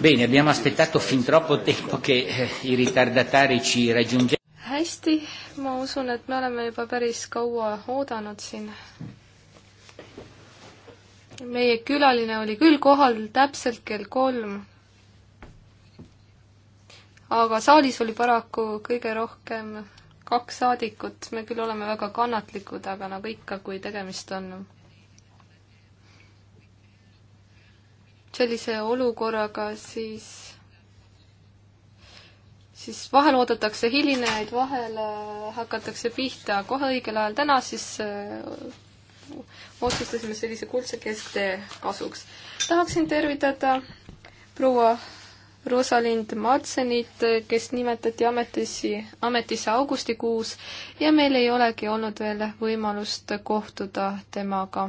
Bene, abbiamo aspettato fin troppo tempo che eh, i ritardatari ci raggiungessero. hästi, ma usun, et me oleme juba päris kaua oodanud siin. meie külaline oli küll kohal täpselt kell kolm. aga saalis oli paraku kõige rohkem kaks saadikut, me küll oleme väga kannatlikud, aga nagu ikka, kui tegemist on sellise olukorraga, siis, siis vahel oodatakse hilinejaid, vahel äh, hakatakse pihta kohe õigel ajal. täna siis äh, otsustasime sellise kuldse kesktee kasuks. tahaksin tervitada proua Rosalind Madsenit, kes nimetati ametisse, ametisse augustikuus ja meil ei olegi olnud veel võimalust kohtuda temaga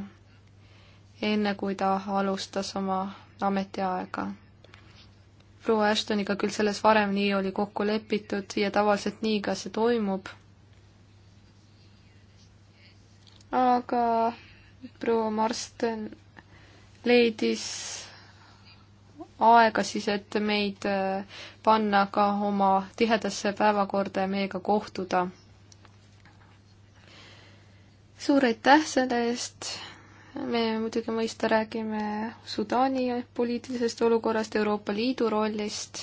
enne, kui ta alustas oma ametiaega. proua Ashtoniga küll selles varem nii oli kokku lepitud ja tavaliselt nii ka see toimub. aga proua Marsten leidis aega siis, et meid äh, panna ka oma tihedasse päevakorda ja meiega kohtuda. suur aitäh selle eest me muidugi mõista räägime Sudaani poliitilisest olukorrast, Euroopa Liidu rollist.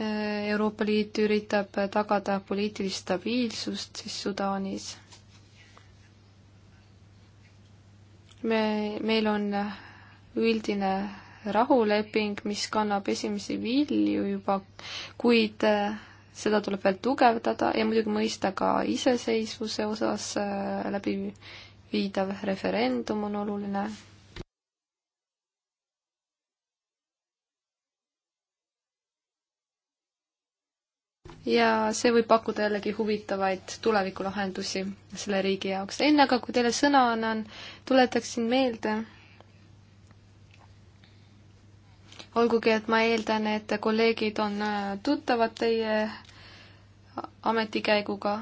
Euroopa Liit üritab tagada poliitilist stabiilsust siis Sudaanis. me, meil on üldine rahuleping, mis kannab esimesi vilju juba, kuid eh, seda tuleb veel tugevdada ja muidugi mõista ka iseseisvuse osas eh, läbi viidav referendum on oluline. ja see võib pakkuda jällegi huvitavaid tulevikulahendusi selle riigi jaoks. enne aga, kui teile sõna annan, tuletaksin meelde, olgugi et ma eeldan, et kolleegid on äh, tuttavad teie ametikäiguga,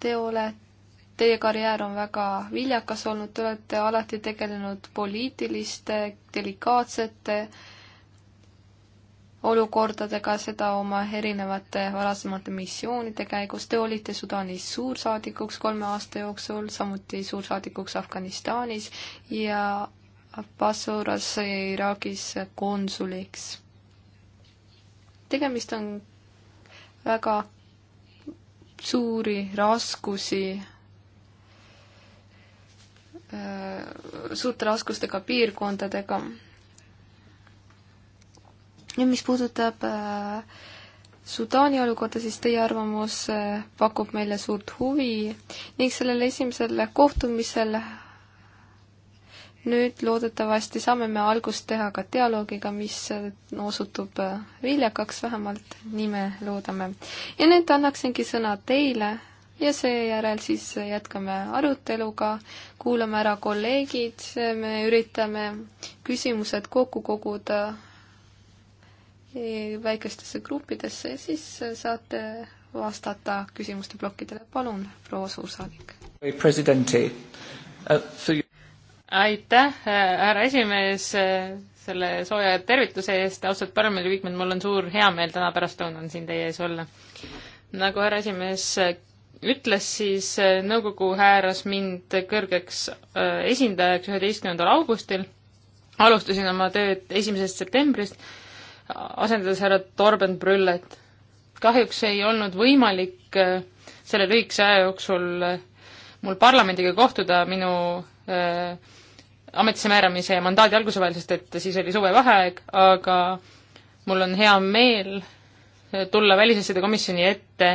te olete Teie karjäär on väga viljakas olnud, te olete alati tegelenud poliitiliste, delikaatsete olukordadega, seda oma erinevate varasemate missioonide käigus. Te olite Sudaanis suursaadikuks kolme aasta jooksul, samuti suursaadikuks Afganistanis ja Basuras Iraagis konsuliks. tegemist on väga suuri raskusi Äh, suurte raskustega piirkondadega. ja mis puudutab äh, Sudaani olukorda, siis teie arvamus äh, pakub meile suurt huvi ning sellel esimesel kohtumisel nüüd loodetavasti saame me algust teha ka dialoogiga, mis osutub viljakaks, vähemalt nii me loodame. ja nüüd annaksingi sõna teile ja seejärel siis jätkame aruteluga, kuulame ära kolleegid, me üritame küsimused kokku koguda väikestesse gruppidesse ja siis saate vastata küsimuste plokkidele. palun, proua suursaadik. Uh, aitäh, härra esimees, selle sooja tervituse eest, austatud parlamendiliikmed, mul on suur heameel täna pärastlõunal siin teie ees olla. nagu härra esimees ütles, siis äh, nõukogu hääras mind kõrgeks äh, esindajaks üheteistkümnendal augustil. alustasin oma tööd esimesest septembrist, asendades härra Torben Brüllet. kahjuks ei olnud võimalik äh, selle lühikese aja jooksul mul parlamendiga kohtuda minu ametisse määramise ja mandaadi alguse vahel, sest et siis oli suvevaheaeg, aga mul on hea meel tulla välisasjade komisjoni ette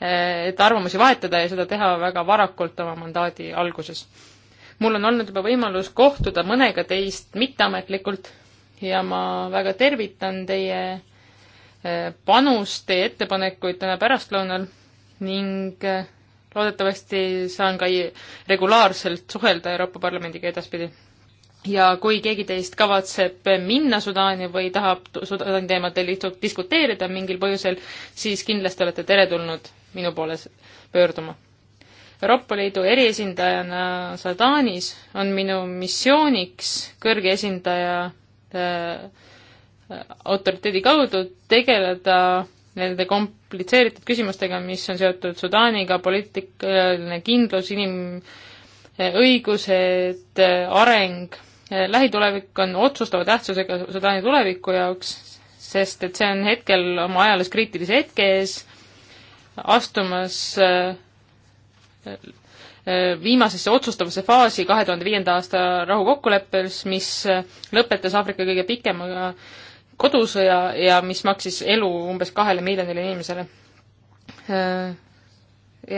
et arvamusi vahetada ja seda teha väga varakult oma mandaadi alguses. mul on olnud juba võimalus kohtuda mõnega teist mitteametlikult ja ma väga tervitan teie eh, panust, teie ettepanekuid täna pärastlõunal ning eh, loodetavasti saan ka regulaarselt suhelda Euroopa Parlamendiga edaspidi ja kui keegi teist kavatseb minna Sudaani või tahab Sudaani teemadel lihtsalt diskuteerida mingil põhjusel, siis kindlasti olete teretulnud minu poole pöörduma. Euroopa Liidu eriesindajana Sudaanis on minu missiooniks kõrge esindaja äh, autoriteedi kaudu tegeleda nende komplitseeritud küsimustega, mis on seotud Sudaaniga, poliitikaline kindlus, inimõigused, areng Eh, lähitulevik on otsustava tähtsusega Sudaani tuleviku jaoks, sest et see on hetkel oma ajaloos kriitilise hetke ees, astumas eh, eh, viimasesse otsustavasse faasi kahe tuhande viienda aasta rahukokkuleppes, mis lõpetas Aafrika kõige pikema kodusõja ja mis maksis elu umbes kahele miljonile inimesele.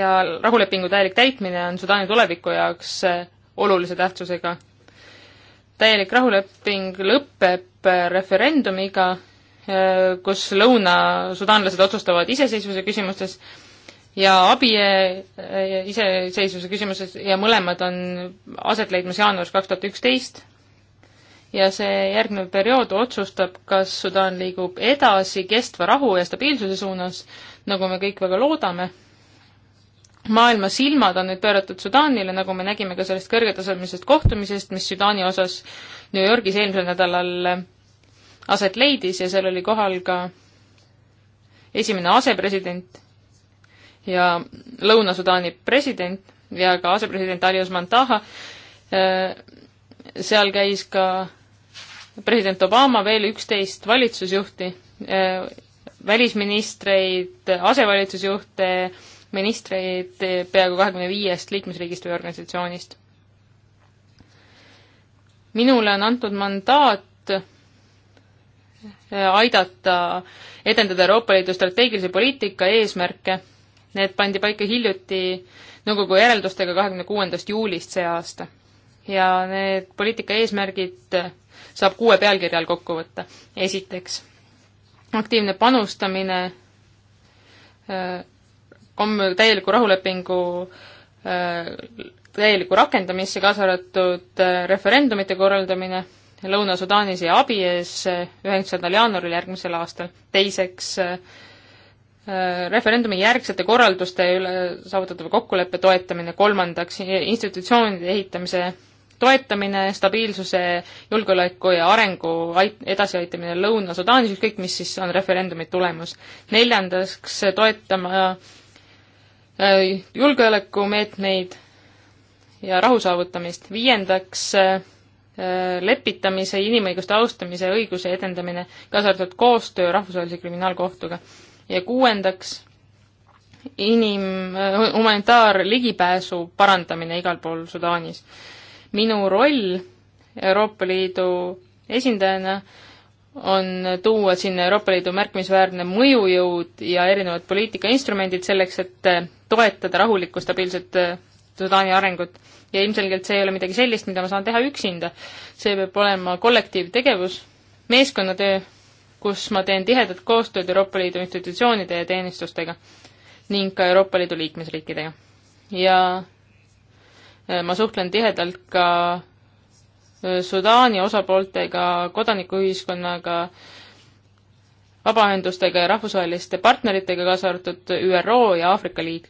ja rahulepingu täielik täitmine on Sudaani tuleviku jaoks olulise tähtsusega täielik rahuleping lõpeb referendumiga, eh, kus lõunasudaanlased otsustavad iseseisvuse küsimustes ja abi eh, iseseisvuse küsimuses ja mõlemad on aset leidmas jaanuaris kaks tuhat üksteist. ja see järgnev periood otsustab, kas Sudaan liigub edasi kestva rahu ja stabiilsuse suunas, nagu me kõik väga loodame maailma silmad on nüüd pööratud Sudaanile, nagu me nägime ka sellest kõrgetasemelisest kohtumisest, mis Sudaani osas New Yorgis eelmisel nädalal eh, aset leidis ja seal oli kohal ka esimene asepresident ja Lõuna-Sudaani president ja ka asepresident Ali Osman Taha. Eh, seal käis ka president Obama, veel üksteist valitsusjuhti, eh, välisministreid, asevalitsusjuhte, ministreid peaaegu kahekümne viiest liikmesriigist või organisatsioonist. minule on antud mandaat äh, aidata edendada Euroopa Liidu strateegilise poliitika eesmärke. Need pandi paika hiljuti nõukogu järeldustega kahekümne kuuendast juulist see aasta. ja need poliitika eesmärgid saab kuue pealkirja all kokku võtta. esiteks, aktiivne panustamine äh, on täieliku rahulepingu äh, täielikku rakendamisse, kaasa arvatud äh, referendumite korraldamine Lõuna-Sudaanis ja abi ees äh, üheksandal jaanuaril järgmisel aastal. teiseks, referendumi järgsete korralduste üle saavutatava kokkuleppe toetamine, kolmandaks, institutsioonide ehitamise toetamine, stabiilsuse, julgeoleku ja arengu ait-, edasiaitamine Lõuna-Sudaanis, ükskõik mis siis on referendumi tulemus. neljandaks, toetama äh, Äh, julgeolekumeetmeid ja rahu saavutamist. viiendaks, äh, äh, lepitamise, inimõiguste austamise ja õiguse edendamine, kaasa arvatud koostöö Rahvusvahelise Kriminaalkohtuga. ja kuuendaks, inim-, humanitaarligipääsu parandamine igal pool Sudaanis. minu roll Euroopa Liidu esindajana äh, on tuua sinna Euroopa Liidu märkimisväärne mõjujõud ja erinevad poliitikainstrumendid selleks, et eh, toetada rahulikku stabiilset eh, Sudaani arengut. ja ilmselgelt see ei ole midagi sellist, mida ma saan teha üksinda. see peab olema kollektiivtegevus, meeskonnatöö, kus ma teen tihedat koostööd Euroopa Liidu institutsioonide ja teenistustega ning ka Euroopa Liidu liikmesriikidega. ja eh, ma suhtlen tihedalt ka Sudaani osapooltega, kodanikuühiskonnaga, vabaühendustega ja rahvusvaheliste partneritega, kaasa arvatud ÜRO ja Aafrika Liit.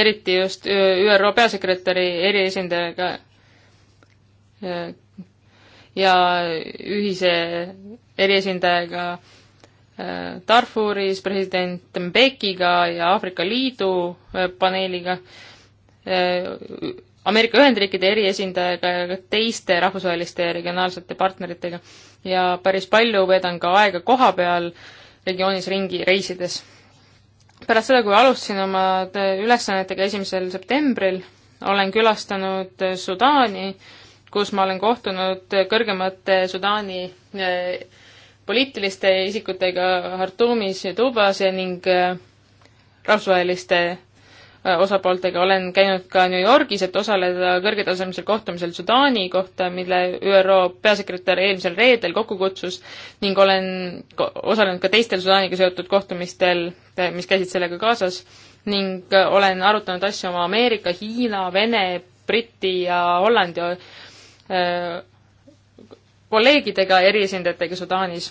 eriti just ÜRO peasekretäri eriesindajaga ja ühise eriesindajaga Darfuris president Mbekiga ja Aafrika Liidu eh, paneeliga Äh, Ameerika Ühendriikide eriesindajaga ja teiste rahvusvaheliste ja regionaalsete partneritega ja päris palju veedan ka aega koha peal regioonis ringi reisides. pärast seda, kui alustasin oma äh, ülesannetega esimesel septembril, olen külastanud äh, Sudaani, kus ma olen kohtunud kõrgemate Sudaani poliitiliste isikutega Hartumis ja Tubas ja ning rahvusvaheliste osapooltega, olen käinud ka New Yorgis, et osaleda kõrgetasemelisel kohtumisel Sudaani kohta, mille ÜRO peasekretär eelmisel reedel kokku kutsus ning olen osalenud ka teistel Sudaaniga seotud kohtumistel, mis käisid sellega kaasas, ning olen arutanud asju oma Ameerika, Hiina, Vene, Briti ja Hollandi äh, kolleegidega ja eriesindajatega Sudaanis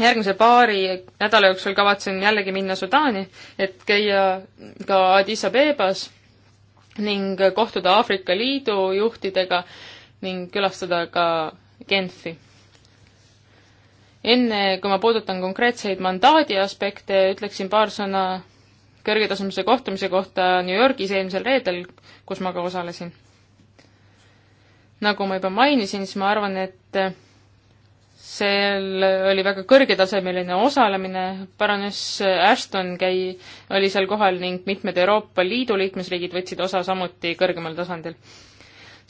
järgmise paari nädala jooksul kavatsen jällegi minna Sudaani, et käia ka Addis Abebas ning kohtuda Aafrika Liidu juhtidega ning külastada ka Genfi. enne, kui ma puudutan konkreetseid mandaadi aspekte, ütleksin paar sõna kõrgetasemelise kohtumise kohta New Yorgis eelmisel reedel, kus ma ka osalesin. nagu ma juba mainisin, siis ma arvan, et seal oli väga kõrgetasemeline osalemine, baroness Ashton käi-, oli seal kohal ning mitmed Euroopa Liidu liikmesriigid võtsid osa samuti kõrgemal tasandil.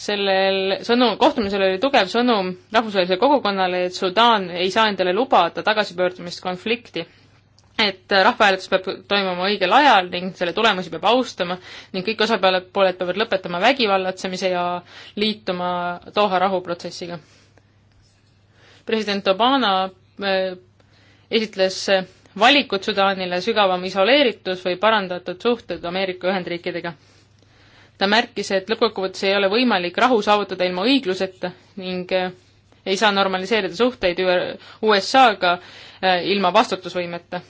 sellel sõnum, kohtumisel oli tugev sõnum rahvusvahelisele kogukonnale, et Sudaan ei saa endale lubada tagasipöördumist konflikti. et rahvahääletus peab toimuma õigel ajal ning selle tulemusi peab austama ning kõik osapooled peavad lõpetama vägivallatsemise ja liituma Doha rahuprotsessiga president Obama äh, esitles valikud Sudaanile, sügavam isoleeritus või parandatud suhted Ameerika Ühendriikidega. ta märkis, et lõppkokkuvõttes ei ole võimalik rahu saavutada ilma õigluseta ning äh, ei saa normaliseerida suhteid USA-ga äh, ilma vastutusvõimeta.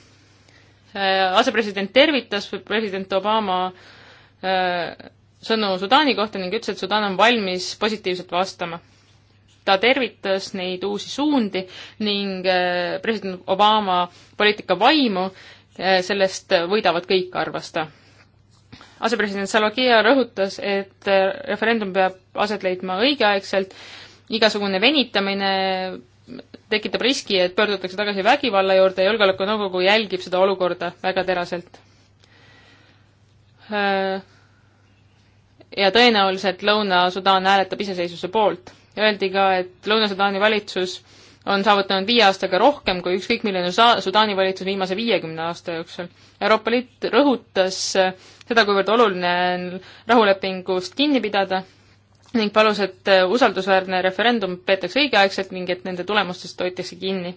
asepresident tervitas president Obama sõnu Sudaani kohta ning ütles, et Sudaan on valmis positiivselt vastama ta tervitas neid uusi suundi ning äh, president Obama poliitika vaimu, äh, sellest võidavad kõik, arvas ta. asepresident Salvakia rõhutas, et äh, referendum peab aset leidma õigeaegselt, igasugune venitamine tekitab riski, et pöördutakse tagasi vägivalla juurde ja Julgeolekunõukogu jälgib seda olukorda väga teraselt. ja tõenäoliselt Lõuna-Sudaan hääletab iseseisvuse poolt öeldi ka, et Lõuna-Sudaani valitsus on saavutanud viie aastaga rohkem kui ükskõik milline Sudaani valitsus viimase viiekümne aasta jooksul. Euroopa Liit rõhutas seda, kuivõrd oluline on rahulepingust kinni pidada ning palus, et usaldusväärne referendum peetakse õigeaegselt ning et nende tulemustest hoitakse kinni.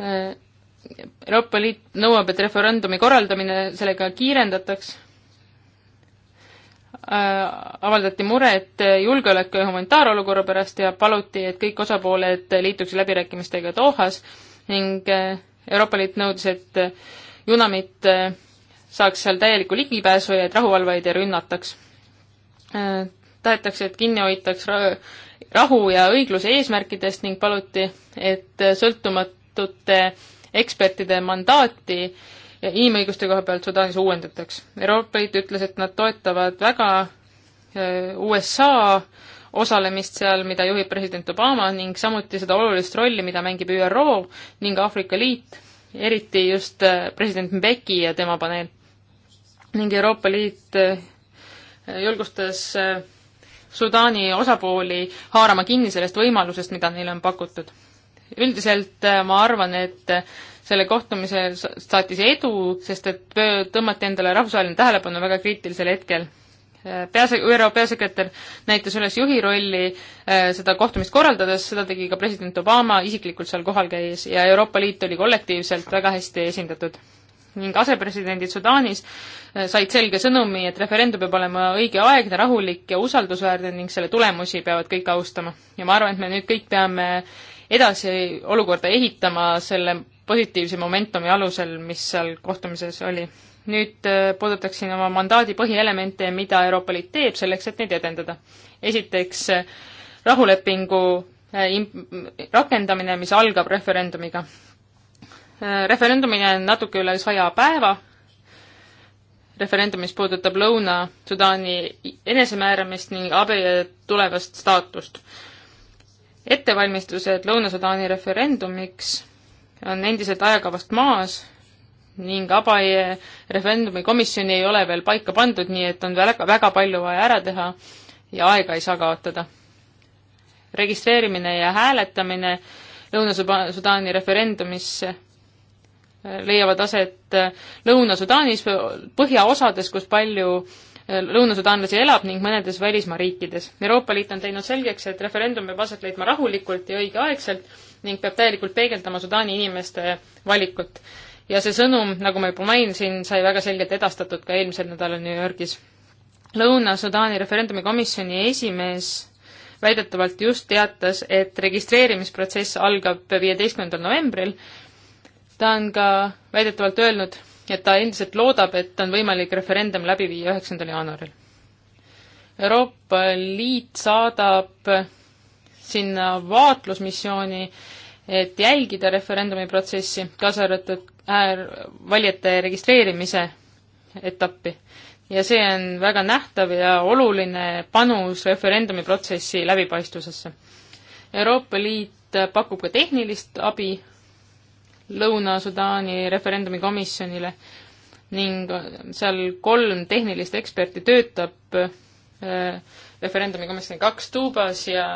Euroopa Liit nõuab, et referendumi korraldamine sellega kiirendataks Äh, avaldati muret julgeoleku ja humanitaarolukorra pärast ja paluti, et kõik osapooled liituksid läbirääkimistega Dohas ning äh, Euroopa Liit nõudis, et äh, Junamit saaks seal täielikku ligipääsu ja et rahuvalvajaid ei rünnataks. tahetakse, et kinni hoitaks rahu ja õigluse eesmärkidest ning paluti, et sõltumatute ekspertide mandaati äh, ja inimõiguste koha pealt Sudaanis uuendataks. Euroopa Liit ütles, et nad toetavad väga äh, USA osalemist seal, mida juhib president Obama ning samuti seda olulist rolli, mida mängib ÜRO ning Aafrika Liit, eriti just äh, president Mbeki ja tema paneel. ning Euroopa Liit äh, julgustas Sudaani osapooli haarama kinni sellest võimalusest, mida neile on pakutud. üldiselt ma arvan, et selle kohtumise saatis edu, sest et tõmmati endale rahvusvaheline tähelepanu väga kriitilisel hetkel. Äh, pease-, ÜRO peasekretär näitas üles juhi rolli äh, seda kohtumist korraldades, seda tegi ka president Obama isiklikult seal kohal käies ja Euroopa Liit oli kollektiivselt väga hästi esindatud. ning asepresidendid Sudaanis äh, said selge sõnumi, et referendum peab olema õigeaegne, rahulik ja usaldusväärne ning selle tulemusi peavad kõik austama. ja ma arvan, et me nüüd kõik peame edasi olukorda ehitama selle positiivse momentumi alusel, mis seal kohtumises oli. nüüd äh, puudutaksin oma mandaadi põhielemente, mida Euroopa Liit teeb selleks, et neid edendada. esiteks äh, rahulepingu äh, rakendamine, mis algab referendumiga. referendumini on natuke üle saja päeva, referendum, mis puudutab Lõuna-Sudaani enesemääramist ning abielu tulevast staatust ettevalmistused Lõuna-Sudaani referendumiks on endiselt ajakavast maas ning Abaje referendumi komisjoni ei ole veel paika pandud, nii et on väga, väga palju vaja ära teha ja aega ei saa kaotada. registreerimine ja hääletamine Lõuna-Sudaani referendumisse leiavad aset Lõuna-Sudaanis, põhjaosades, kus palju lõunasudaanlasi elab ning mõnedes välismaa riikides. Euroopa Liit on teinud selgeks, et referendum peab aset leidma rahulikult ja õigeaegselt ning peab täielikult peegeldama Sudaani inimeste valikut. ja see sõnum, nagu ma juba mainisin, sai väga selgelt edastatud ka eelmisel nädalal New Yorgis. Lõuna-Sudaani referendumi komisjoni esimees väidetavalt just teatas, et registreerimisprotsess algab viieteistkümnendal novembril. ta on ka väidetavalt öelnud, et ta endiselt loodab, et on võimalik referendum läbi viia üheksandal jaanuaril. Euroopa Liit saadab sinna vaatlusmissiooni, et jälgida referendumi protsessi, kaasa arvatud äär, valijate registreerimise etappi. ja see on väga nähtav ja oluline panus referendumi protsessi läbipaistvusesse. Euroopa Liit pakub ka tehnilist abi Lõuna-Sudaani referendumi komisjonile ning seal kolm tehnilist eksperti töötab äh, referendumi komisjoni kaks Tuubas ja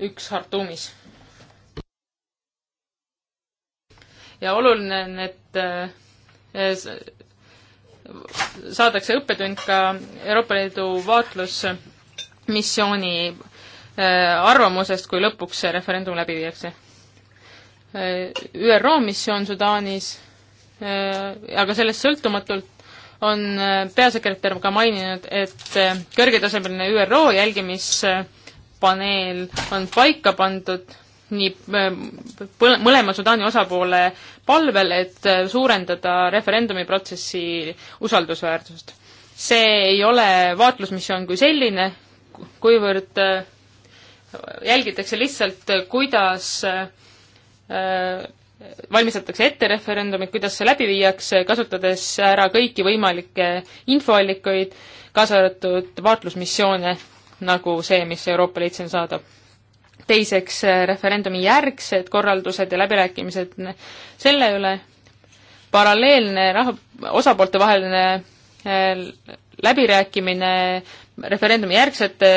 üks Hartumis. ja oluline on, et eh, saadakse õppetund ka Euroopa Liidu vaatlusmissiooni eh, arvamusest, kui lõpuks see referendum läbi viiakse. Eh, ÜRO missioon Sudaanis, aga sellest sõltumatult on peasekretär ka maininud, et kõrgetasemeline ÜRO jälgimis paneel on paika pandud nii äh, mõlema Sudaani osapoole palvel, et äh, suurendada referendumi protsessi usaldusväärsust. see ei ole vaatlusmissioon kui selline, kuivõrd äh, jälgitakse lihtsalt, kuidas valmistatakse ette referendumit, kuidas see läbi viiakse, kasutades ära kõiki võimalikke infoallikaid, kaasa arvatud vaatlusmissioone nagu see, mis Euroopa Liit siin saadab. teiseks, äh, referendumi järgsed korraldused ja läbirääkimised selle üle, paralleelne raha, osapoolte vaheline äh, läbirääkimine referendumi järgsete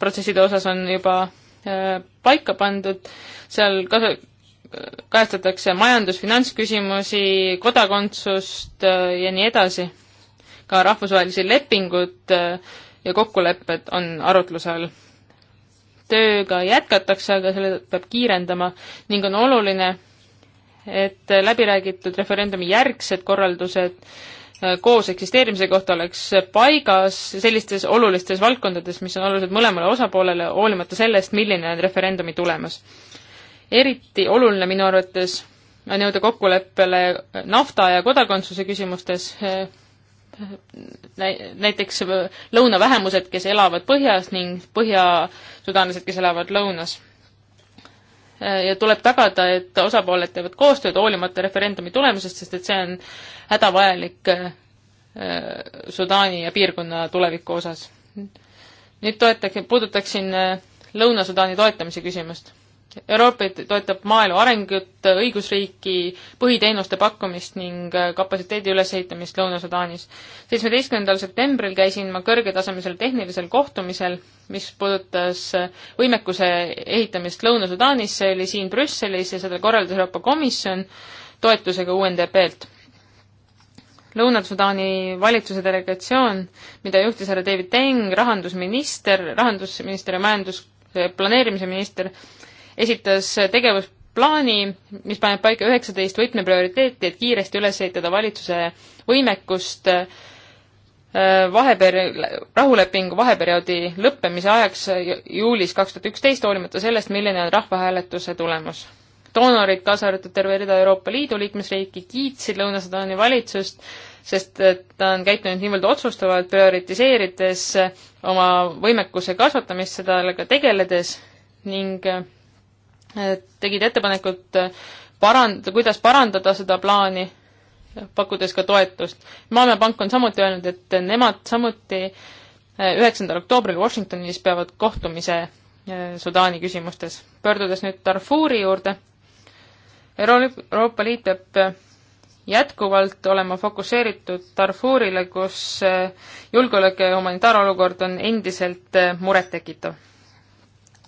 protsesside osas on juba äh, paika pandud, seal kasu-, kajastatakse majandus-, finantsküsimusi, kodakondsust ja nii edasi. ka rahvusvahelised lepingud äh, ja kokkulepped on arutluse all. tööga jätkatakse, aga selle peab kiirendama ning on oluline, et läbiräägitud referendumi järgsed korraldused äh, koos eksisteerimise kohta oleks paigas sellistes olulistes valdkondades, mis on olulised mõlemale osapoolele, hoolimata sellest, milline on referendumi tulemus. eriti oluline minu arvates on jõuda kokkuleppele nafta ja kodakondsuse küsimustes, äh, näiteks äh, lõunavähemused, kes elavad põhjas ning põhjasudaanlased, kes elavad lõunas. Äh, ja tuleb tagada, et osapooled teevad koostööd hoolimata referendumi tulemusest, sest et see on hädavajalik äh, Sudaani ja piirkonna tuleviku osas. nüüd toetage, puudutaksin Lõuna-Sudaani toetamise küsimust Euroopa toetab maaelu arengut, õigusriiki, põhiteenuste pakkumist ning kapatsiteedi ülesehitamist Lõuna-Sudaanis. seitsmeteistkümnendal septembril käisin ma kõrgetasemelisel tehnilisel kohtumisel, mis puudutas võimekuse ehitamist Lõuna-Sudaanis, see oli siin Brüsselis ja seda korraldas Euroopa Komisjon toetusega UNDP-lt. Lõuna-Sudaani valitsuse delegatsioon, mida juhtis härra David Teng, rahandusminister, rahandusminister ja majandus- planeerimise minister esitas tegevusplaani, mis paneb paika üheksateist võtmeprioriteeti, et kiiresti üles ehitada valitsuse võimekust äh, vaheperi-, rahulepingu vaheperioodi lõppemise ajaks juulis kaks tuhat üksteist, hoolimata sellest, milline on rahvahääletuse tulemus. doonorid, kaasa arvatud terve rida Euroopa Liidu liikmesriiki, kiitsid Lõuna-Sudaani valitsust, sest äh, ta on käitunud niivõrd otsustavalt, prioritiseerides oma võimekuse kasvatamist, sellega tegeledes ning äh, tegid ettepanekut äh, parand-, kuidas parandada seda plaani, pakkudes ka toetust. maailmapank on samuti öelnud, et nemad samuti äh, üheksandal oktoobril Washingtonis peavad kohtumise äh, Sudaani küsimustes. pöördudes nüüd Darfuri juurde, Euroopa Liit peab jätkuvalt olema fokusseeritud Darfurile, kus julgeolek ja humanitaarolukord on endiselt murettekitav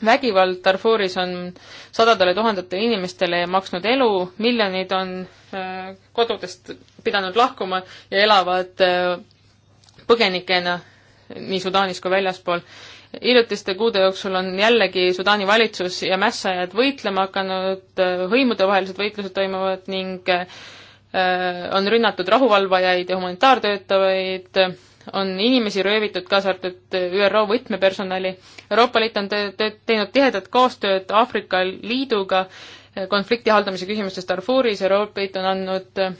vägivald Darfuris on sadadele tuhandetele inimestele maksnud elu, miljonid on äh, kodudest pidanud lahkuma ja elavad äh, põgenikena nii Sudaanis kui väljaspool. hiljutiste kuude jooksul on jällegi Sudaani valitsus ja mässajad võitlema hakanud, äh, hõimudevahelised võitlused toimuvad ning on rünnatud rahuvalvajaid ja humanitaartöötajaid on inimesi röövitud, kaasa arvatud äh, ÜRO võtmepersonali. Euroopa Liit on teinud tihedat koostööd Aafrika Liiduga äh, konflikti haldamise küsimustes Darfuris, Euroopa Liit on andnud äh,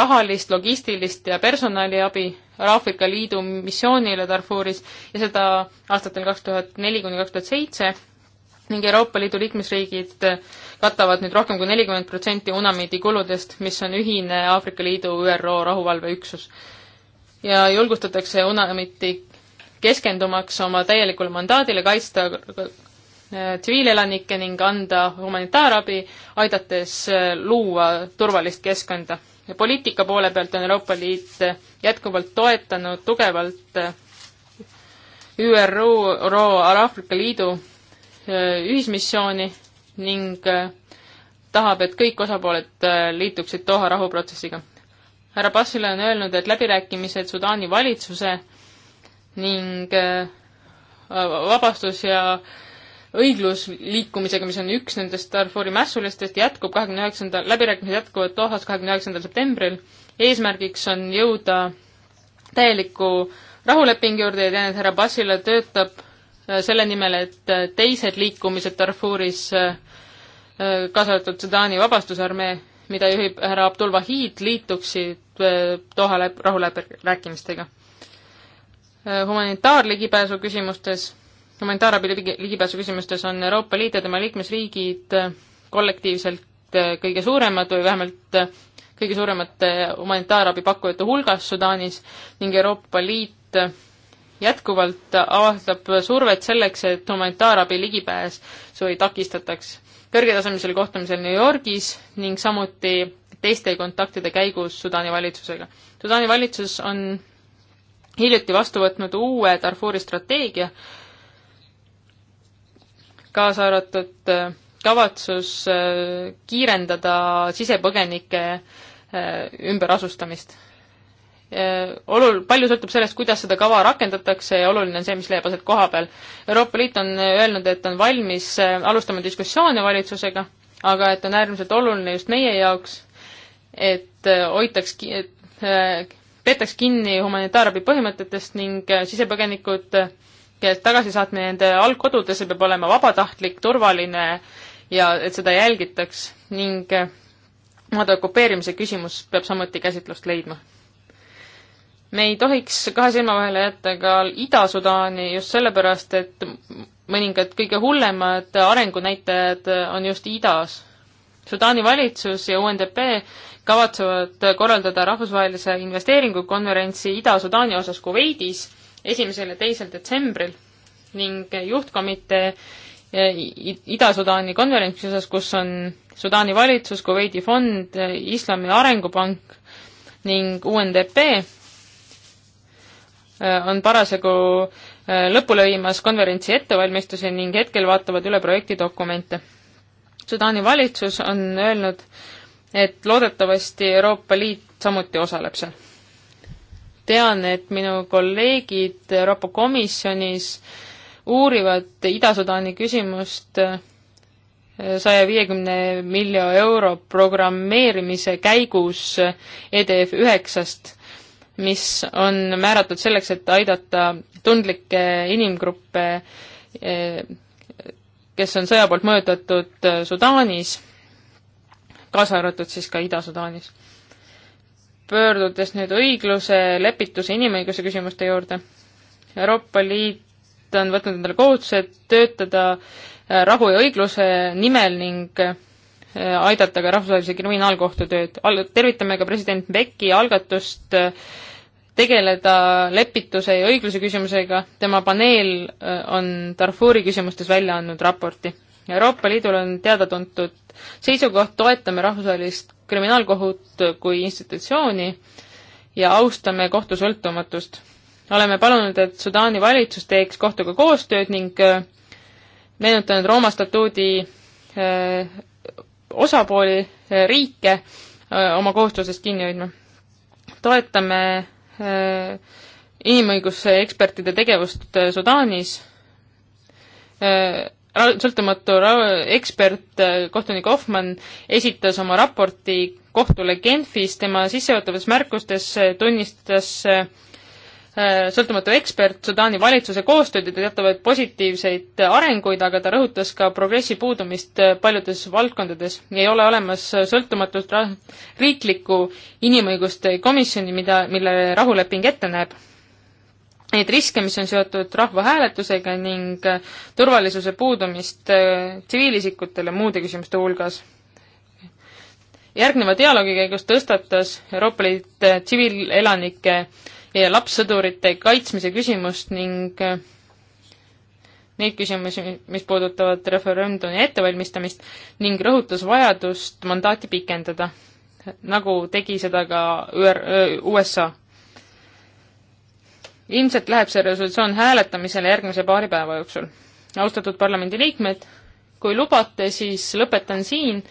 rahalist, logistilist ja personaliabi Aafrika Liidu missioonile Darfuris ja seda aastatel kaks tuhat neli kuni kaks tuhat seitse ning Euroopa Liidu liikmesriigid katavad nüüd rohkem kui nelikümmend protsenti UNAMIDi kuludest, mis on ühine Aafrika Liidu ÜRO rahuvalveüksus ja julgustatakse UNAMIT-i keskendumaks oma täielikule mandaadile kaitsta äh, tsiviilelanikke ning anda humanitaarabi, aidates äh, luua turvalist keskkonda. ja poliitika poole pealt on Euroopa Liit äh, jätkuvalt toetanud tugevalt ÜRO, ÜRO Aafrika Liidu ühismissiooni ning tahab, et kõik osapooled liituksid Doha rahuprotsessiga härra Bassile on öelnud, et läbirääkimised Sudaani valitsuse ning äh, vabastus ja õiglus liikumisega, mis on üks nendest Darfuri mässulistest, jätkub kahekümne üheksandal, läbirääkimised jätkuvad Dohas kahekümne üheksandal septembril. eesmärgiks on jõuda täieliku rahulepingu juurde ja tean, et härra Bassile töötab äh, selle nimel, et äh, teised liikumised Darfuris, kaasa arvatud Sudaani Vabastusarmee, mida juhib härra Abdul Wahid, liituksid Doha äh, rahuläbirääkimistega. Äh, humanitaarligipääsu küsimustes, humanitaarabi ligipääsu küsimustes on Euroopa Liit ja tema liikmesriigid äh, kollektiivselt kõige suuremad või vähemalt kõige suuremate humanitaarabi pakkujate hulgas Sudaanis ning Euroopa Liit jätkuvalt avaldab survet selleks, et humanitaarabi ligipääsu ei takistataks kõrgetasemelisel kohtumisel New Yorgis ning samuti teiste kontaktide käigus Sudaani valitsusega. Sudaani valitsus on hiljuti vastu võtnud uue Darfuri strateegia, kaasa arvatud äh, kavatsus äh, kiirendada sisepõgenike äh, ümberasustamist Äh, olul-, palju sõltub sellest, kuidas seda kava rakendatakse ja oluline on see, mis leiab aset koha peal. Euroopa Liit on äh, öelnud, et on valmis äh, alustama diskussioone valitsusega, aga et on äärmiselt oluline just meie jaoks, et hoitaks, et peetaks kinni humanitaarabi põhimõtetest ning sisepõgenikud, kes tagasisaatmine nende algkodudesse peab olema vabatahtlik, turvaline ja et seda jälgitaks ning maade okupeerimise küsimus peab samuti käsitlust leidma me ei tohiks kahe silma vahele jätta ka Ida-Sudaani just sellepärast, et mõningad kõige hullemad arengunäitajad on just idas. Sudaani valitsus ja UNDP kavatsevad korraldada rahvusvahelise investeeringukonverentsi Ida-Sudaani osas Kuveidis esimesel ja teisel detsembril ning juhtkomitee Ida-Sudaani konverentsi osas, kus on Sudaani valitsus, Kuveidi fond, Islami Arengupank ning UNDP Äh, on parasjagu äh, lõpule viimas konverentsi ettevalmistusi ning hetkel vaatavad üle projektidokumente. Sudaani valitsus on öelnud, et loodetavasti Euroopa Liit samuti osaleb seal. tean, et minu kolleegid Euroopa Komisjonis uurivad Ida-Sudaani küsimust äh, saja viiekümne miljo euro programmeerimise käigus EDF üheksast mis on määratud selleks, et aidata tundlikke inimgruppe, eh, kes on sõja poolt mõjutatud eh, Sudaanis, kaasa arvatud siis ka Ida-Sudaanis. pöördudes nüüd õigluse, lepituse, inimõiguse küsimuste juurde, Euroopa Liit on võtnud endale kohutuse töötada eh, rahu ja õigluse nimel ning Äh, aidata ka rahvusvahelise kriminaalkohtu tööd. tervitame ka president Becki algatust äh, tegeleda lepituse ja õigluse küsimusega, tema paneel äh, on Darfuri küsimustes välja andnud raporti. Euroopa Liidul on teada-tuntud seisukoht, toetame rahvusvahelist kriminaalkohut kui institutsiooni ja austame kohtu sõltumatust. oleme palunud, et Sudaani valitsus teeks kohtuga koostööd ning meenutanud Rooma statuudi osapooli, eh, riike eh, oma kohustusest kinni hoidma. toetame eh, inimõiguse ekspertide tegevust Sudaanis, sõltumatu ekspert kohtunik Hoffmann esitas oma raporti kohtule Genfis, tema sissejuhatavates märkustes tunnistas Äh, sõltumatu ekspert Sudaani valitsuse koostööd ja teatavaid positiivseid arenguid, aga ta rõhutas ka progressi puudumist äh, paljudes valdkondades. ei ole olemas sõltumatut riiklikku inimõiguste komisjoni, mida, mille rahuleping ette näeb. Neid riske, mis on seotud rahvahääletusega ning äh, turvalisuse puudumist tsiviilisikutele muude küsimuste hulgas järgneva dialoogi käigus tõstatas Euroopa Liit tsiviilelanike äh, ja lapssõdurite kaitsmise küsimust ning äh, neid küsimusi, mis puudutavad referendumi ettevalmistamist ning rõhutas vajadust mandaati pikendada, nagu tegi seda ka ÜR, äh, USA. ilmselt läheb see resolutsioon hääletamisele järgmise paari päeva jooksul. austatud parlamendiliikmed, kui lubate, siis lõpetan siin,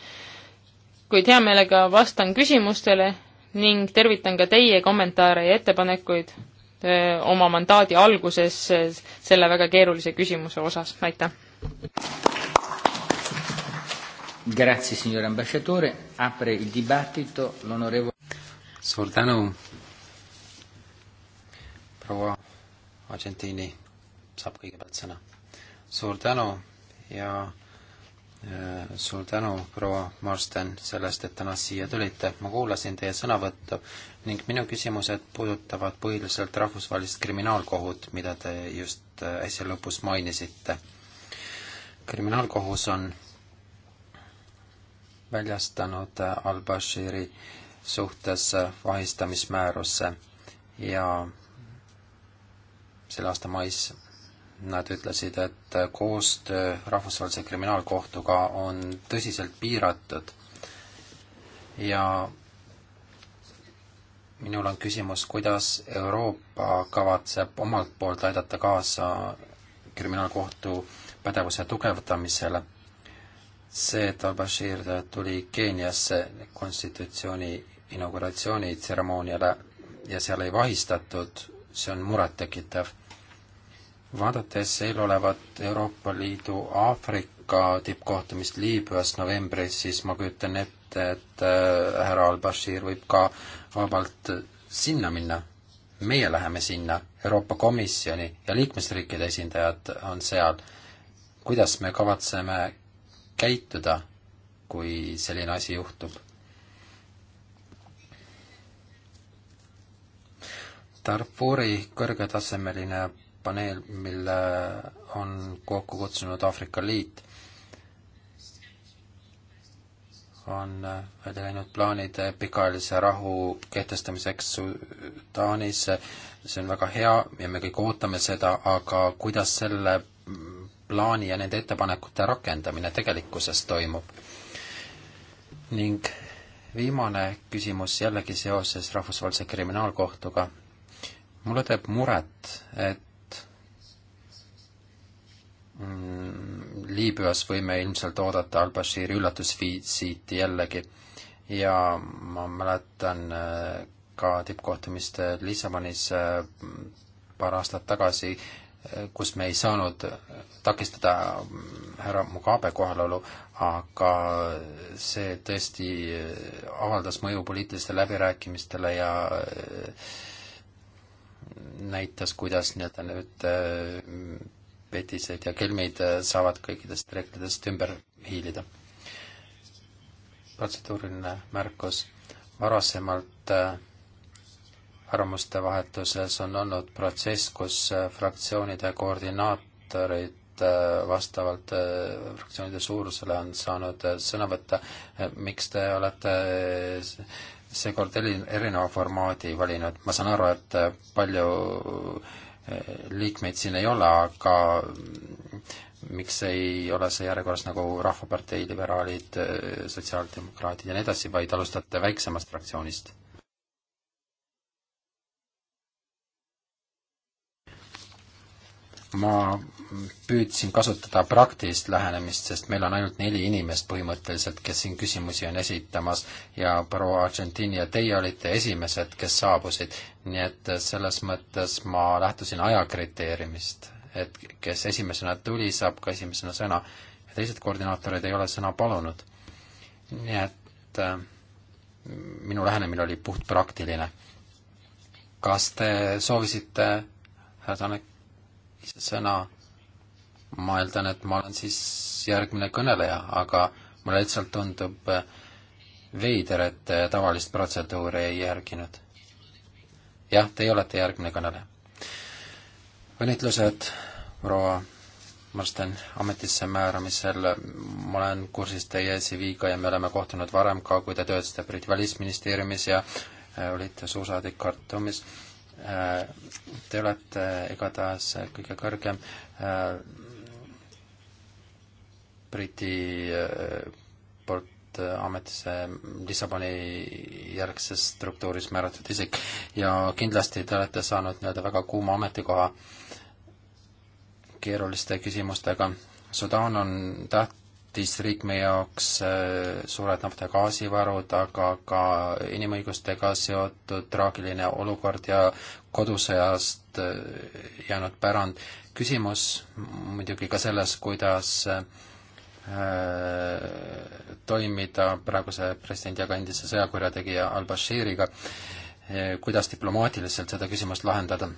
kuid hea meelega vastan küsimustele ning tervitan ka teie kommentaare ja ettepanekuid öö, oma mandaadi alguses öö, selle väga keerulise küsimuse osas, aitäh! Grazie signor ambasciatore, apre il dibattito l'onorevole suur tänu, proua Argentiini saab kõigepealt sõna. suur tänu ja Äh, suur tänu, proua Marsten, sellest, et täna siia tulite. ma kuulasin teie sõnavõttu ning minu küsimused puudutavad põhiliselt rahvusvahelist kriminaalkohut, mida te just äh, äsja lõpus mainisite. kriminaalkohus on väljastanud äh, al-Bashiri suhtes vahistamismääruse ja selle aasta mais Nad ütlesid, et koostöö Rahvusvahelise Kriminaalkohtuga on tõsiselt piiratud ja minul on küsimus, kuidas Euroopa kavatseb omalt poolt aidata kaasa kriminaalkohtu pädevuse tugevdamisele. see, et al-Bashir tuli Keeniasse konstitutsiooni inauguratsioonitseremooniale ja seal ei vahistatud, see on murettekitav vaadates eelolevat Euroopa Liidu Aafrika tippkohtumist Liibüas novembris, siis ma kujutan ette, et äh, härra al-Bashir võib ka vabalt sinna minna. meie läheme sinna, Euroopa Komisjoni ja liikmesriikide esindajad on seal. kuidas me kavatseme käituda, kui selline asi juhtub? Darfuri kõrgetasemeline paneel, mille on kokku kutsunud Aafrika Liit, on välja äh, läinud plaanid pikaajalise rahu kehtestamiseks Sudaanis, see on väga hea ja me kõik ootame seda, aga kuidas selle plaani ja nende ettepanekute rakendamine tegelikkuses toimub? ning viimane küsimus jällegi seoses Rahvusvahelise Kriminaalkohtuga. mulle teeb muret, et Mm, Liibüas võime ilmselt oodata al-Bashiri üllatusvisiiti jällegi ja ma mäletan äh, ka tippkohtumist Lissabonis äh, paar aastat tagasi, äh, kus me ei saanud takistada härra Mugabe kohalolu, aga see tõesti avaldas mõju poliitilistele läbirääkimistele ja näitas, kuidas nii-öelda nüüd petised ja kelmid äh, saavad kõikidest reeglitest ümber hiilida. protseduuriline märkus. varasemalt äh, arvamuste vahetuses on olnud protsess, kus äh, fraktsioonide koordinaatorid vastavalt fraktsioonide suurusele on saanud sõna võtta. miks te olete seekord erineva formaadi valinud, ma saan aru, et palju liikmeid siin ei ole, aga miks ei ole see järjekorras nagu Rahvapartei, liberaalid, sotsiaaldemokraadid ja nii edasi, vaid alustate väiksemast fraktsioonist? ma püüdsin kasutada praktilist lähenemist, sest meil on ainult neli inimest põhimõtteliselt, kes siin küsimusi on esitamas ja proua Argentiini ja teie olite esimesed, kes saabusid, nii et selles mõttes ma lähtusin aja kriteeriumist, et kes esimesena tuli, saab ka esimesena sõna ja teised koordinaatorid ei ole sõna palunud. nii et äh, minu lähenemine oli puhtpraktiline. kas te soovisite, härra Tanek? sõna, ma eeldan, et ma olen siis järgmine kõneleja, aga mulle lihtsalt tundub veider, et te tavalist protseduuri ei järginud. jah, teie olete järgmine kõneleja. õnnitlused, proua Marsten, ametisse määramisel ma olen kursis teie CV-ga ja me oleme kohtunud varem ka, kui te töötasite Briti välisministeeriumis ja äh, olite suursaadik Khartoumis Äh, te olete igatahes kõige kõrgem äh, Briti äh, poolt ametisse Lissaboni järgses struktuuris määratud isik ja kindlasti te olete saanud nii-öelda väga kuuma ametikoha keeruliste küsimustega. Sudaan on täht-, tähtis riik meie jaoks, äh, suured nafta- ja gaasivarud, aga ka inimõigustega seotud traagiline olukord ja kodusõjast äh, jäänud pärand. küsimus muidugi ka selles, kuidas äh, toimida praeguse presidendi, aga endise sõjakurjategija al-Bashiriga, kuidas diplomaatiliselt seda küsimust lahendada.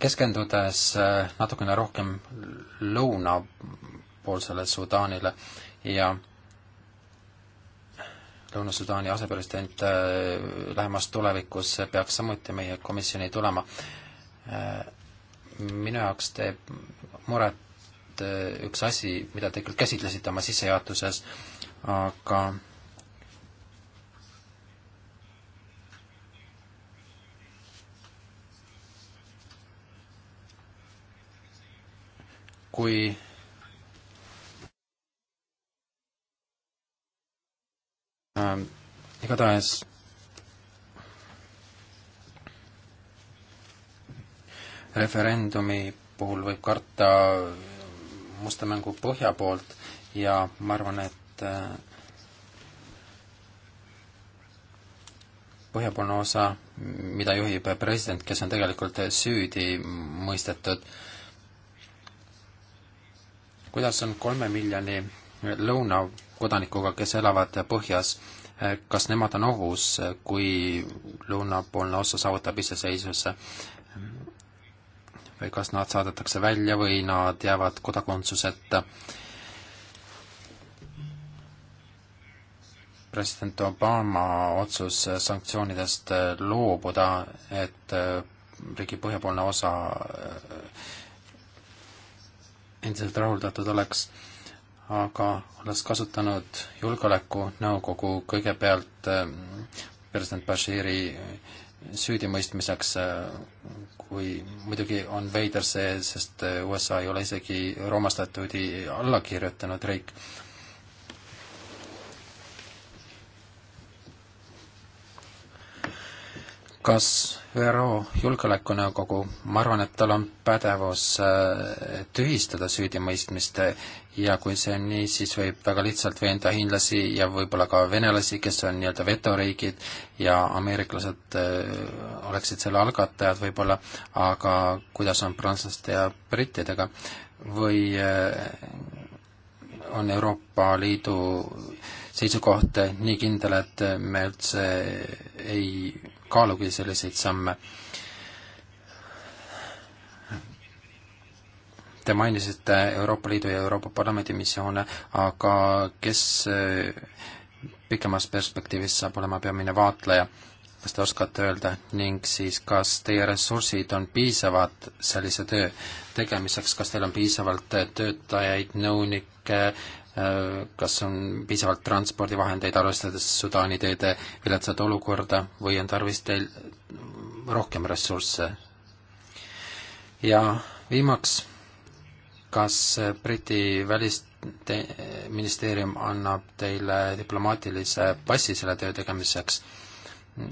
keskendudes natukene rohkem lõuna idapoolsele Sudaanile ja Lõuna-Sudaani asepresident äh, lähemas tulevikus peaks samuti meie komisjoni tulema. Äh, minu jaoks teeb muret äh, üks asi, mida te küll käsitlesite oma sissejuhatuses, aga kui ähm,. igatahes referendumi puhul võib karta musta mängu põhja poolt ja ma arvan, et äh, põhjapoolne osa, mida juhib president, kes on tegelikult süüdi mõistetud, kuidas on kolme miljoni lõuna kodanikuga, kes elavad põhjas, kas nemad on ohus, kui lõunapoolne osa saavutab iseseisvuse? või kas nad saadetakse välja või nad jäävad kodakondsuseta? president Obama otsus sanktsioonidest loobuda, et riigi põhjapoolne osa endiselt rahuldatud oleks aga olles kasutanud Julgeolekunõukogu kõigepealt ähm, president Bashiri süüdimõistmiseks, äh, kui muidugi on veider see, sest USA ei ole isegi Rooma statuudi alla kirjutanud riik. kas ÜRO Julgeolekunõukogu, ma arvan, et tal on pädevus äh, tühistada süüdimõistmist ja kui see on nii, siis võib väga lihtsalt veenda hiinlasi ja võib-olla ka venelasi, kes on nii-öelda vetoriigid ja ameeriklased äh, oleksid selle algatajad võib-olla, aga kuidas on prantslaste ja brittidega või äh, on Euroopa Liidu seisukoht nii kindel, et me üldse ei kaalugi selliseid samme äh, Te mainisite Euroopa Liidu ja Euroopa Parlamendi missioone, aga kes eh, pikemas perspektiivis saab olema peamine vaatleja, kas te oskate öelda, ning siis kas teie ressursid on piisavad sellise töö tegemiseks, kas teil on piisavalt töötajaid, nõunikke, eh, kas on piisavalt transpordivahendeid, arvestades Sudaani teede viletsat olukorda, või on tarvis teil rohkem ressursse? ja viimaks kas eh, Briti välisministeerium annab teile diplomaatilise passi selle töö tegemiseks?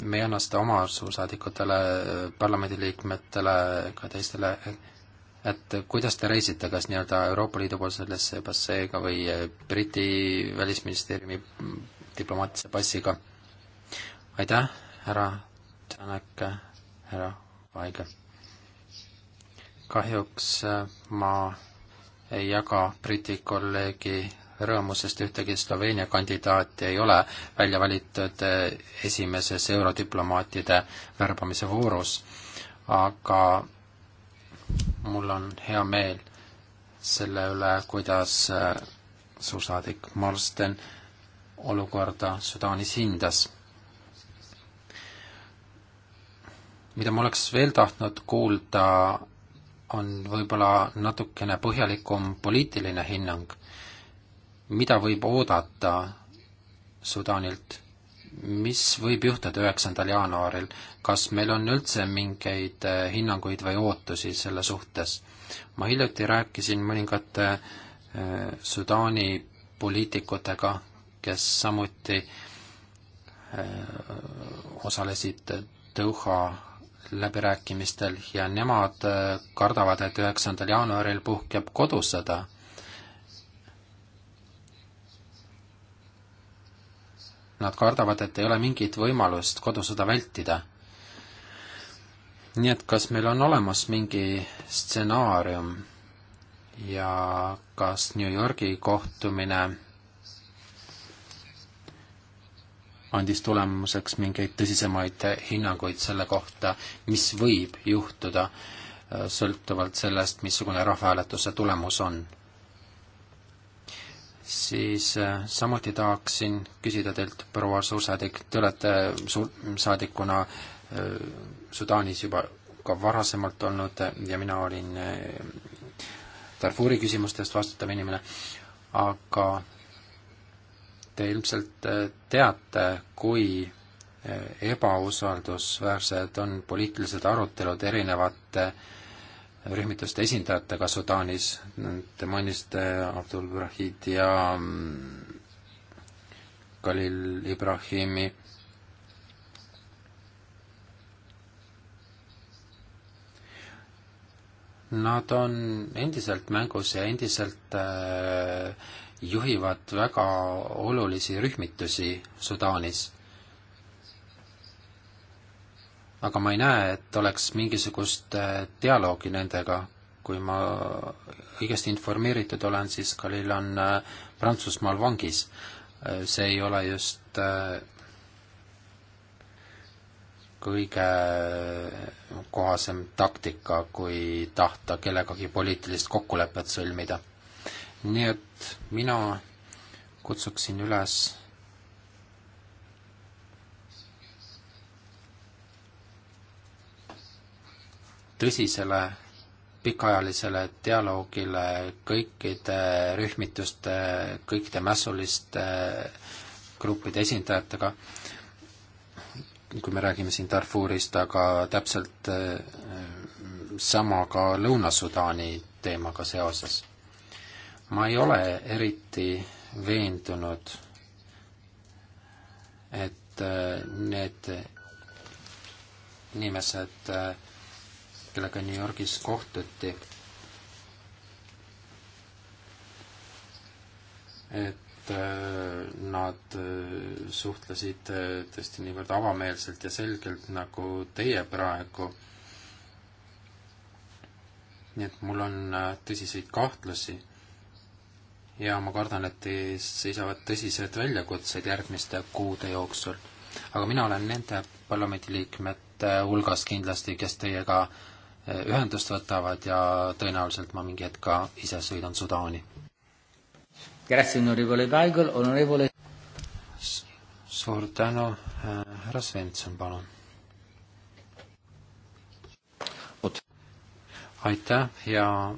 me ei anna seda oma suursaadikutele, parlamendiliikmetele, ka teistele, et kuidas te reisite, kas nii-öelda Euroopa Liidu poolsellesse passeega või eh, Briti välisministeeriumi diplomaatilise passiga? aitäh, härra Tänak, härra Vaige. kahjuks eh, ma ei jaga Briti kolleegi rõõmu, sest ühtegi Sloveenia kandidaati ei ole välja valitud eh, esimeses eurodiplomaatide värbamise voorus. aga mul on hea meel selle üle, kuidas eh, suursaadik Marsten olukorda Sudaanis hindas. mida ma oleks veel tahtnud kuulda on võib-olla natukene põhjalikum poliitiline hinnang, mida võib oodata Sudaanilt, mis võib juhtuda üheksandal jaanuaril, kas meil on üldse mingeid eh, hinnanguid või ootusi selle suhtes? ma hiljuti rääkisin mõningate eh, Sudaani poliitikutega, kes samuti eh, osalesid Doha läbirääkimistel ja nemad äh, kardavad, et üheksandal jaanuaril puhkeb kodusõda. Nad kardavad, et ei ole mingit võimalust kodusõda vältida. nii et kas meil on olemas mingi stsenaarium ja kas New Yorgi kohtumine andis tulemuseks mingeid tõsisemaid hinnanguid selle kohta, mis võib juhtuda, äh, sõltuvalt sellest, missugune rahvahääletuse tulemus on. siis äh, samuti tahaksin küsida teilt, proua suursaadik, te olete suursaadikuna äh, Sudaanis juba ka varasemalt olnud ja mina olin Darfuri küsimustest vastutav inimene, aga Te ilmselt äh, teate, kui äh, ebausaldusväärsed on poliitilised arutelud erinevate äh, rühmituste esindajatega Sudaanis. Te mainisite Abdul Brahid ja mm, Khalil Ibrahimi nad on endiselt mängus ja endiselt äh, juhivad väga olulisi rühmitusi Sudaanis. aga ma ei näe, et oleks mingisugust äh, dialoogi nendega. kui ma õigesti informeeritud olen, siis Khalil on äh, Prantsusmaal vangis. Äh, see ei ole just kõige kohasem taktika, kui tahta kellegagi poliitilist kokkulepet sõlmida nii et mina kutsuksin üles tõsisele pikaajalisele dialoogile kõikide rühmituste, kõikide mässuliste gruppide esindajatega, kui me räägime siin Darfurist, aga täpselt eh, sama ka Lõuna-Sudaani teemaga seoses ma ei ole eriti veendunud, et äh, need inimesed, äh, kellega New Yorgis kohtuti, et äh, nad suhtlesid tõesti niivõrd avameelselt ja selgelt nagu teie praegu. nii et mul on tõsiseid kahtlusi ja ma kardan, et ees seisavad tõsised väljakutsed järgmiste kuude jooksul. aga mina olen nende parlamendiliikmete hulgas kindlasti, kes teiega eh, ühendust võtavad ja tõenäoliselt ma mingi hetk ka ise sõidan Sudaani. suur tänu, eh, härra Svensson, palun. aitäh ja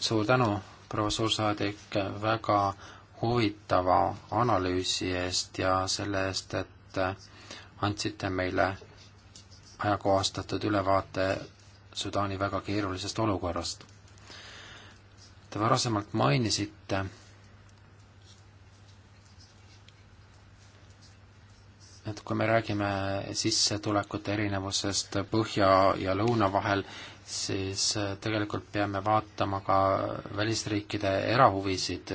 suur tänu proua suursaadik väga huvitava analüüsi eest ja selle eest, et andsite meile ajakohastatud ülevaate Sudaani väga keerulisest olukorrast. Te varasemalt mainisite, et kui me räägime sissetulekute erinevusest põhja ja lõuna vahel, siis äh, tegelikult peame vaatama ka välisriikide erahuvisid,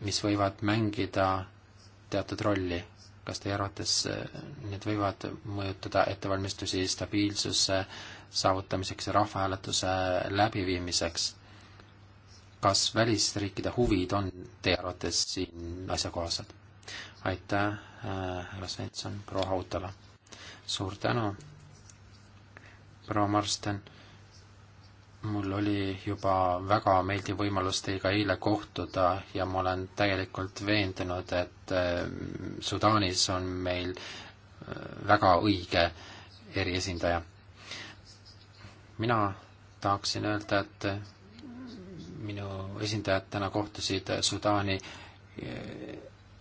mis võivad mängida teatud rolli. kas teie arvates äh, need võivad mõjutada ettevalmistusi stabiilsuse saavutamiseks ja rahvahääletuse läbiviimiseks? kas välisriikide huvid on teie arvates siin asjakohased? aitäh, äh, härra Svensson, proua Hautala! suur tänu, proua Marsten mul oli juba väga meeldiv võimalus teiega eile kohtuda ja ma olen täielikult veendunud, et äh, Sudaanis on meil äh, väga õige eriesindaja. mina tahaksin öelda, et äh, minu esindajad täna kohtusid Sudaani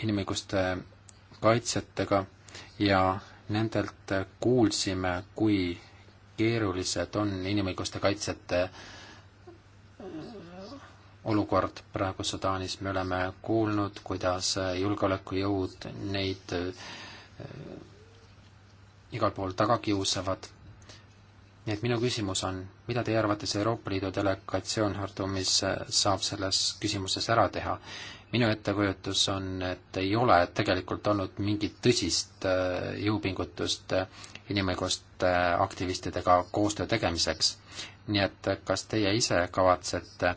inimõiguste kaitsjatega ja nendelt kuulsime, kui keerulised on inimõiguste kaitsjate äh, olukord praegu Sudaanis, me oleme kuulnud, kuidas äh, julgeolekujõud neid äh, igal pool taga kiusavad. nii et minu küsimus on, mida teie arvates Euroopa Liidu delegatsioon Hartumis saab selles küsimuses ära teha? minu ettekujutus on, et ei ole tegelikult olnud mingit tõsist äh, jõupingutust äh, inimõiguste äh, aktivistidega koostöö tegemiseks. nii et kas teie ise kavatsete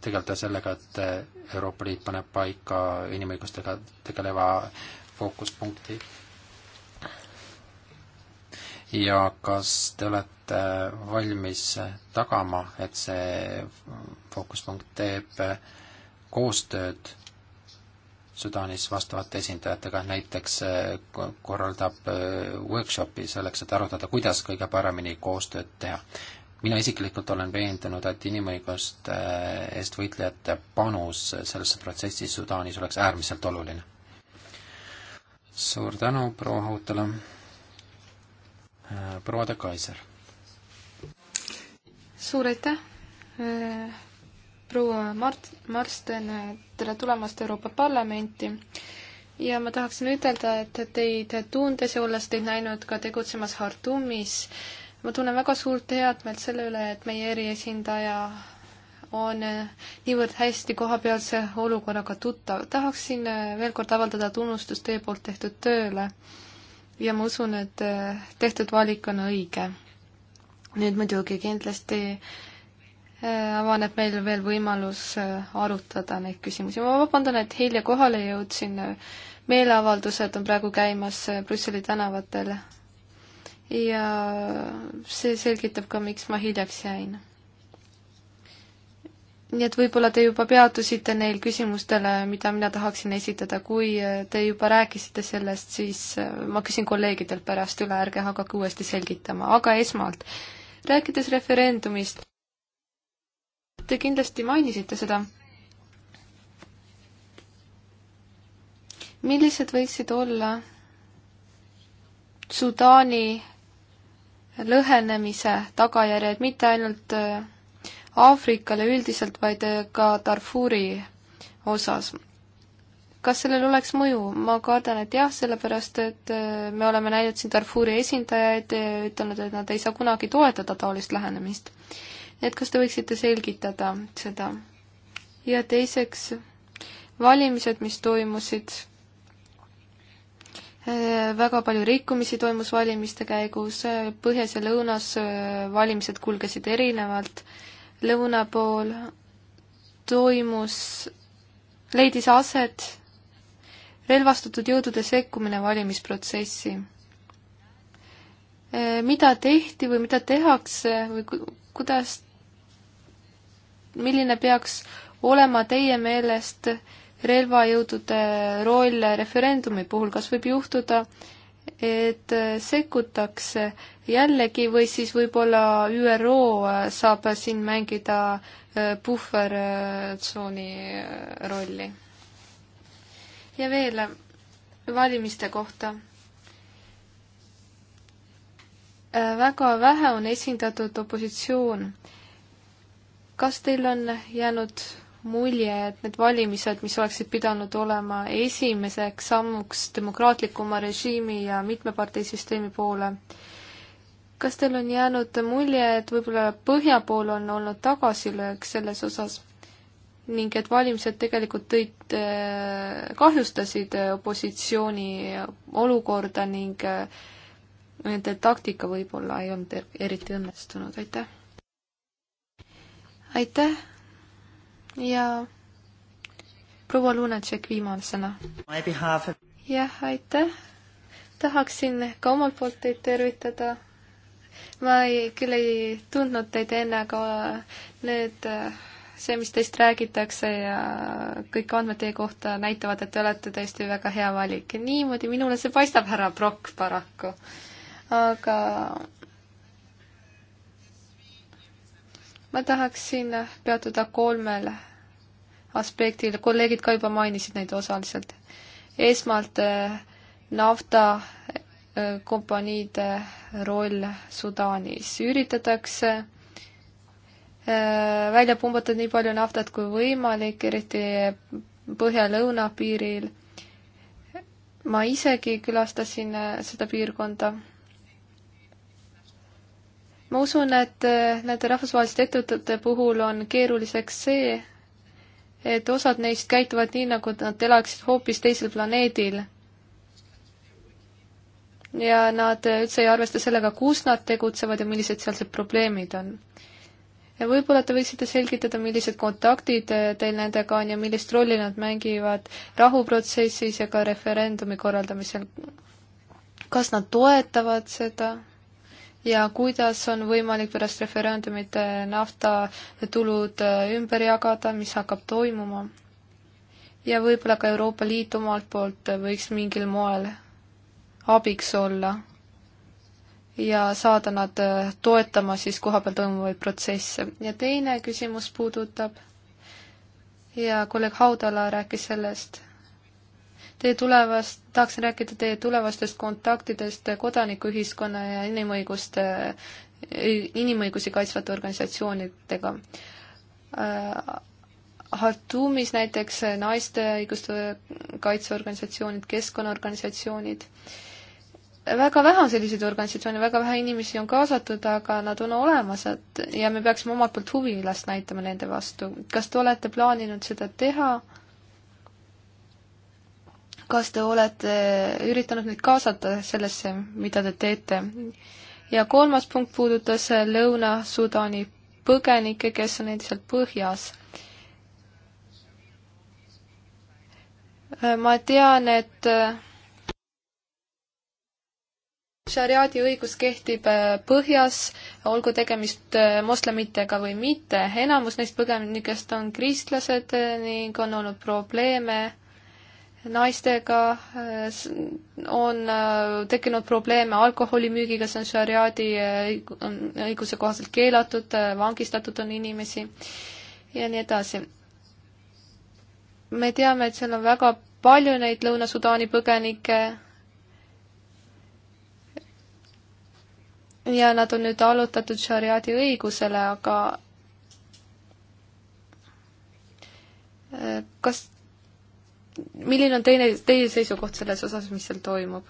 tegeleda sellega, et Euroopa Liit paneb paika inimõigustega tegeleva fookuspunkti? ja kas te olete valmis tagama, et see fookuspunkt teeb äh, koostööd Sudaanis vastavate esindajatega, näiteks äh, korraldab äh, workshopi selleks, et arutada, kuidas kõige paremini koostööd teha. mina isiklikult olen veendunud, et inimõiguste eest võitlejate panus sellesse protsessi Sudaanis oleks äärmiselt oluline. suur tänu, proua Hautala. proua de Kaiser. suur aitäh proua Mart-, Marsten, tere tulemast Euroopa Parlamenti ja ma tahaksin ütelda, et teid tundes ja olles teid näinud ka tegutsemas Hartumis, ma tunnen väga suurt headmeelt selle üle, et meie eriesindaja on niivõrd hästi kohapealse olukorraga tuttav. tahaksin veel kord avaldada tunnustust teie poolt tehtud tööle ja ma usun, et tehtud valik on õige. nüüd muidugi kindlasti Äh, avaneb meil veel võimalus äh, arutada neid küsimusi. ma vabandan, et hilja kohale jõudsin, meeleavaldused on praegu käimas äh, Brüsseli tänavatel. ja see selgitab ka, miks ma hiljaks jäin. nii et võib-olla te juba peatusite neil küsimustele, mida mina tahaksin esitada, kui te juba rääkisite sellest, siis ma küsin kolleegidelt pärast üle, ärge hakake uuesti selgitama, aga esmalt, rääkides referendumist, Te kindlasti mainisite seda. millised võiksid olla Sudaani lõhenemise tagajärjed mitte ainult äh, Aafrikale üldiselt, vaid äh, ka Darfuri osas. kas sellel oleks mõju? ma kardan, et jah, sellepärast et äh, me oleme näinud siin Darfuri esindajaid ja ütelnud, et nad ei saa kunagi toetada taolist lähenemist et kas te võiksite selgitada seda? ja teiseks, valimised, mis toimusid, äh, väga palju rikkumisi toimus valimiste käigus, põhjas ja lõunas äh, valimised kulgesid erinevalt, lõuna pool toimus, leidis aset relvastatud jõudude sekkumine valimisprotsessi. Äh, mida tehti või mida tehakse või kuidas milline peaks olema teie meelest relvajõudude roll referendumi puhul, kas võib juhtuda, et sekkutakse jällegi või siis võib-olla ÜRO saab siin mängida äh, puhvertsooni äh, rolli? ja veel valimiste kohta äh, väga vähe on esindatud opositsioon kas teil on jäänud mulje, et need valimised, mis oleksid pidanud olema esimeseks sammuks demokraatlikuma režiimi ja mitmeparteisüsteemi poole, kas teil on jäänud mulje, et võib-olla põhja pool on olnud tagasilöök selles osas ning et valimised tegelikult tõid, äh, kahjustasid äh, opositsiooni olukorda ning äh, nende taktika võib-olla ei olnud er-, eriti õnnestunud, aitäh! aitäh ja proua Lunatšek, viimane sõna. jah, aitäh. tahaksin ka omalt poolt teid tervitada. ma ei, küll ei tundnud teid enne, aga need äh, see, mis teist räägitakse ja kõik andmed teie kohta näitavad, et te olete tõesti väga hea valik. niimoodi minule see paistab, härra Prokk, paraku. aga ma tahaksin peatuda kolmel aspektil, kolleegid ka juba mainisid neid osaliselt. esmalt eh, naftakompaniide eh, roll Sudaanis, üritatakse eh, välja pumbata nii palju naftat kui võimalik, eriti põhja-lõuna piiril. ma isegi külastasin seda piirkonda ma usun, et eh, nende rahvusvaheliste ettevõtete puhul on keeruliseks see, et osad neist käituvad nii, nagu nad elaksid hoopis teisel planeedil. ja nad eh, üldse ei arvesta sellega, kus nad tegutsevad ja millised sealsed probleemid on ja võib-olla te võiksite selgitada, millised kontaktid eh, teil nendega on ja millist rolli nad mängivad rahuprotsessis ja ka referendumi korraldamisel. kas nad toetavad seda? ja kuidas on võimalik pärast referendumit naftatulud äh, ümber jagada, mis hakkab toimuma. ja võib-olla ka Euroopa Liit omalt poolt äh, võiks mingil moel abiks olla ja saada nad äh, toetama siis kohapeal toimuvaid protsesse. ja teine küsimus puudutab ja kolleeg Haudala rääkis sellest Teie tulevast, tahaksin rääkida teie tulevastest kontaktidest kodanikuühiskonna ja inimõiguste, inimõigusi kaitsvate organisatsioonidega. Äh, Hartumis näiteks naiste õiguste kaitseorganisatsioonid, keskkonnaorganisatsioonid. väga vähe on selliseid organisatsioone, väga vähe inimesi on kaasatud, aga nad on olemas, et ja me peaksime omalt poolt huvilast näitama nende vastu. kas te olete plaaninud seda teha? kas te olete üritanud neid kaasata sellesse, mida te teete? ja kolmas punkt puudutas Lõuna-Sudaani põgenikke, kes on endiselt põhjas. ma tean, et šariaadi õigus kehtib põhjas, olgu tegemist moslemitega või mitte, enamus neist põgenikest on kristlased ning on olnud probleeme naistega äh, on äh, tekkinud probleeme alkoholimüügiga, see on šariaadi äh, õiguse kohaselt keelatud, vangistatud on inimesi ja nii edasi. me teame, et seal on väga palju neid Lõuna-Sudaani põgenikke ja nad on nüüd allutatud šariaadi õigusele, aga kas milline on teine, teie seisukoht selles osas, mis seal toimub?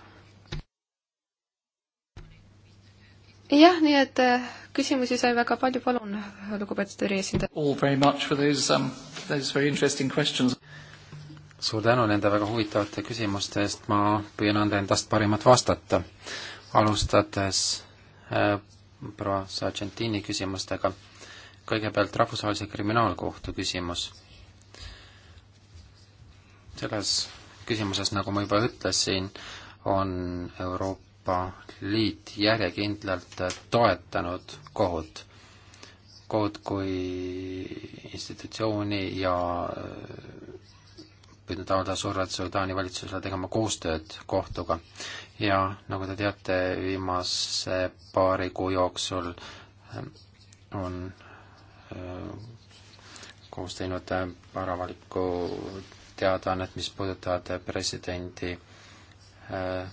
jah, nii et äh, küsimusi sai väga palju, palun, lugupeetud eriesindaja. All very much for those um,, those very interesting questions. suur tänu nende väga huvitavate küsimuste eest, ma püüan anda endast parimat vastata. alustades äh, proua Sargentini küsimustega, kõigepealt Rahvusvahelise Kriminaalkohtu küsimus selles küsimuses, nagu ma juba ütlesin, on Euroopa Liit järjekindlalt toetanud kohut. kohut kui institutsiooni ja äh, püüdnud avaldada survet Sudaani valitsusele tegema koostööd kohtuga. ja nagu te teate, viimase paari kuu jooksul äh, on äh, kohus teinud paar avalikku teadaannet, mis puudutavad presidendi äh,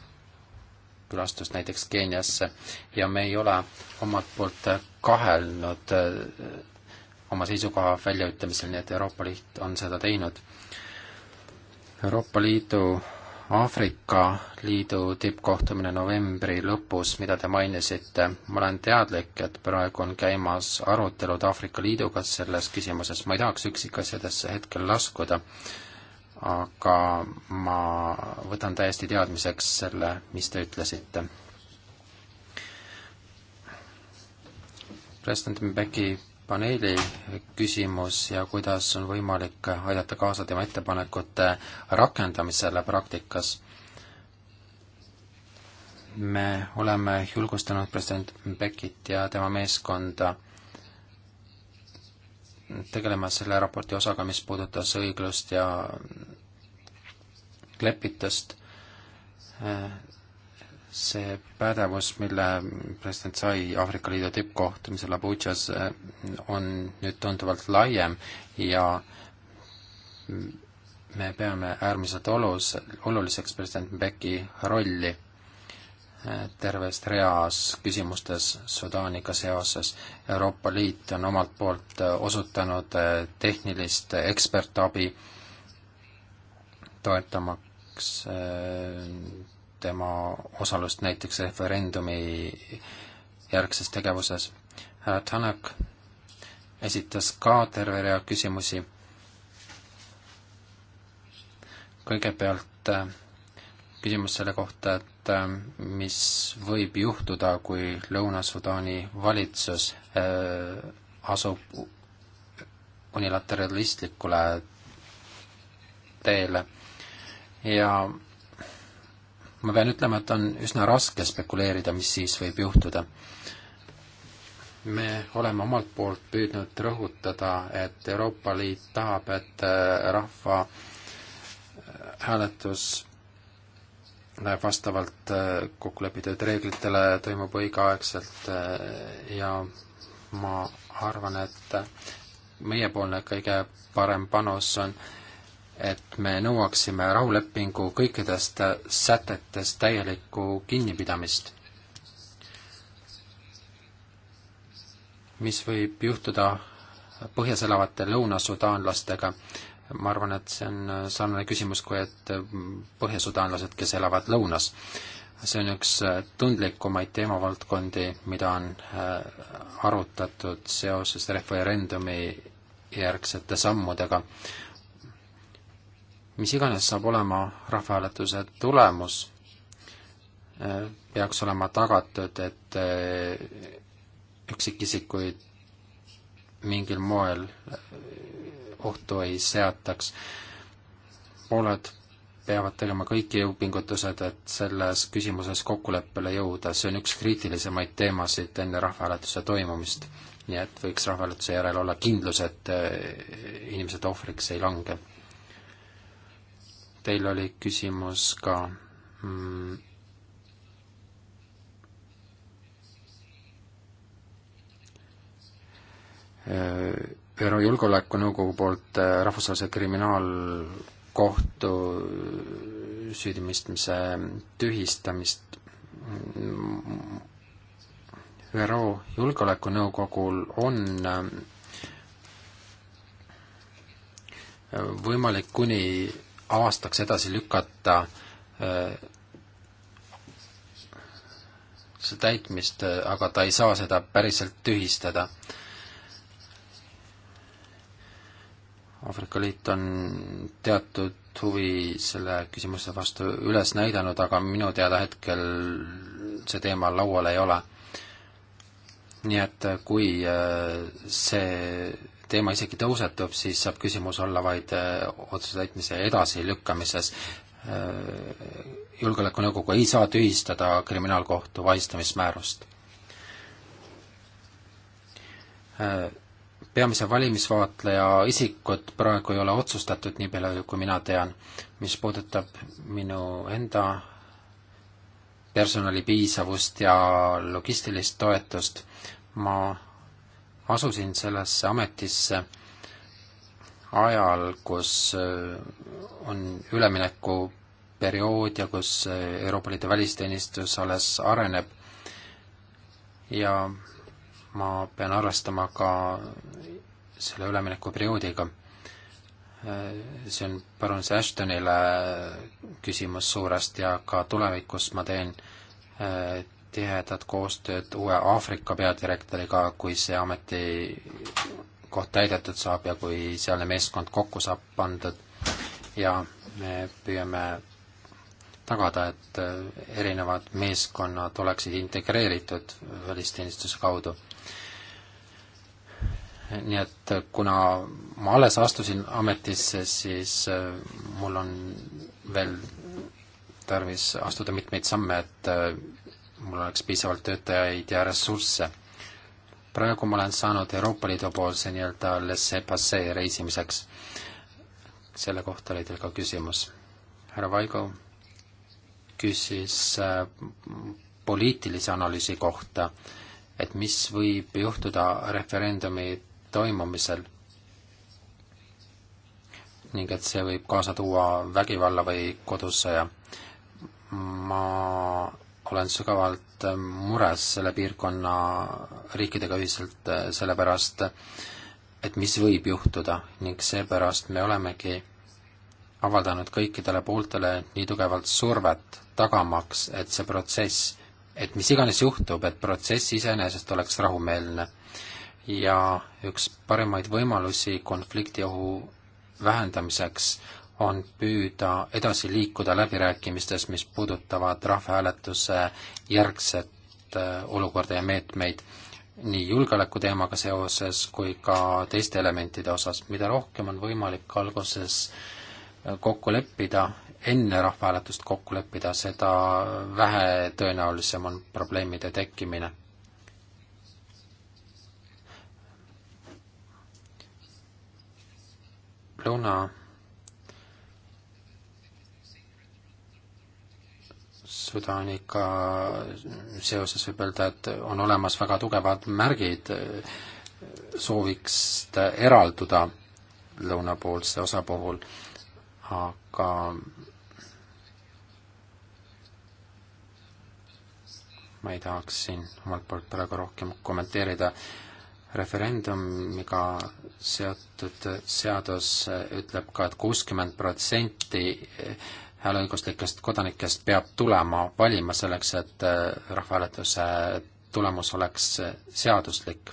külastust näiteks Keeniasse ja me ei ole omalt poolt kahelnud äh, oma seisukoha väljaütlemisel, nii et Euroopa Liit on seda teinud. Euroopa Liidu Aafrika Liidu tippkohtumine novembri lõpus, mida te mainisite, ma olen teadlik, et praegu on käimas arutelud Aafrika Liiduga selles küsimuses, ma ei tahaks üksikasjadesse hetkel laskuda, aga ma võtan täiesti teadmiseks selle, mis te ütlesite. president Mbeki paneeli küsimus ja kuidas on võimalik aidata kaasa tema ettepanekute rakendamisele praktikas. me oleme julgustanud president Mbekit ja tema meeskonda tegelema selle raporti osaga, mis puudutas õiglust ja lepitust. see pädevus, mille president sai Aafrika Liidu tippkohtumisel Abujas, on nüüd tunduvalt laiem ja me peame äärmiselt olus, oluliseks president Mbeki rolli terves reas küsimustes Sudaaniga seoses. Euroopa Liit on omalt poolt äh, osutanud äh, tehnilist äh, ekspertabi, toetamaks tema osalust näiteks referendumi järgses tegevuses. härra Tanak esitas ka terve rea küsimusi. kõigepealt küsimus selle kohta, et et äh, mis võib juhtuda, kui Lõuna-Sudaani valitsus äh, asub unilateralistlikule teele ja ma pean ütlema, et on üsna raske spekuleerida, mis siis võib juhtuda. me oleme omalt poolt püüdnud rõhutada, et Euroopa Liit tahab, et äh, rahva hääletus vastavalt äh, kokkulepitud reeglitele toimub õigeaegselt äh, ja ma arvan, et äh, meiepoolne kõige parem panus on, et me nõuaksime rahulepingu kõikidest sätetest täielikku kinnipidamist. mis võib juhtuda põhjas elavate lõunasudaanlastega, ma arvan, et see on äh, sarnane küsimus, kui et äh, põhjasudaanlased, kes elavad lõunas. see on üks äh, tundlikumaid teemavaldkondi, mida on arutatud seoses referendumi järgsete sammudega. mis iganes saab olema rahvahääletuse tulemus, peaks olema tagatud, et üksikisikuid mingil moel ohtu ei seataks. pooled peavad tegema kõik jõupingutused, et selles küsimuses kokkuleppele jõuda, see on üks kriitilisemaid teemasid enne rahvahääletuse toimumist. nii et võiks rahvahääletuse järel olla kindlus, et eh, inimesed ohvriks ei lange. Teil oli küsimus ka mm, öö, eh, ÜRO Julgeolekunõukogu poolt äh, Rahvusvahelise Kriminaalkohtu äh, süüdimistmise tühistamist. ÜRO Julgeolekunõukogul on äh, võimalik kuni aastaks edasi lükata see täitmist, aga ta ei saa seda päriselt tühistada Aafrika Liit on teatud huvi selle küsimuse vastu üles näidanud, aga minu teada hetkel see teema laual ei ole. nii et kui äh, see teema isegi tõusetub, siis saab küsimus olla vaid äh, otsuse täitmise edasilükkamises. Äh, julgeolekunõukogu ei saa tühistada kriminaalkohtu vahistamismäärust peamise valimisvaatleja isikut praegu ei ole otsustatud, nii palju kui mina tean. mis puudutab minu enda personali piisavust ja logistilist toetust, ma asusin sellesse ametisse ajal, kus äh, on üleminekuperiood ja kus äh, Euroopa Liidu välisteenistus alles areneb ja ma pean arvestama ka selle üleminekuperioodiga. see on parunes Ashtonile küsimus suuresti ja ka tulevikus ma teen äh, tihedat koostööd uue Aafrika peadirektoriga, kui see ametikoht täidetud saab ja kui sealne meeskond kokku saab pandud ja me püüame tagada, et äh, erinevad meeskonnad oleksid integreeritud välisteenistuse kaudu nii et äh, kuna ma alles astusin ametisse, siis äh, mul on veel tarvis astuda mitmeid samme, et äh, mul oleks piisavalt töötajaid ja ressursse. praegu ma olen saanud Euroopa Liidu poolse nii-öelda laissez-passer reisimiseks. selle kohta oli teil ka küsimus. härra Vaigo küsis poliitilise analüüsi kohta, et mis võib juhtuda referendumi toimumisel ning et see võib kaasa tuua vägivalla või kodusõja. ma olen sügavalt mures selle piirkonna riikidega ühiselt, eh, sellepärast et mis võib juhtuda ning seepärast me olemegi avaldanud kõikidele pooltele nii tugevalt survet, tagamaks, et see protsess, et mis iganes juhtub, et protsess iseenesest oleks rahumeelne ja üks parimaid võimalusi konfliktiohu vähendamiseks on püüda edasi liikuda läbirääkimistes, mis puudutavad rahvahääletuse järgset äh, olukorda ja meetmeid nii julgeolekuteemaga seoses kui ka teiste elementide osas. mida rohkem on võimalik alguses äh, kokku leppida, enne rahvahääletust kokku leppida, seda vähe tõenäolisem on probleemide tekkimine lõuna Sudaaniga seoses võib öelda, et on olemas väga tugevad märgid sooviks eralduda lõunapoolse osa puhul, aga ma ei tahaks siin omalt poolt praegu rohkem kommenteerida äh, referendumiga seotud seadus ütleb ka et, et kuuskümmend protsenti hääleõiguslikest kodanikest peab tulema valima selleks, et äh, rahvahääletuse tulemus oleks seaduslik.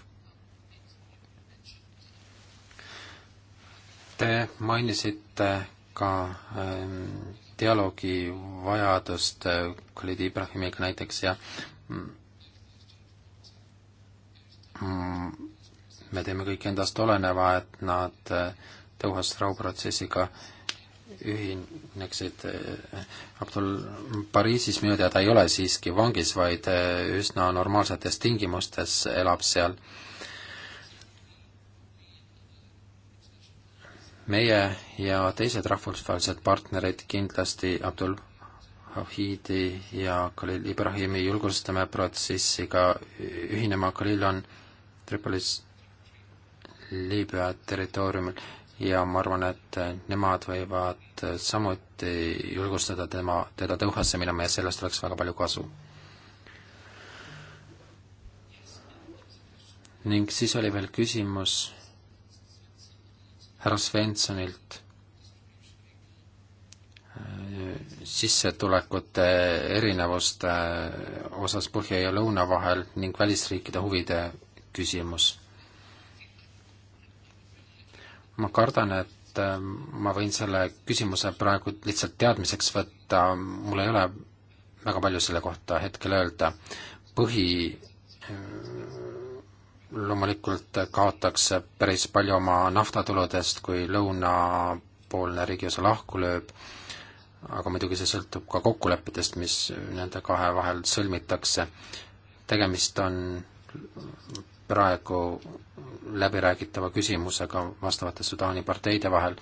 Te mainisite ka ähm, dialoogi vajadust äh, Khalid Ibrahimiga näiteks ja mm, Mm, me teeme kõik endast oleneva, et nad Dohas eh, rahuprotsessiga ühineksid. Eh, Abdul Pariisis minu teada ei ole siiski vangis, vaid eh, üsna normaalsetes tingimustes elab seal. meie ja teised rahvusvahelised partnerid kindlasti Abdul Hahidi ja Khalil Ibrahimi julgustame protsessiga ühinema, Khalil on Tripolis Liibüa territooriumil ja ma arvan, et nemad võivad samuti julgustada tema, teda Tõuhasse minema ja sellest oleks väga palju kasu. ning siis oli veel küsimus härra Svenssonilt äh, sissetulekute erinevuste osas Põhja ja Lõuna vahel ning välisriikide huvide küsimus. ma kardan, et äh, ma võin selle küsimuse praegu lihtsalt teadmiseks võtta, mul ei ole väga palju selle kohta hetkel öelda. põhi äh, loomulikult kaotaks päris palju oma naftatuludest, kui lõunapoolne riigiosa lahku lööb, aga muidugi see sõltub ka kokkulepetest, mis nende kahe vahel sõlmitakse. tegemist on praegu läbiräägitava küsimusega vastavate Sudaani parteide vahel.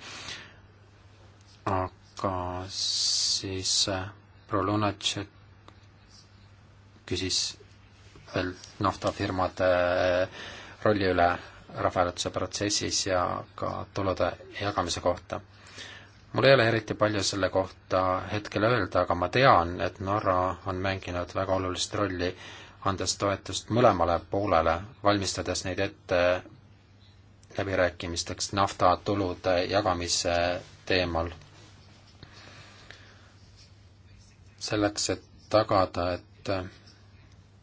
aga siis äh, proua Lunatšek küsis veel naftafirmade äh, rolli üle rahvahääletuse protsessis ja ka tulude jagamise kohta. mul ei ole eriti palju selle kohta hetkel öelda, aga ma tean, et Norra on mänginud väga olulist rolli äh, andes toetust mõlemale poolele, valmistades neid ette läbirääkimisteks naftatulude jagamise teemal. selleks, et tagada, et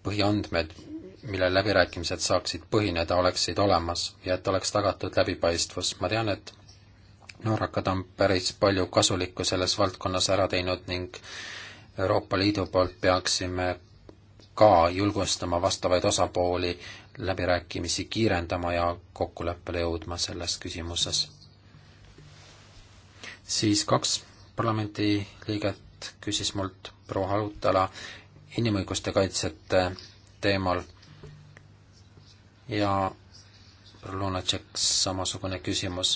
põhiandmed, millel läbirääkimised saaksid põhineda, oleksid olemas ja et oleks tagatud läbipaistvus. ma tean, et norrakad on päris palju kasulikku selles valdkonnas ära teinud ning Euroopa Liidu poolt peaksime ka julgustama vastavaid osapooli läbirääkimisi kiirendama ja kokkuleppele jõudma selles küsimuses. siis kaks parlamendi liiget küsis mult proua Harutala inimõiguste kaitsjate teemal ja Lunacek samasugune küsimus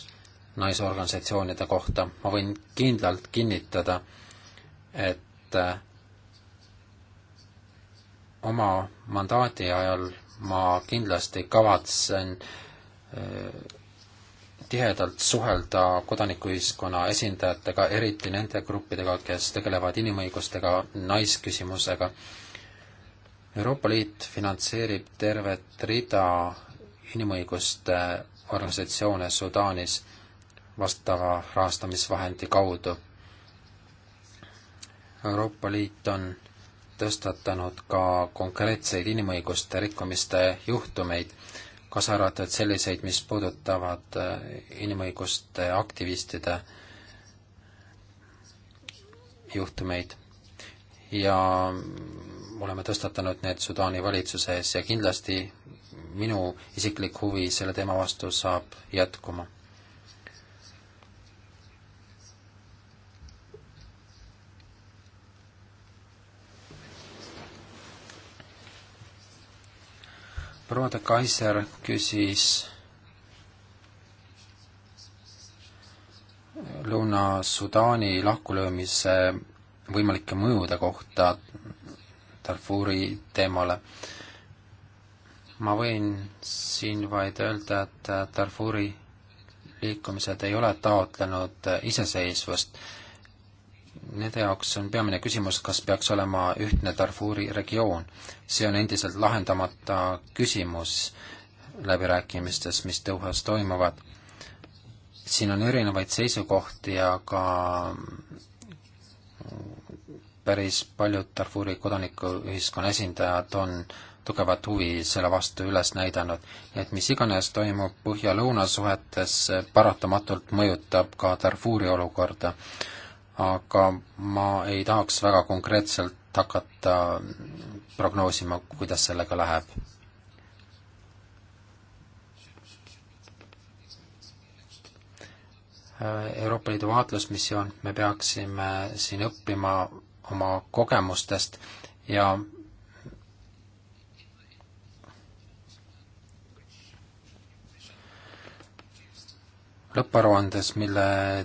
naisorganisatsioonide kohta. ma võin kindlalt kinnitada, et oma mandaadi ajal ma kindlasti kavatsen äh, tihedalt suhelda kodanikuühiskonna esindajatega, eriti nende gruppidega, kes tegelevad inimõigustega, naisküsimusega. Euroopa Liit finantseerib tervet rida inimõiguste organisatsioone Sudaanis vastava rahastamisvahendi kaudu. Euroopa Liit on tõstatanud ka konkreetseid inimõiguste rikkumiste juhtumeid, kaasa arvatud selliseid, mis puudutavad äh, inimõiguste aktivistide juhtumeid. ja oleme tõstatanud need Sudaani valitsuse ees ja kindlasti minu isiklik huvi selle teema vastu saab jätkuma. proua de Kaiser küsis Lõuna-Sudaani lahkulöömise võimalike mõjude kohta Darfuri teemale. ma võin siin vaid öelda, et Darfuri liikumised ei ole taotlenud iseseisvust Nende jaoks on peamine küsimus, kas peaks olema ühtne Darfuri regioon. see on endiselt lahendamata küsimus läbirääkimistes, mis Dohas toimuvad. siin on erinevaid seisukohti, aga päris paljud Darfuri kodanikuühiskonna esindajad on tugevat huvi selle vastu üles näidanud. nii et mis iganes toimub põhja-lõuna suhetes, paratamatult mõjutab ka Darfuri olukorda aga ma ei tahaks väga konkreetselt hakata prognoosima, kuidas sellega läheb. Euroopa Liidu vaatlusmissioon, me peaksime siin õppima oma kogemustest ja lõpparuandes, mille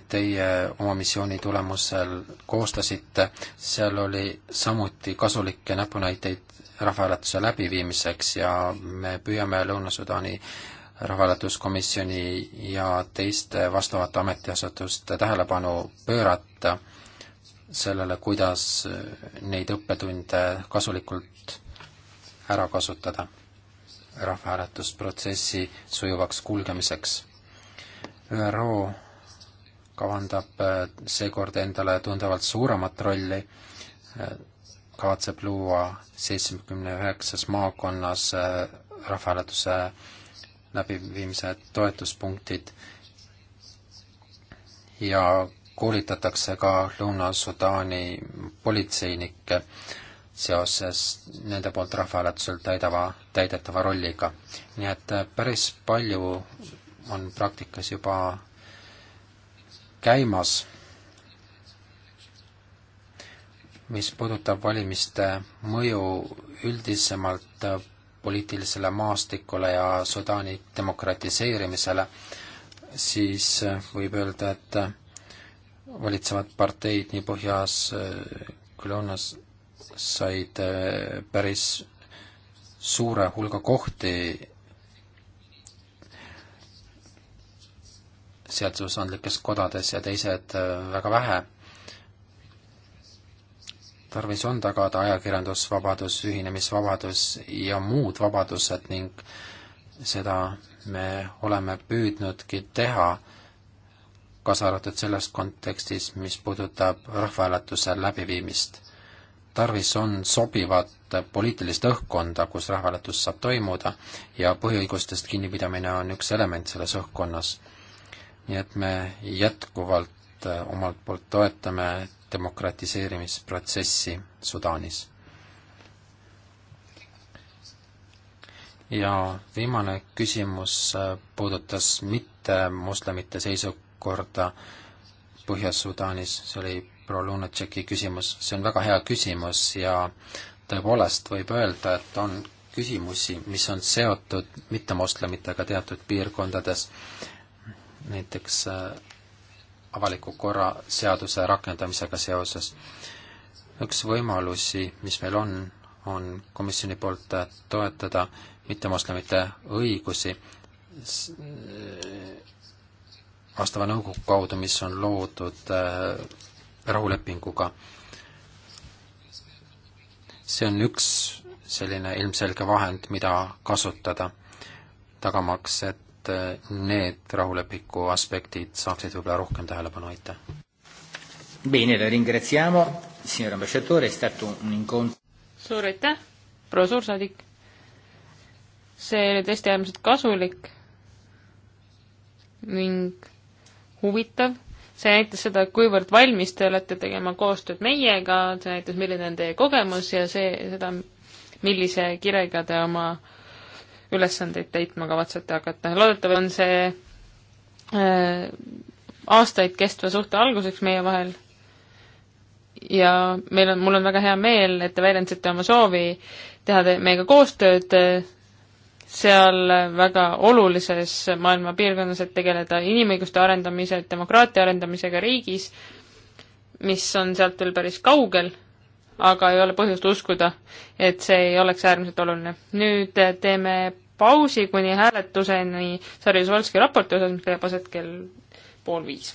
teie oma missiooni tulemusel koostasite, seal oli samuti kasulikke näpunäiteid rahvahääletuse läbiviimiseks ja me püüame Lõuna-Sudaani rahvahääletuskomisjoni ja teiste vastavate ametiasutuste tähelepanu pöörata sellele, kuidas neid õppetunde kasulikult ära kasutada rahvahääletusprotsessi sujuvaks kulgemiseks ÜRO kavandab äh, seekord endale tunduvalt suuremat rolli, äh, kavatseb luua seitsmekümne üheksas maakonnas äh, rahvahääletuse läbiviimise toetuspunktid ja koolitatakse ka Lõuna-Sudaani politseinikke seoses nende poolt rahvahääletusel täidava, täidetava rolliga. nii et päris palju on praktikas juba käimas. mis puudutab valimiste mõju üldisemalt poliitilisele maastikule ja Sudaani demokratiseerimisele, siis võib öelda, et valitsevad parteid nii põhjas äh, kui lõunas said äh, päris suure hulga kohti seadusandlikes kodades ja teised äh, väga vähe. tarvis on tagada ajakirjandusvabadus, ühinemisvabadus ja muud vabadused ning seda me oleme püüdnudki teha, kaasa arvatud selles kontekstis, mis puudutab rahvahääletuse läbiviimist. tarvis on sobivat poliitilist õhkkonda, kus rahvahääletus saab toimuda ja põhiõigustest kinnipidamine on üks element selles õhkkonnas nii et me jätkuvalt äh, omalt poolt toetame demokratiseerimisprotsessi Sudaanis. ja viimane küsimus äh, puudutas mittemoslemite seisukorda Põhja-Sudaanis, see oli proua Lunatšeki küsimus, see on väga hea küsimus ja tõepoolest võib öelda, et on küsimusi, mis on seotud mittemoslemitega teatud piirkondades näiteks äh, avaliku korra seaduse rakendamisega seoses. üks võimalusi, mis meil on, on komisjoni poolt äh, toetada mittemoslemite õigusi äh, vastava nõukogu kaudu, mis on loodud rahulepinguga. see on üks selline ilmselge vahend, mida kasutada, tagamaks, et et need rahulepiku aspektid saaksid võib-olla rohkem tähelepanu, aitäh! Bene, la ringraziamo, signor ambasciatore, è stato un incont-. suur aitäh, proua suursaadik! see oli tõesti äärmiselt kasulik ning huvitav, see näitas seda, kuivõrd valmis te olete tegema koostööd meiega, see näitas, milline on teie kogemus ja see, seda, millise kirega te oma äh, ülesandeid täitma kavatsete hakata. loodetav on see äh, aastaid kestva suhte alguseks meie vahel ja meil on, mul on väga hea meel, et te väljendasite oma soovi teha te, meiega koostööd äh, seal väga olulises maailma piirkonnas, et tegeleda inimõiguste arendamise, demokraatia arendamisega riigis, mis on sealt veel päris kaugel aga ei ole põhjust uskuda, et see ei oleks äärmiselt oluline. nüüd eh, teeme pausi kuni hääletuseni Sarju Solski raporti osas, mis leiab aset kell pool viis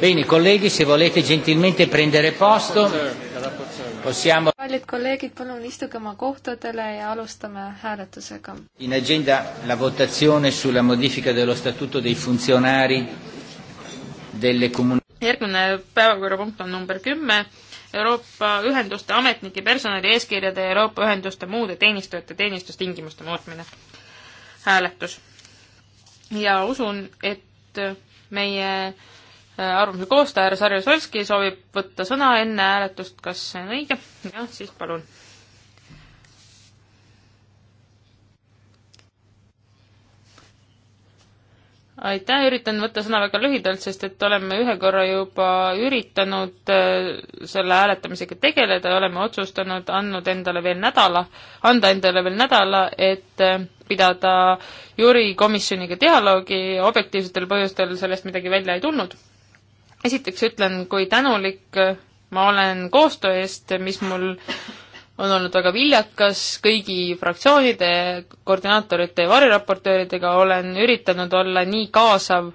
Bene, colleghi, se volete gentilmente prendere posto, possiamo... Kallid kolleegid, palun istuge oma kohtadele ja alustame hääletusega. In agenda la votazione sulla modifica dello statuto dei funzionari delle comun-... järgmine päevakorrapunkt on number kümme, Euroopa Ühenduste ametnike personali eeskirjade ja Euroopa Ühenduste muude teenistujate teenistustingimuste muutmine. hääletus. ja usun, et meie äh, arvamuse koostaja Sarju Solski soovib võtta sõna enne hääletust, kas see on õige? jah, siis palun. aitäh, üritan võtta sõna väga lühidalt, sest et oleme ühe korra juba üritanud äh, selle hääletamisega tegeleda ja oleme otsustanud, andnud endale veel nädala, anda endale veel nädala, et äh, pidada jurikomisjoniga dialoogi, objektiivsetel põhjustel sellest midagi välja ei tulnud esiteks ütlen, kui tänulik ma olen koostöö eest, mis mul on olnud väga viljakas kõigi fraktsioonide, koordinaatorite ja variraportööridega, olen üritanud olla nii kaasav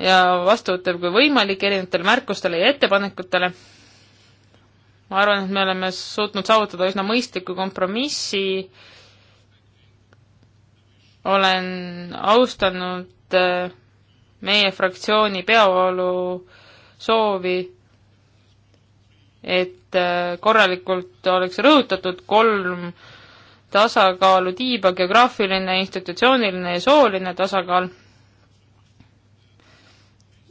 ja vastuvõttev kui võimalik erinevatele märkustele ja ettepanekutele. ma arvan, et me oleme suutnud saavutada üsna mõistliku kompromissi, olen austanud äh, meie fraktsiooni peavalu soovi, et äh, korralikult oleks rõhutatud kolm tasakaalu tiiba, geograafiline, institutsiooniline ja sooline tasakaal.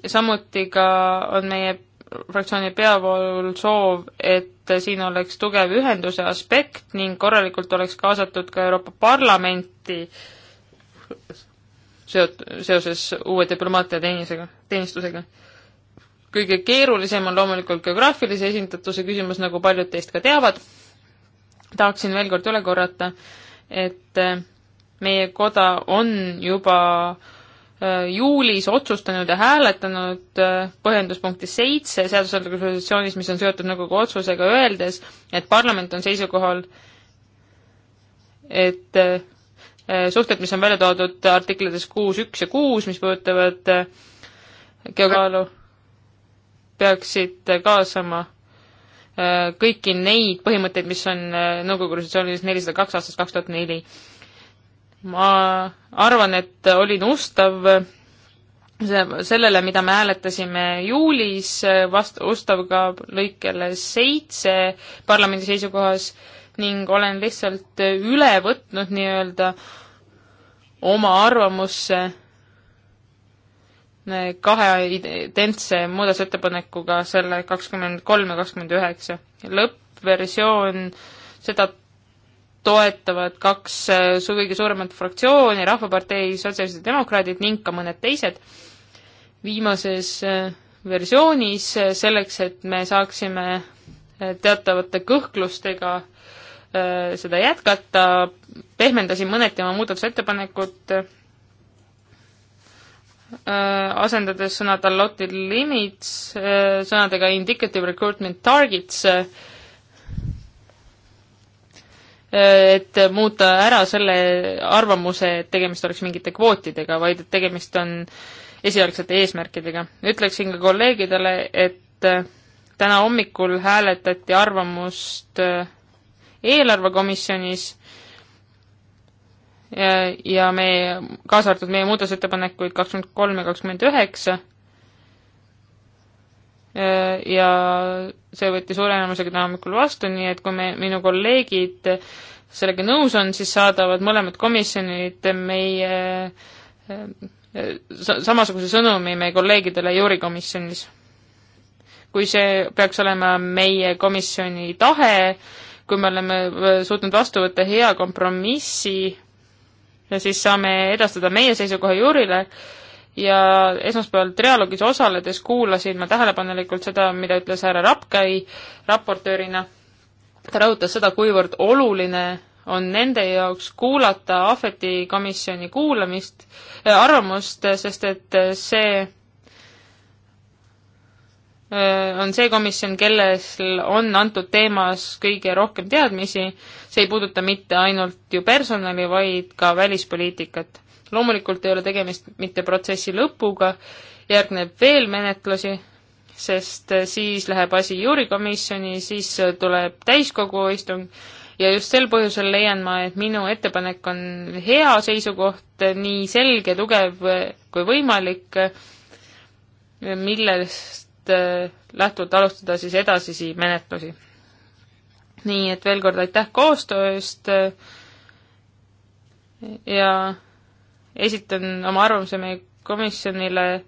samuti ka on meie fraktsiooni peavool soov, et siin oleks tugev ühenduse aspekt ning korralikult oleks kaasatud ka Euroopa Parlamenti seot-, seoses uue diplomaatia teenistusega. kõige keerulisem on loomulikult geograafilise esindatuse küsimus, nagu paljud teist ka teavad. tahaksin veel kord üle korrata, et äh, meie koda on juba äh, juulis otsustanud ja hääletanud äh, põhjenduspunktis seitse seadusandluspositsioonis, mis on seotud nõukogu nagu otsusega, öeldes, et parlament on seisukohal, et Äh, suhted, mis on välja toodud artiklites kuus, üks ja kuus, mis puudutavad äh, geokaalu, peaksid kaasama äh, kõiki neid põhimõtteid, mis on nõukogu resolutsioonis nelisada kaks aastast kaks tuhat neli. ma arvan, et olin ustav sellele, mida me hääletasime juulis, vast-, ustav ka lõikele seitse parlamendi seisukohas äh, ning olen lihtsalt üle võtnud nii-öelda oma arvamusse kahe identse muudatusettepanekuga selle kakskümmend kolm ja kakskümmend üheksa. lõppversioon, seda toetavad kaks eh, kõige suuremat fraktsiooni, Rahvapartei, Sotsialistid ja Demokraadid ning ka mõned teised. viimases eh, versioonis eh, selleks, et me saaksime teatavate kõhklustega äh, seda jätkata, pehmendasin mõneti oma muudatusettepanekut, asendades sõnad allotted limits sõnadega indicative recruitment targets, et muuta ära selle arvamuse, et tegemist oleks mingite kvootidega, vaid et tegemist on esialgsete eesmärkidega. ütleksin ka kolleegidele, et äh, täna hommikul hääletati arvamust äh, eelarvekomisjonis ja, ja meie, kaasa arvatud meie muudatusettepanekuid kakskümmend kolm ja kakskümmend üheksa, ja see võeti suure enamusega täna hommikul vastu, nii et kui me, minu kolleegid sellega nõus on, siis saadavad mõlemad komisjonid meie samasuguse sõnumi meie kolleegidele juurikomisjonis. kui see peaks olema meie komisjoni tahe, kui me oleme äh, suutnud vastu võtta hea kompromissi, siis saame edastada meie seisukoha Jurile ja esmaspäeval trialoogis osaledes kuulasin ma tähelepanelikult seda, mida ütles härra Rapkai raportöörina. ta rõhutas seda, kuivõrd oluline on nende jaoks kuulata Ahveti komisjoni kuulamist äh,, arvamust, sest et äh, see on see komisjon, kellel on antud teemas kõige rohkem teadmisi, see ei puuduta mitte ainult ju personali, vaid ka välispoliitikat. loomulikult ei ole tegemist mitte protsessi lõpuga, järgneb veel menetlusi, sest siis läheb asi juurikomisjoni, siis tuleb täiskogu istung ja just sel põhjusel leian ma, et minu ettepanek on hea seisukoht, nii selge, tugev kui võimalik, millest Äh, lähtuvalt alustada siis edasisi menetlusi. nii et veel kord aitäh koostöö eest äh, ja esitan oma arvamuse meie komisjonile,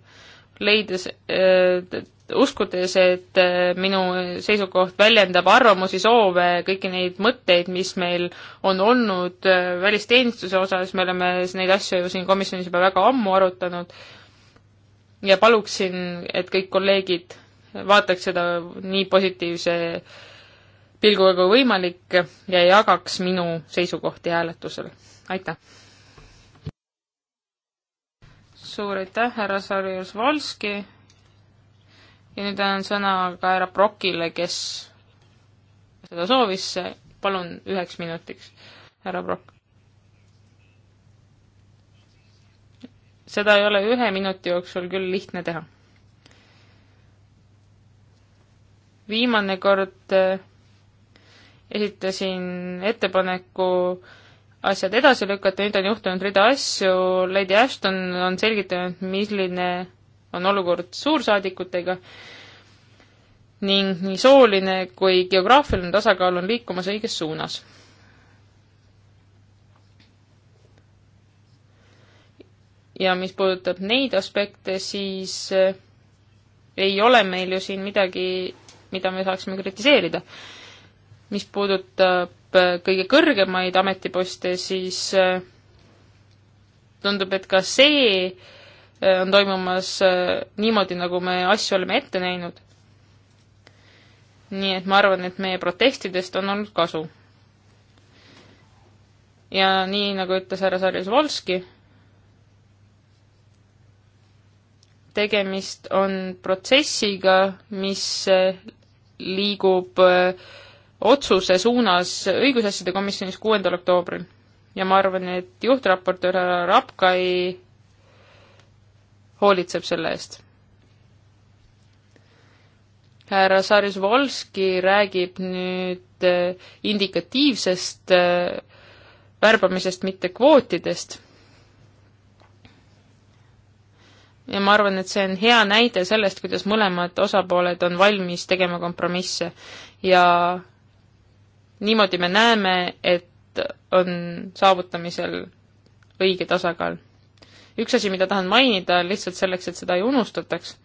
leides äh,, uskudes, et äh, minu seisukoht väljendab arvamusi, soove, kõiki neid mõtteid, mis meil on olnud äh, välisteenistuse osas, me oleme neid asju ju siin komisjonis juba väga ammu arutanud äh,, ja paluksin, et kõik kolleegid vaataks seda nii positiivse pilguga kui võimalik ja jagaks minu seisukohti hääletusel. aitäh! suur aitäh, härra Sarjus Valski ja nüüd annan sõna ka härra Brokile, kes seda soovis, palun üheks minutiks, härra Brokk. seda ei ole ühe minuti jooksul küll lihtne teha. viimane kord äh, esitasin ettepaneku asjad edasi lükata, nüüd on juhtunud rida asju, Lady Ashton on selgitanud, milline on olukord suursaadikutega ning nii sooline kui geograafiline tasakaal on liikumas õiges suunas ja mis puudutab neid aspekte, siis eh, ei ole meil ju siin midagi, mida me saaksime kritiseerida. mis puudutab eh, kõige kõrgemaid ametiposte, siis eh, tundub, et ka see on toimumas niimoodi, nagu me asju oleme ette näinud. nii et ma arvan, et meie protestidest on olnud kasu. ja nii, nagu ütles härra Sarjas Volski, tegemist on protsessiga, mis liigub äh, otsuse suunas õigusasjade komisjonis kuuendal oktoobril. ja ma arvan, et juhtraportöör härra Rapkai hoolitseb selle eest. härra Sarjus Volski räägib nüüd äh, indikatiivsest äh, värbamisest, mitte kvootidest ja ma arvan, et see on hea näide sellest, kuidas mõlemad osapooled on valmis tegema kompromisse ja niimoodi me näeme, et on saavutamisel õige tasakaal. üks asi, mida tahan mainida, lihtsalt selleks, et seda ei unustataks,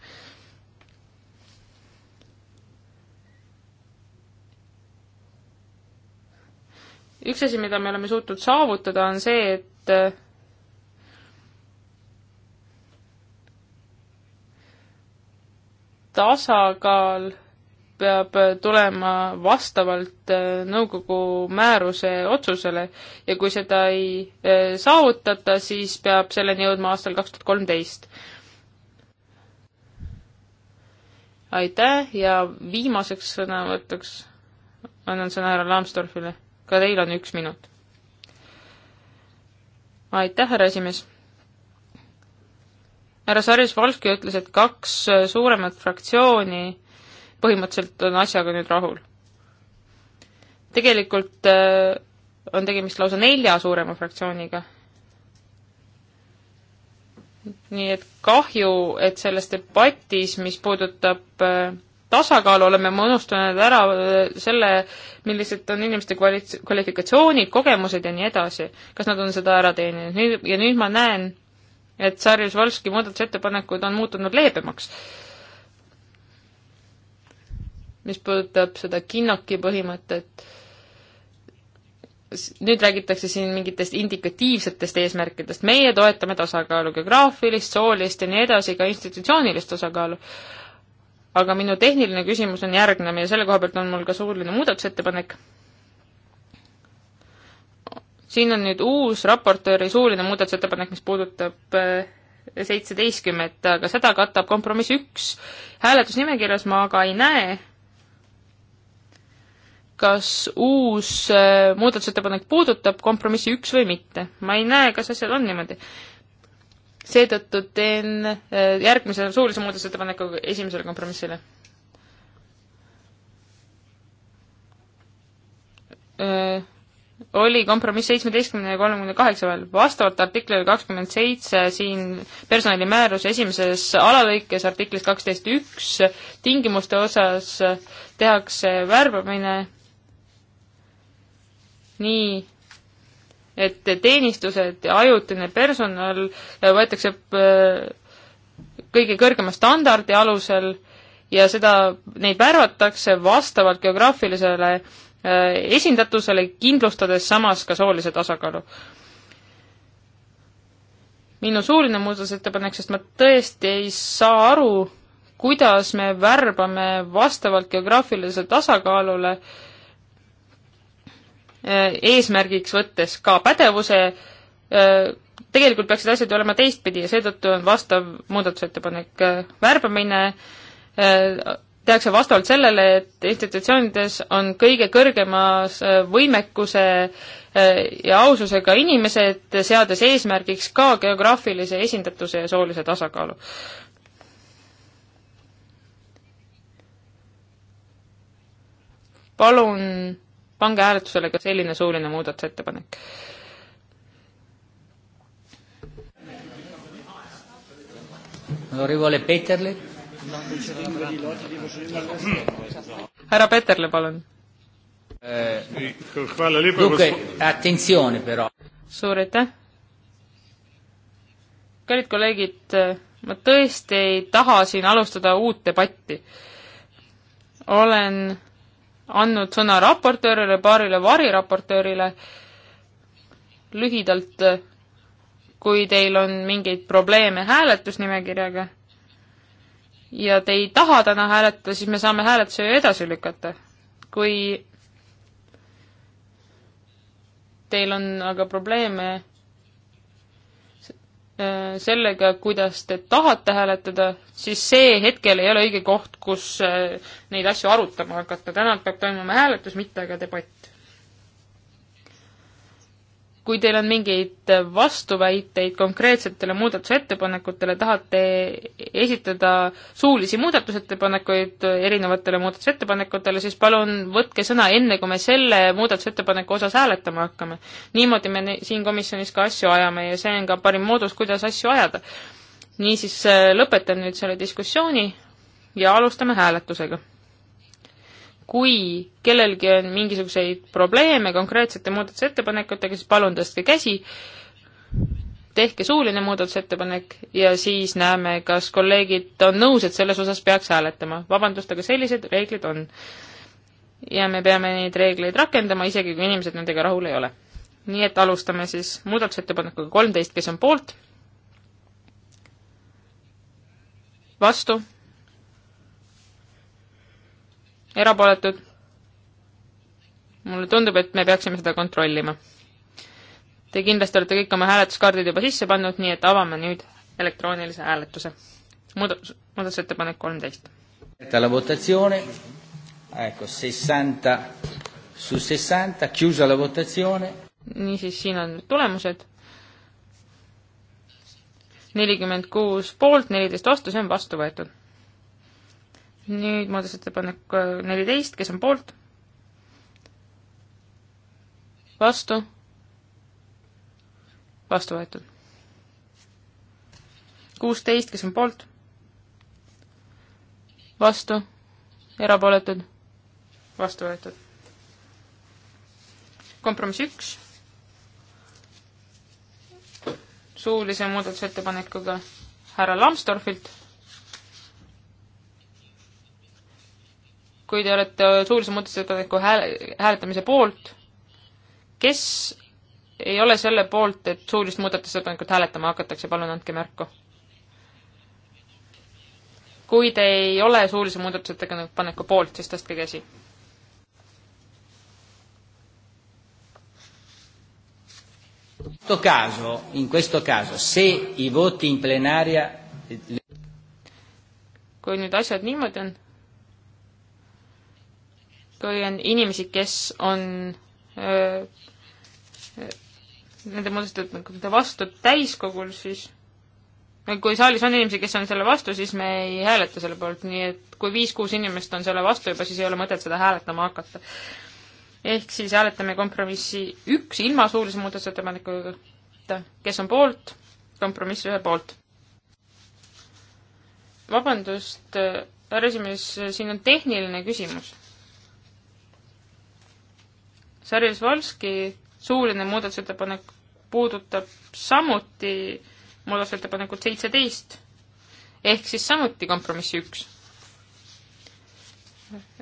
üks asi, mida me oleme suutnud saavutada, on see, et tasakaal peab tulema vastavalt äh, nõukogu määruse otsusele ja kui seda ei äh, saavutata, siis peab selleni jõudma aastal kaks tuhat kolmteist. aitäh ja viimaseks sõnavõtuks annan sõna härra Lambsdorffile. ka teil on üks minut. aitäh, härra esimees härra Sarjus Volski ütles, et kaks äh, suuremat fraktsiooni põhimõtteliselt on asjaga nüüd rahul. tegelikult äh, on tegemist lausa nelja suurema fraktsiooniga. nii et kahju, et selles debatis, mis puudutab äh, tasakaalu, oleme me unustanud ära selle, millised on inimeste kvali-, kvalifikatsioonid, kogemused ja nii edasi. kas nad on seda ära teeninud, nüüd, ja nüüd ma näen, et Sarjus Volski muudatusettepanekud on muutunud leebemaks. mis puudutab seda kinnoki põhimõtet, nüüd räägitakse siin mingitest indikatiivsetest eesmärkidest, meie toetame tasakaalu, geograafilist, soolist ja nii edasi, ka institutsioonilist tasakaalu aga minu tehniline küsimus on järgnev ja selle koha pealt on mul ka suuline muudatusettepanek siin on nüüd uus raportööri suuline muudatusettepanek, mis puudutab eh, seitseteistkümmet, aga seda katab kompromiss üks. hääletusnimekirjas ma aga ei näe, kas uus eh, muudatusettepanek puudutab kompromissi üks või mitte. ma ei näe, kas asjad on niimoodi. seetõttu teen eh, järgmise suulise muudatusettepaneku esimesele kompromissile. Uh oli kompromiss seitsmeteistkümne ja kolmekümne kaheksa vahel. vastavalt artiklile kakskümmend seitse siin personalimääruse esimeses alalõikes artiklis kaksteist üks tingimuste osas tehakse värbamine nii, et teenistused ja ajutine personal võetakse äh, kõige kõrgema standardi alusel ja seda, neid värvatakse vastavalt geograafilisele äh, Äh, esindatusele, kindlustades samas ka soolise tasakaalu. minu suuline muudatusettepanek, sest ma tõesti ei saa aru, kuidas me värbame vastavalt geograafilisele tasakaalule äh, eesmärgiks võttes ka pädevuse, äh, tegelikult peaksid asjad olema teistpidi ja seetõttu on vastav muudatusettepanek värbamine tehakse vastavalt sellele, et institutsioonides on kõige kõrgemas äh, võimekuse äh, ja aususega inimesed, seades eesmärgiks ka geograafilise esindatuse ja soolise tasakaalu. palun pange hääletusele ka selline suuline muudatusettepanek. Onorevole Peterle härra Peterle, palun. suur aitäh. kallid kolleegid, ma tõesti ei taha siin alustada uut debatti. olen andnud sõna raportöörile, paarile variraportöörile lühidalt, kui teil on mingeid probleeme hääletusnimekirjaga ja te ei taha täna hääletada, siis me saame hääletuse ju edasi lükata. kui teil on aga probleeme äh, sellega, kuidas te tahate hääletada, siis see hetkel ei ole õige koht, kus äh, neid asju arutama hakata. täna peab toimuma hääletus, mitte aga debatt kui teil on mingeid vastuväiteid konkreetsetele muudatusettepanekutele, tahate esitada suulisi muudatusettepanekuid erinevatele muudatusettepanekutele, siis palun võtke sõna enne, kui me selle muudatusettepaneku osas hääletama hakkame. niimoodi me siin komisjonis ka asju ajame ja see on ka parim moodus, kuidas asju ajada. niisiis lõpetan nüüd selle diskussiooni ja alustame hääletusega kui kellelgi on mingisuguseid probleeme konkreetsete muudatusettepanekutega, siis palun tõstke käsi, tehke suuline muudatusettepanek ja siis näeme, kas kolleegid on nõus, et selles osas peaks hääletama. vabandust, aga sellised reeglid on. ja me peame neid reegleid rakendama, isegi kui inimesed nendega rahul ei ole. nii et alustame siis muudatusettepanekuga kolmteist, kes on poolt, vastu erapooletud? mulle tundub, et me peaksime seda kontrollima. Te kindlasti olete kõik oma hääletuskaardid juba sisse pannud, nii et avame nüüd elektroonilise hääletuse. muudatus, muudatusettepanek kolmteist. La votazione, ah, ecco sessanta su sessanta, chiusa la votazione. niisiis, siin on tulemused nelikümmend kuus poolt, neliteist vastu, see on vastu võetud nüüd muudatusettepanek äh, neliteist, kes on poolt? vastu? vastu võetud. kuusteist, kes on poolt? vastu? erapooletud? vastu võetud. kompromiss üks, suulise muudatusettepanekuga härra Lambsdorfilt kui te olete suurise muudatusettepaneku hääl-, hääletamise poolt, kes ei ole selle poolt, et suulist muudatusettepanekut hääletama hakatakse, palun andke märku. kui te ei ole suulise muudatusettepaneku poolt, siis tõstke käsi. Caso, in questo caso, se i voti in plenaria kui nüüd asjad niimoodi on kui on inimesi, kes on öö, nende muudatusettepanekute nagu vastu täiskogul, siis kui saalis on inimesi, kes on selle vastu, siis me ei hääleta selle poolt, nii et kui viis-kuus inimest on selle vastu juba, siis ei ole mõtet seda hääletama hakata. ehk siis hääletame kompromissi üks ilma suulise muudatusettepanekuta, kes on poolt, kompromiss ühe poolt. vabandust, äh, härra esimees, siin on tehniline küsimus Sarjus Volski suuline muudatusettepanek puudutab samuti muudatusettepanekut seitseteist ehk siis samuti kompromissi üks.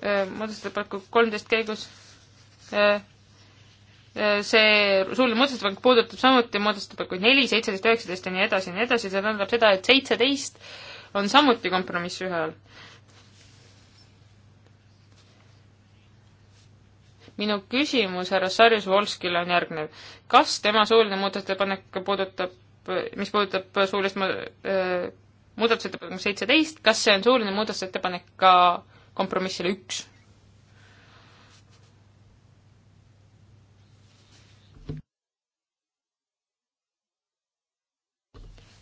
Äh, muudatusettepaneku kolmteist käigus äh, äh, see suuline muudatusettepanek puudutab samuti muudatusettepanekuid neli, seitseteist, üheksateist ja nii edasi ja nii edasi, see tähendab seda, et seitseteist on samuti kompromiss ühe all. minu küsimus härra Sarjus Volskile on järgnev. kas tema suuline muudatusettepanek puudutab, mis puudutab suulist äh, muudatusettepanek seitseteist, kas see on suuline muudatusettepanek ka kompromissile üks?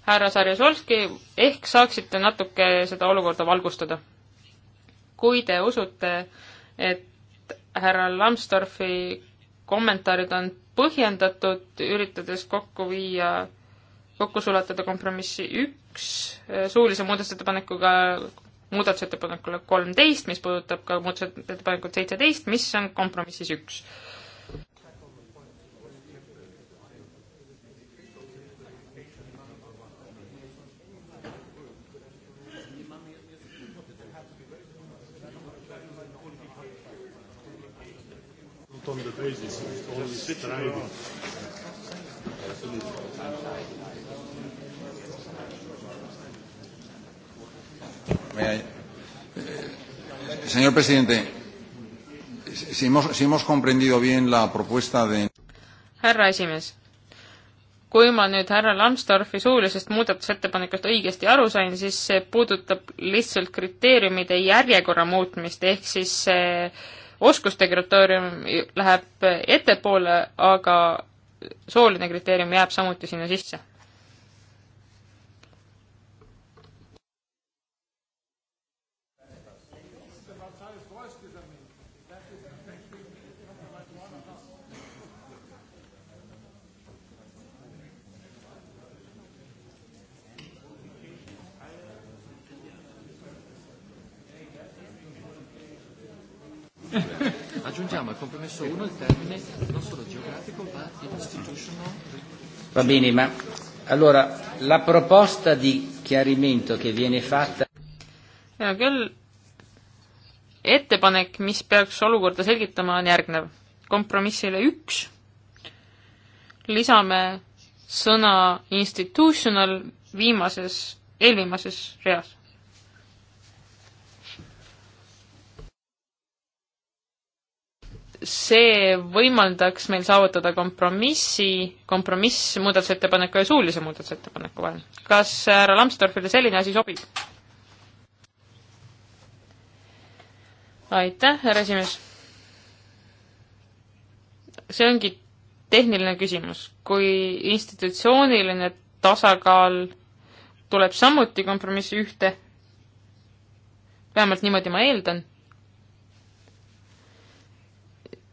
härra Sarjus Volski, ehk saaksite natuke seda olukorda valgustada? kui te usute, et härra Lambsdorfi kommentaarid on põhjendatud, üritades kokku viia, kokku sulatada kompromissi üks eh, suulise muudatusettepanekuga muudatusettepanekule kolmteist, mis puudutab ka muudatusettepanekut seitseteist, mis on kompromissis üks not on the basis of only striving. May I? Eh, señor presidente, si hemos, si hemos comprendido bien la propuesta de. härra esimees, kui ma nüüd härra Lambsdorfi suulisest muudatusettepanekust õigesti aru sain, siis see puudutab lihtsalt kriteeriumide järjekorra muutmist, ehk siis see eh, oskuste kriteerium läheb ettepoole, aga sooline kriteerium jääb samuti sinna sisse Mettiamo al compromesso 1 il termine non solo geografico ma institutional. Va bene, ma allora la proposta di chiarimento che viene fatta. hea küll, ettepanek, mis peaks olukorda selgitama, on järgnev. kompromissile üks lisame sõna institutional viimases, eelviimases reas see võimaldaks meil saavutada kompromissi, kompromiss muudatusettepaneku ja suulise muudatusettepaneku vahel. kas härra Lambsdorffile selline asi sobib? aitäh, härra esimees. see ongi tehniline küsimus, kui institutsiooniline tasakaal tuleb samuti kompromissi ühte, vähemalt niimoodi ma eeldan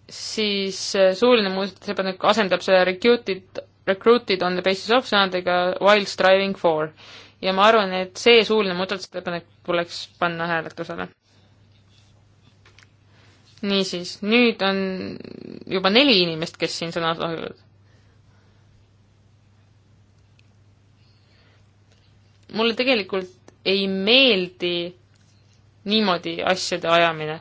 siis äh, suuline muudatusettepanek asendab selle recruited, recruited on the basis of sõnadega while striving for. ja ma arvan, et see suuline muudatusettepanek tuleks panna hääletusele. niisiis, nüüd on juba neli inimest, kes siin sõna soovivad. mulle tegelikult ei meeldi niimoodi asjade ajamine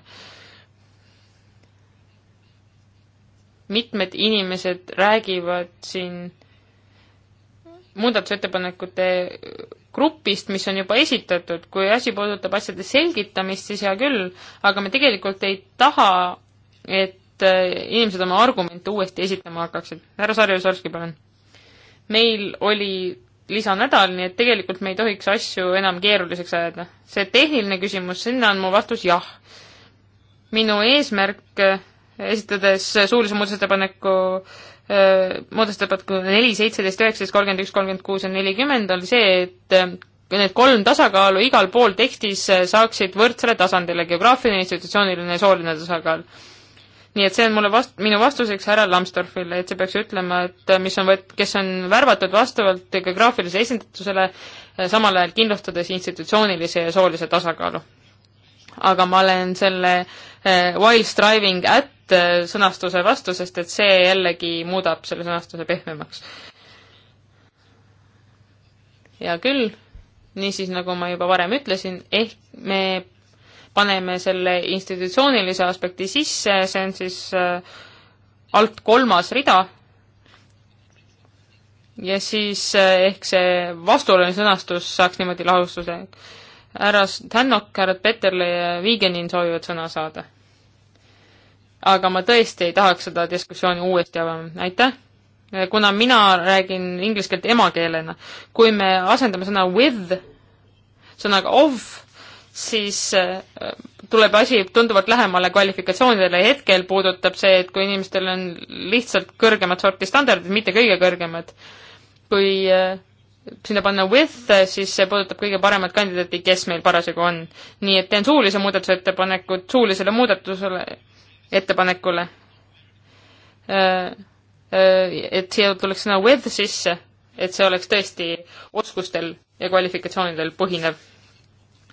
mitmed inimesed räägivad siin muudatusettepanekute grupist, mis on juba esitatud, kui asi puudutab asjade selgitamist, siis hea küll, aga me tegelikult ei taha, et äh, inimesed oma argumente uuesti esitama hakkaksid. härra Sarjusarski, palun. meil oli lisanädal, nii et tegelikult me ei tohiks asju enam keeruliseks ajada. see tehniline küsimus, sinna on mu vastus jah. minu eesmärk esitades suulise muudatusettepaneku äh, muudatusettepaneku neli, seitseteist, üheksateist, kolmkümmend üks, kolmkümmend kuus ja nelikümmend, oli see, et äh, need kolm tasakaalu igal pool tekstis äh, saaksid võrdsele tasandile, geograafiline, institutsiooniline ja sooline tasakaal. nii et see on mulle vast-, minu vastuseks härra Lambsdorffile, et see peaks ütlema, et mis on võt-, kes on värvatud vastavalt geograafilisele esindatusele, samal ajal kindlustades institutsioonilise ja soolise tasakaalu. aga ma olen selle uh, while striving at Äh, sõnastuse vastu, sest et see jällegi muudab selle sõnastuse pehmemaks. hea küll, niisiis, nagu ma juba varem ütlesin, ehk me paneme selle institutsioonilise aspekti sisse, see on siis äh, alt kolmas rida, ja siis äh, ehk see vastuoluline sõnastus saaks niimoodi lahustuse. härra Tännok, härra Peterle ja Vigenin soovivad sõna saada aga ma tõesti ei tahaks seda diskussiooni uuesti avama, aitäh! kuna mina räägin inglise keelt emakeelena, kui me asendame sõna with sõnaga of, siis äh, tuleb asi tunduvalt lähemale kvalifikatsioonidele, hetkel puudutab see, et kui inimestel on lihtsalt kõrgemat sorti standardid, mitte kõige kõrgemad, kui äh, sinna panna with, siis see puudutab kõige paremat kandidaati, kes meil parasjagu on. nii et teen suulise muudatusettepaneku suulisele muudatusele ettepanekule. Äh, äh, et siia tuleks sõna with sisse, et see oleks tõesti oskustel ja kvalifikatsioonidel põhinev.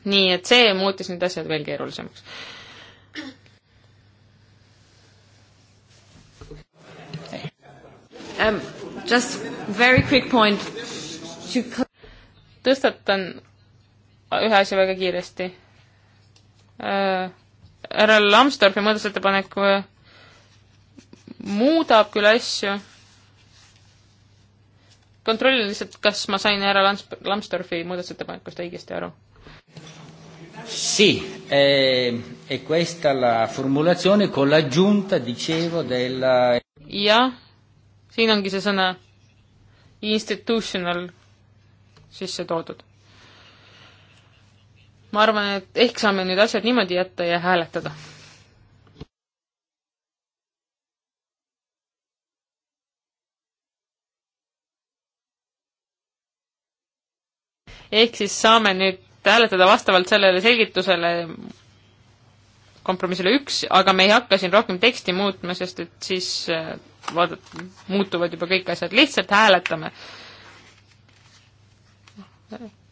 nii et see muutis need asjad veel keerulisemaks. Um, just very quick point to tõstatan ühe asja väga kiiresti. Äh, härra Lambsdorfi muudatusettepanek äh, muudab küll asju. kontrollin lihtsalt, kas ma sain härra Lams-, Lambsdorfi muudatusettepanekust õigesti aru. Sì, eh, è e questa la formulazione con l'aggiunta, dicevo, della... Jah, siin ongi see sõna institutional sisse toodud ma arvan, et ehk saame nüüd asjad niimoodi jätta ja hääletada. ehk siis saame nüüd hääletada vastavalt sellele selgitusele, kompromissile üks, aga me ei hakka siin rohkem teksti muutma, sest et siis äh, vaadat-, muutuvad juba kõik asjad, lihtsalt hääletame.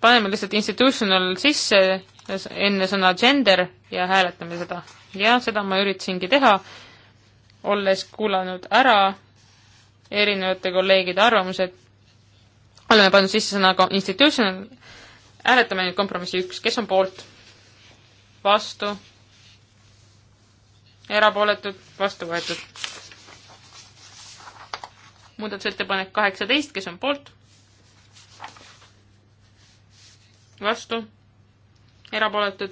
paneme lihtsalt institutional sisse enne sõna gender ja hääletame seda. ja seda ma üritasingi teha, olles kuulanud ära erinevate kolleegide arvamused, oleme pannud sisse sõna institutional, hääletame nüüd kompromissi üks, kes on poolt? vastu? erapooletud? vastu võetud? muudatusettepanek kaheksateist, kes on poolt? vastu? erapooletud,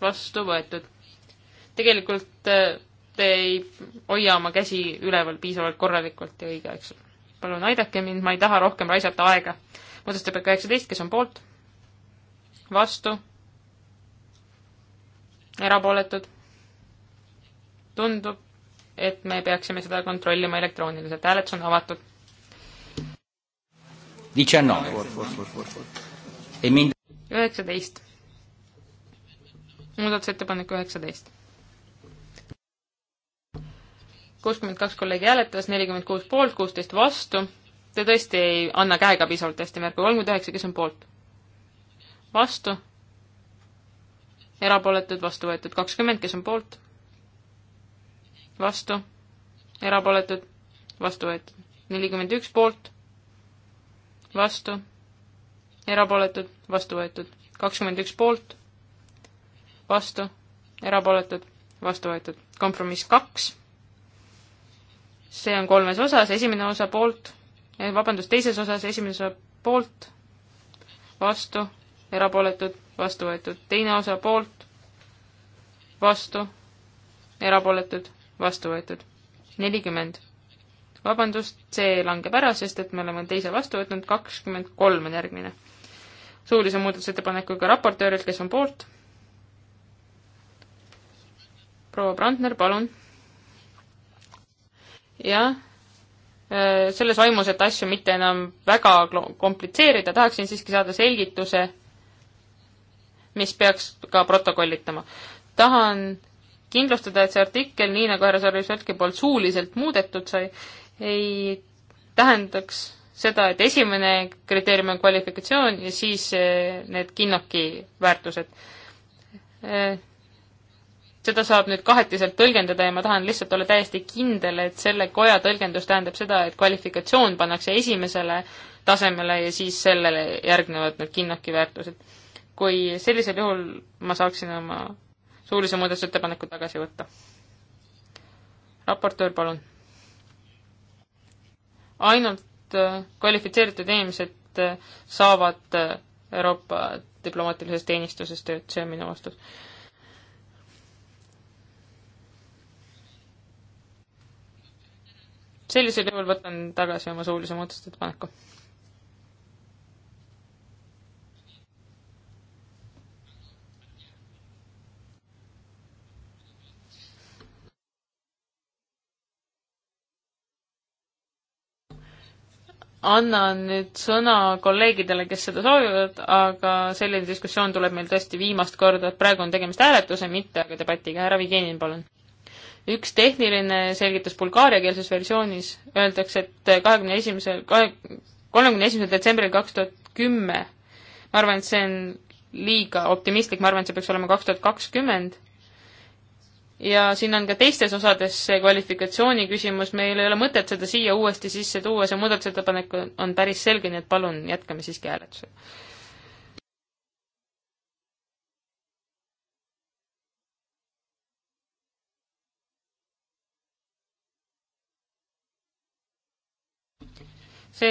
vastu võetud. tegelikult äh, te ei hoia oma käsi üleval piisavalt korralikult ja õigeaegselt. palun aidake mind, ma ei taha rohkem raisata aega. muudatusettepanek kaheksateist, kes on poolt? vastu? erapooletud? tundub, et me peaksime seda kontrollima elektrooniliselt, hääletus on avatud. üheksateist muudatusettepanek üheksateist. kuuskümmend kaks kolleegi hääletas, nelikümmend kuus poolt, kuusteist vastu. Te tõesti ei anna käega piisavalt hästi märku, kolmkümmend üheksa, kes on poolt? vastu? erapooletud, vastu võetud kakskümmend, kes on poolt? vastu? erapooletud, vastu võetud nelikümmend üks poolt, vastu, erapooletud, vastu võetud kakskümmend üks poolt vastu, erapooletud, vastu võetud. kompromiss kaks, see on kolmes osas, esimene osa poolt, eh, vabandust, teises osas esimene osa poolt, vastu, erapooletud, vastu võetud. teine osa poolt, vastu, erapooletud, vastu võetud. nelikümmend. vabandust, see langeb ära, sest et me oleme teise vastu võtnud, kakskümmend kolm on järgmine. suulise muudatusettepanekuga raportöörilt, kes on poolt proua Brandner, palun. jah, äh, selles vaimus, et asju mitte enam väga komplitseerida, tahaksin siiski saada selgituse, mis peaks ka protokollitama. tahan kindlustada, et see artikkel, nii nagu härra Sarvi-Sotki poolt suuliselt muudetud sai, ei tähendaks seda, et esimene kriteerium on kvalifikatsioon ja siis äh, need kinnoki väärtused äh, seda saab nüüd kahetiselt tõlgendada ja ma tahan lihtsalt olla täiesti kindel, et selle koja tõlgendus tähendab seda, et kvalifikatsioon pannakse esimesele tasemele ja siis sellele järgnevad need kinnaki väärtused. kui sellisel juhul ma saaksin oma suulise muudatusettepaneku tagasi võtta. raportöör, palun. ainult äh, kvalifitseeritud inimesed äh, saavad äh, Euroopa diplomaatilises teenistuses tööd, see on minu vastus sellisel juhul võtan tagasi oma suulise muudatusettepaneku. annan nüüd sõna kolleegidele, kes seda soovivad, aga selline diskussioon tuleb meil tõesti viimast korda, et praegu on tegemist hääletuse, mitte aga debatiga. härra Vigenin, palun üks tehniline selgitus bulgaariakeelses versioonis öeldakse, et kahekümne esimesel, kahe, kolmekümne esimesel detsembril kaks tuhat kümme. ma arvan, et see on liiga optimistlik, ma arvan, et see peaks olema kaks tuhat kakskümmend. ja siin on ka teistes osades see kvalifikatsiooni küsimus, meil ei ole mõtet seda siia uuesti sisse tuua, see muudatusettepanek on päris selge, nii et palun jätkame siiski hääletusega see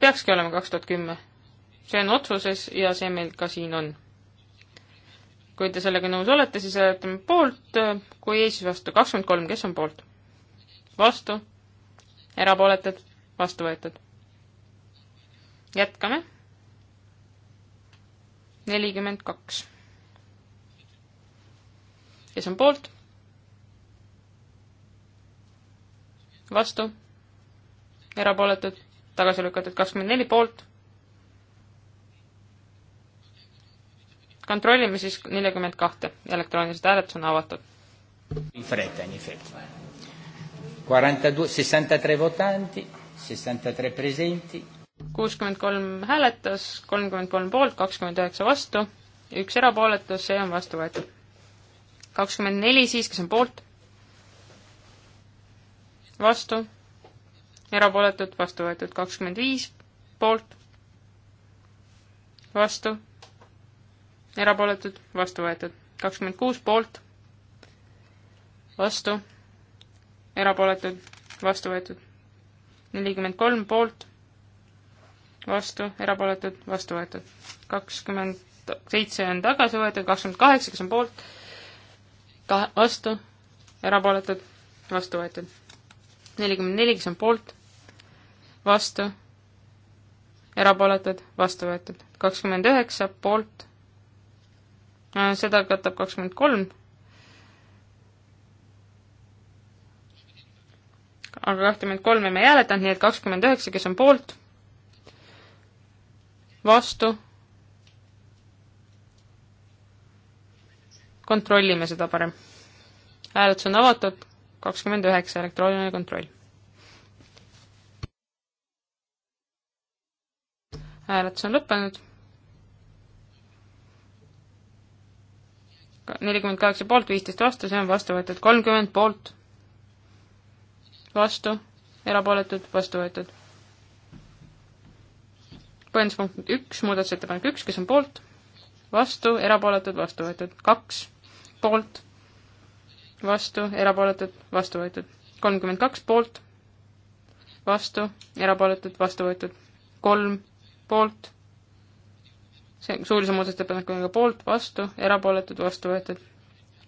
peakski olema kaks tuhat kümme. see on otsuses ja see meil ka siin on. kui te sellega nõus olete, siis hääletame poolt, kui ei, siis vastu. kakskümmend kolm, kes on poolt? vastu, erapooletud, vastu võetud. jätkame. nelikümmend kaks. kes on poolt? vastu, erapooletud tagasi lükatud kakskümmend neli poolt. kontrollime siis neljakümmend kahte, elektroonilised hääletus on avatud. kuuskümmend kolm hääletas, kolmkümmend kolm poolt, kakskümmend üheksa vastu, üks erapooletus, see on vastu võetud. kakskümmend neli siis, kes on poolt? vastu erapooletud, vastu võetud kakskümmend viis, poolt, vastu, erapooletud, vastu võetud kakskümmend kuus, poolt, vastu, erapooletud, vastu võetud nelikümmend kolm, poolt, vastu, erapooletud, vastu võetud kakskümmend seitse on tagasi võetud, kakskümmend kaheksa, kes on poolt, ka-, vastu, erapooletud, vastu võetud nelikümmend neli, kes on poolt vastu, erapooletud, vastu võetud. kakskümmend üheksa poolt, äh, seda katab kakskümmend kolm, aga kahtekümmend kolme me ei hääletanud, nii et kakskümmend üheksa, kes on poolt, vastu, kontrollime seda parem. hääletus on avatud, kakskümmend üheksa, elektrooniline kontroll hääletus on lõppenud. nelikümmend kaheksa poolt, viisteist vastu, see on vastu võetud, kolmkümmend poolt, vastu, erapooletud, vastu võetud. põhjenduspunkt üks, muudatusettepanek üks, kes on poolt, vastu, erapooletud, vastu võetud, kaks, poolt, vastu, erapooletud, vastu võetud, kolmkümmend kaks poolt, vastu, erapooletud, vastu võetud, kolm poolt, see suulise muudatusettepanekuga poolt, vastu, erapooletud, vastu võetud.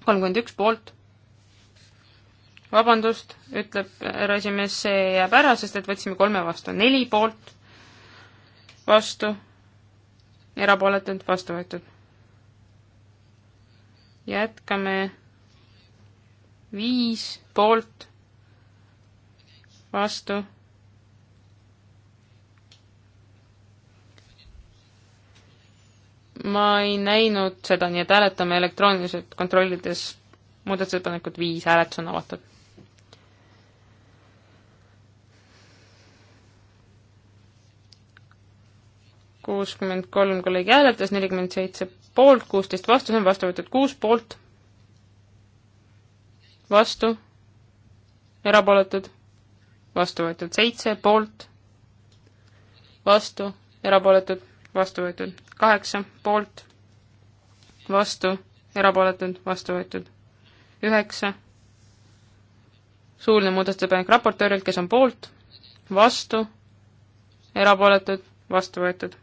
kolmkümmend üks poolt. vabandust, ütleb härra esimees, see jääb ära, sest et võtsime kolme vastu, neli poolt, vastu, erapooletud, vastu võetud. jätkame viis poolt, vastu ma ei näinud seda, nii et hääletame elektrooniliselt kontrollides muudatusettepanekut viis, hääletus on avatud. kuuskümmend kolm kolleegi hääletas, nelikümmend seitse poolt, kuusteist vastu, see on vastu võetud kuus poolt, vastu, erapooletud, vastu võetud seitse poolt, vastu, erapooletud, vastu võetud kaheksa poolt, vastu, erapooletud, vastu võetud. üheksa, suuline muudatusettepanek raportöörilt, kes on poolt, vastu, erapooletud, vastu võetud.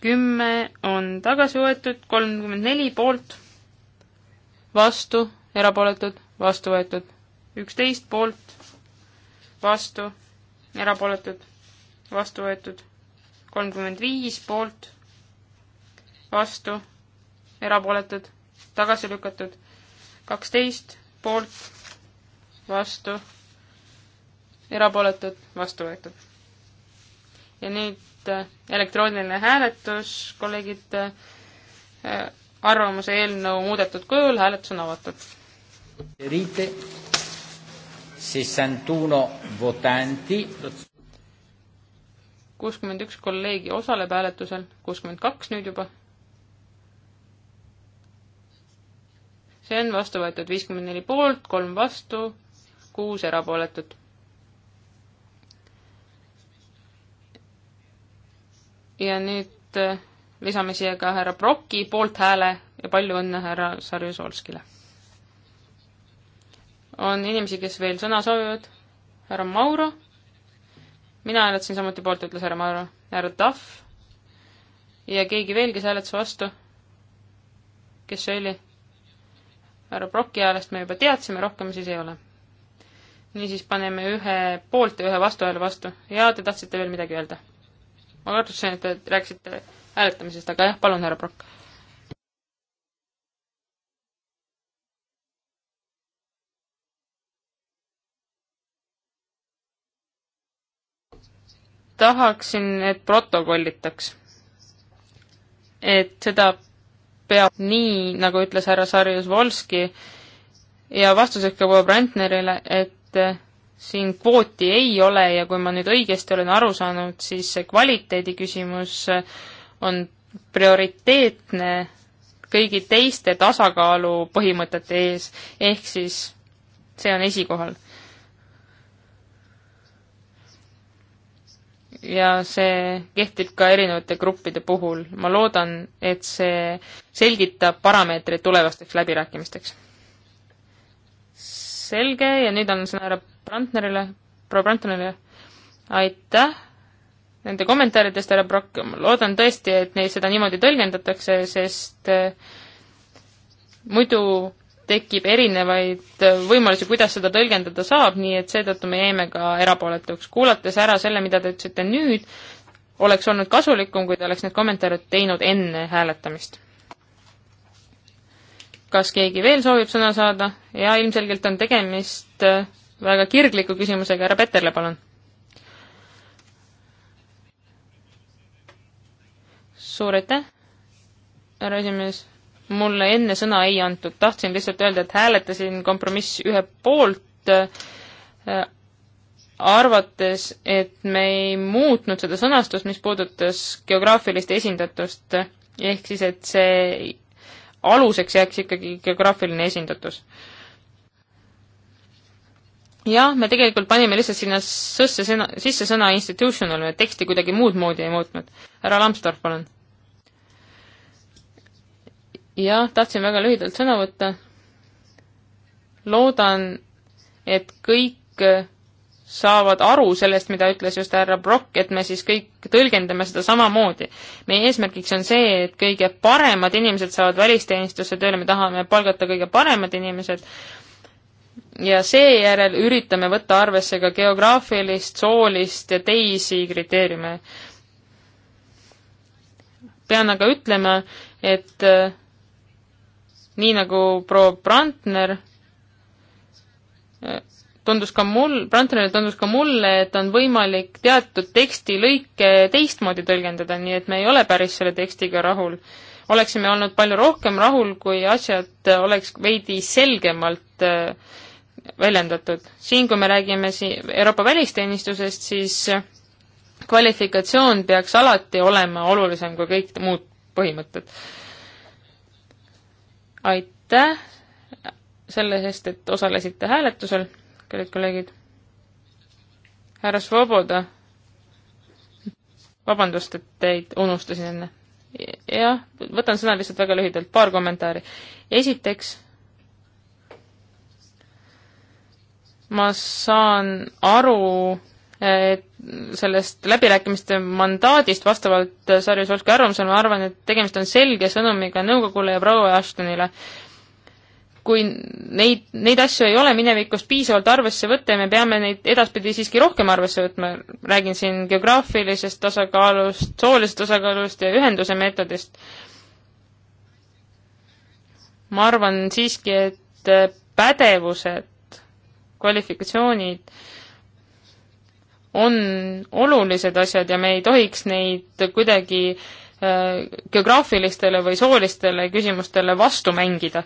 kümme on tagasi võetud, kolmkümmend neli poolt, vastu, erapooletud, vastu võetud. üksteist poolt, vastu, erapooletud, vastu võetud kolmkümmend viis poolt, vastu, erapooletud, tagasi lükatud, kaksteist poolt, vastu, erapooletud, vastu võetud. ja nüüd äh, elektrooniline hääletus, kolleegid, äh, arvamuse eelnõu muudetud kujul, hääletus on avatud. Riite, sessantuno votanti kuuskümmend üks kolleegi osaleb hääletusel, kuuskümmend kaks nüüd juba. see on vastu võetud viiskümmend neli poolt, kolm vastu, kuus erapooletut. ja nüüd äh, lisame siia ka härra Brocki poolthääle ja palju õnne härra Sarjusolskile. on inimesi, kes veel sõna soovivad? härra Mauro mina hääletasin samuti poolt, ütles härra Maru, härra Tahv ja keegi veel, kes hääletas vastu. kes see oli? härra Brocki häälest me juba teadsime, rohkem siis ei ole. niisiis paneme ühe poolt ja ühe vastuhääle vastu ja te tahtsite veel midagi öelda? ma kartsin, et te rääkisite hääletamisest, aga jah, palun, härra Brock tahaksin, et protokollitaks. et seda peab nii, nagu ütles härra Sarjus Volski ja vastuseks ka Bob Randnerile, et eh, siin kvooti ei ole ja kui ma nüüd õigesti olen aru saanud, siis see kvaliteedi küsimus eh, on prioriteetne kõigi teiste tasakaalu põhimõtete ees, ehk siis see on esikohal. ja see kehtib ka erinevate gruppide puhul. ma loodan, et see selgitab parameetreid tulevasteks läbirääkimisteks. selge ja nüüd annan sõna härra Brandnerile, proua Brandnerile. aitäh nende kommentaaridest, härra Brock, ma loodan tõesti, et neid seda niimoodi tõlgendatakse, sest eh, muidu tekib erinevaid äh, võimalusi, kuidas seda tõlgendada saab, nii et seetõttu me jäime ka erapooletuks. kuulates ära selle, mida te ütlesite nüüd, oleks olnud kasulikum, kui te oleks need kommentaarid teinud enne hääletamist. kas keegi veel soovib sõna saada? ja ilmselgelt on tegemist äh, väga kirgliku küsimusega, härra Peterle, palun. suur aitäh, härra esimees mulle enne sõna ei antud, tahtsin lihtsalt öelda, et hääletasin kompromiss ühe poolt, äh, arvates, et me ei muutnud seda sõnastust, mis puudutas geograafilist esindatust, ehk siis, et see aluseks jääks ikkagi geograafiline esindatus. jah, me tegelikult panime lihtsalt sinna sõsse sõna, sisse sõna institutional, me teksti kuidagi muud moodi ei muutnud. härra Lambsdorff, palun jah, tahtsin väga lühidalt sõna võtta. loodan, et kõik saavad aru sellest, mida ütles just härra Brock, et me siis kõik tõlgendame seda samamoodi. meie eesmärgiks on see, et kõige paremad inimesed saavad välisteenistusse tööle, me tahame palgata kõige paremad inimesed ja seejärel üritame võtta arvesse ka geograafilist, soolist ja teisi kriteeriume. pean aga ütlema, et äh, nii nagu proua Brandner, äh, tundus ka mul, Brandnerile tundus ka mulle, et on võimalik teatud tekstilõike teistmoodi tõlgendada, nii et me ei ole päris selle tekstiga rahul. oleksime olnud palju rohkem rahul, kui asjad oleks veidi selgemalt äh, väljendatud. siin, kui me räägime siin Euroopa välisteenistusest, siis kvalifikatsioon peaks alati olema olulisem kui kõik muud põhimõtted aitäh selle eest, et osalesite hääletusel, kallid kolleegid. härra Svoboda, vabandust, et teid unustasin enne. jah, võtan sõna lihtsalt väga lühidalt, paar kommentaari. esiteks, ma saan aru, et sellest läbirääkimiste mandaadist vastavalt Sarju Solski arvamusele, ma arvan, et tegemist on selge sõnumiga nõukogule ja proua Ashtonile. kui neid, neid asju ei ole minevikus piisavalt arvesse võtta ja me peame neid edaspidi siiski rohkem arvesse võtma, räägin siin geograafilisest tasakaalust, soolisest tasakaalust ja ühenduse meetodist, ma arvan siiski, et pädevused, kvalifikatsioonid, on olulised asjad ja me ei tohiks neid kuidagi äh, geograafilistele või soolistele küsimustele vastu mängida.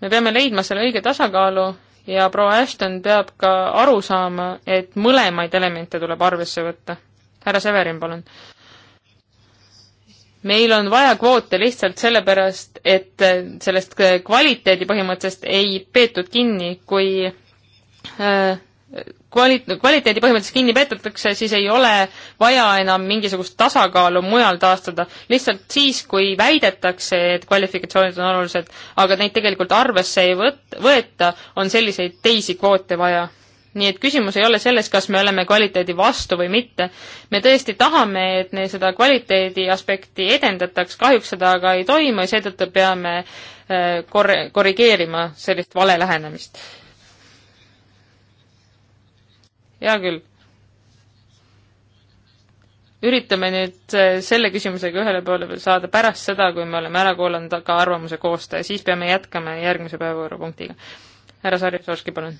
me peame leidma selle õige tasakaalu ja proua Ashton peab ka aru saama, et mõlemaid elemente tuleb arvesse võtta. härra Severin, palun. meil on vaja kvoote lihtsalt sellepärast, et sellest kvaliteedi põhimõttest ei peetud kinni, kui äh, kvali-, kvaliteedi põhimõtteliselt kinni peetatakse, siis ei ole vaja enam mingisugust tasakaalu mujal taastada. lihtsalt siis, kui väidetakse, et kvalifikatsioonid on olulised, aga neid tegelikult arvesse ei võt-, võeta, on selliseid teisi kvoote vaja. nii et küsimus ei ole selles, kas me oleme kvaliteedi vastu või mitte. me tõesti tahame, et me seda kvaliteedi aspekti edendataks, kahjuks seda aga ei toimu ja seetõttu peame äh, korre-, korrigeerima sellist vale lähenemist hea küll. üritame nüüd äh, selle küsimusega ühele poole veel saada pärast seda, kui me oleme ära kuulanud ka arvamuse koostaja, siis peame jätkama järgmise päevakorrapunktiga. härra Sarju Sorski, palun.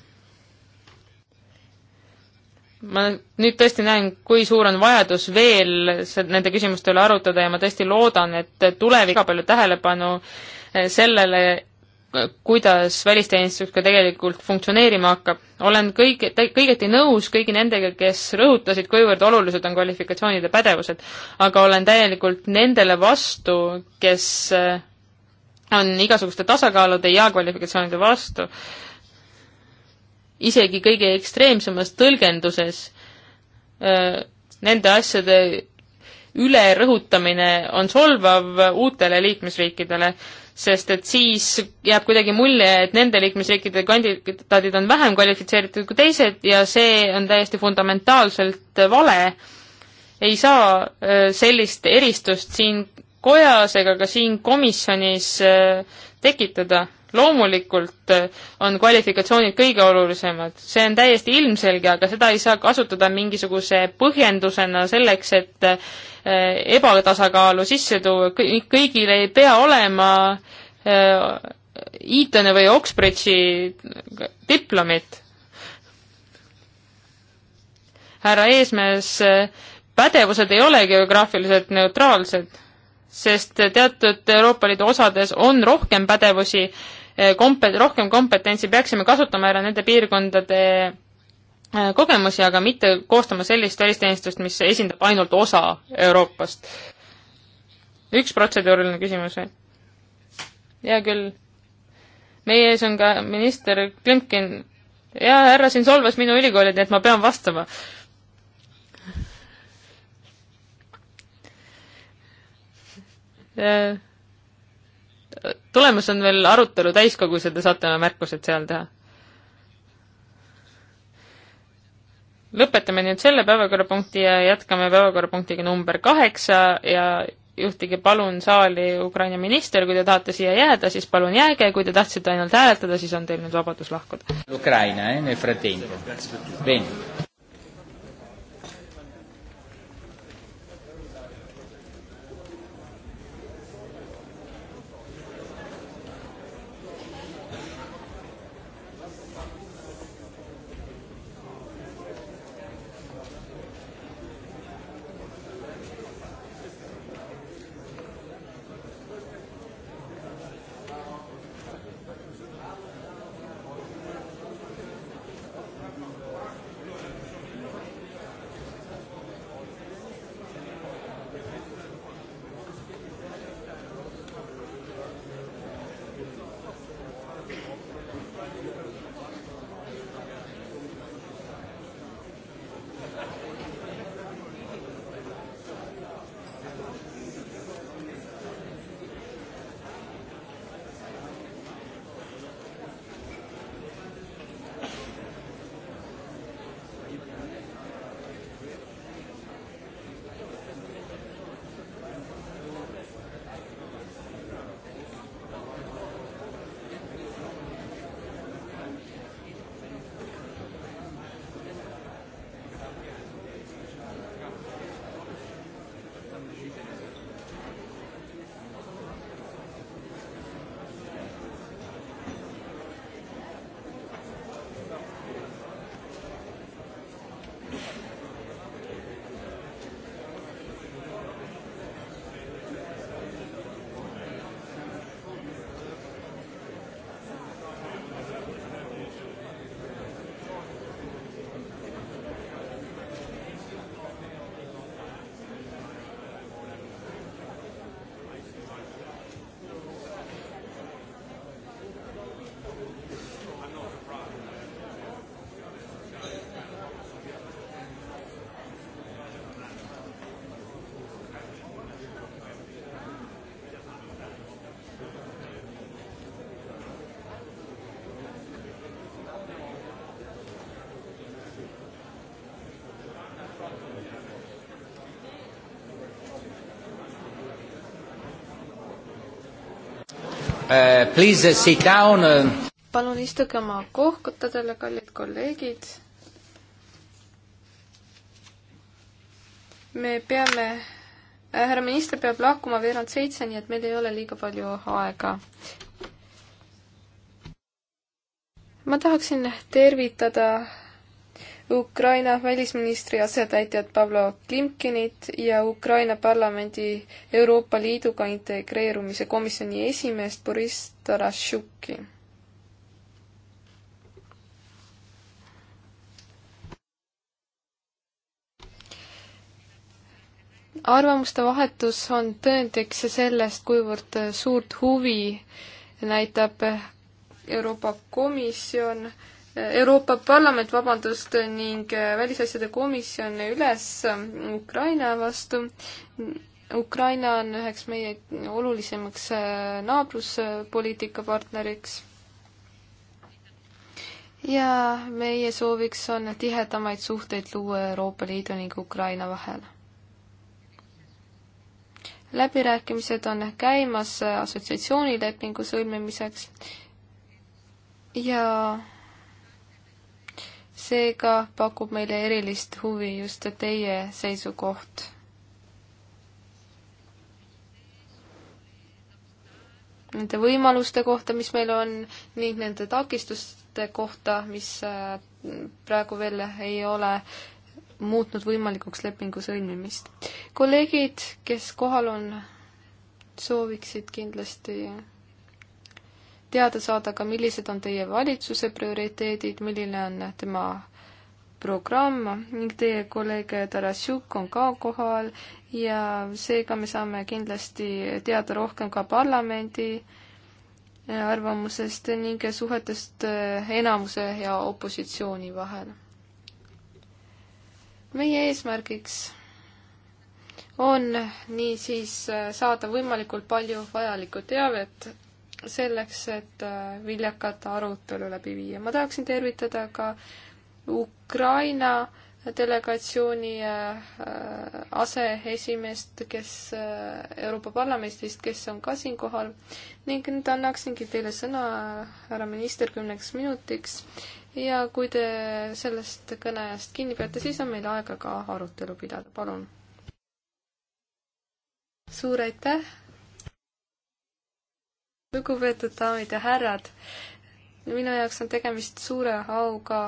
ma nüüd tõesti näen, kui suur on vajadus veel nende küsimuste üle arutada ja ma tõesti loodan, et tuleb väga palju tähelepanu äh, sellele, kuidas välisteenistus ka tegelikult funktsioneerima hakkab. olen kõige, kõigeti nõus kõigi nendega, kes rõhutasid, kuivõrd olulised on kvalifikatsioonid ja pädevused, aga olen täielikult nendele vastu, kes äh, on igasuguste tasakaalude ja kvalifikatsioonide vastu. isegi kõige ekstreemsemas tõlgenduses äh, nende asjade ülerõhutamine on solvav uutele liikmesriikidele sest et siis jääb kuidagi mulje, et nende liikmesriikide kandidaadid on vähem kvalifitseeritud kui teised ja see on täiesti fundamentaalselt vale. ei saa äh, sellist eristust siin kojas ega ka siin komisjonis äh, tekitada loomulikult eh, on kvalifikatsioonid kõige olulisemad, see on täiesti ilmselge, aga seda ei saa kasutada mingisuguse põhjendusena selleks, et eh, ebatasakaalu sisse tuua, kõigil ei pea olema eh, Eatoni või Oxbridge'i diplomit. härra Eesmäes, pädevused ei ole geograafiliselt neutraalsed, sest teatud Euroopa Liidu osades on rohkem pädevusi Eh, kompet-, rohkem kompetentsi, peaksime kasutama ära nende piirkondade eh, kogemusi, aga mitte koostama sellist välisteenistust, mis esindab ainult osa Euroopast. üks protseduuriline küsimus või? hea küll. meie ees on ka minister Klimkin. ja härra siin solvas minu ülikooli, nii et ma pean vastama. Yeah äh, tulemas on veel arutelu täiskogus ja te saate oma märkused seal teha. lõpetame nüüd selle päevakorrapunkti ja jätkame päevakorrapunktiga number kaheksa ja juhtige palun saali Ukraina minister, kui te tahate siia jääda, siis palun jääge, kui te tahtsite ainult hääletada, siis on teil nüüd vabadus lahkuda. Ukraina, jah, nüüd Fratin. uh,. Please sit down. Eh. palun istuge oma kohkutadele, kallid kolleegid. me peame, eh, härra minister peab lahkuma veerand seitse, nii et meil ei ole liiga palju aega. ma tahaksin tervitada Ukraina välisministri asetäitjat Pavlo Klimkinit ja Ukraina parlamendi Euroopa Liiduga integreerumise komisjoni esimeest Boris Tarashuki. arvamuste vahetus on tõendiks sellest, kuivõrd suurt huvi näitab Euroopa Komisjon äh, Euroopa Parlament, vabandust, ning äh, Välisasjade Komisjon üles äh, Ukraina vastu. Ukraina on üheks meie olulisemaks äh, naabruspoliitika partneriks. ja meie sooviks on tihedamaid suhteid luua Euroopa Liidu ning Ukraina vahel. läbirääkimised on käimas assotsiatsioonilepingu sõlmimiseks ja seega pakub meile erilist huvi just teie seisukoht nende võimaluste kohta, mis meil on, ning nende takistuste kohta, mis äh, praegu veel ei ole muutnud võimalikuks lepingu sõlmimist. kolleegid, kes kohal on, sooviksid kindlasti teada saada ka, millised on teie valitsuse prioriteedid, milline on tema programm ning teie kolleeg Tarasjuk on ka kohal ja seega me saame kindlasti teada rohkem ka parlamendi arvamusest ning suhetest enamuse ja opositsiooni vahel. meie eesmärgiks on niisiis saada võimalikult palju vajalikku teavet selleks, et äh, viljakat arutelu läbi viia. ma tahaksin tervitada ka Ukraina delegatsiooni äh, aseesimeest, kes äh, Euroopa Parlamendist, kes on ka siinkohal ning nüüd annaksingi teile sõna, härra minister, kümneks minutiks ja kui te sellest kõneajast kinni peate, siis on meil aega ka arutelu pidada, palun. suur aitäh lugupeetud daamid ja härrad, minu jaoks on tegemist suure auga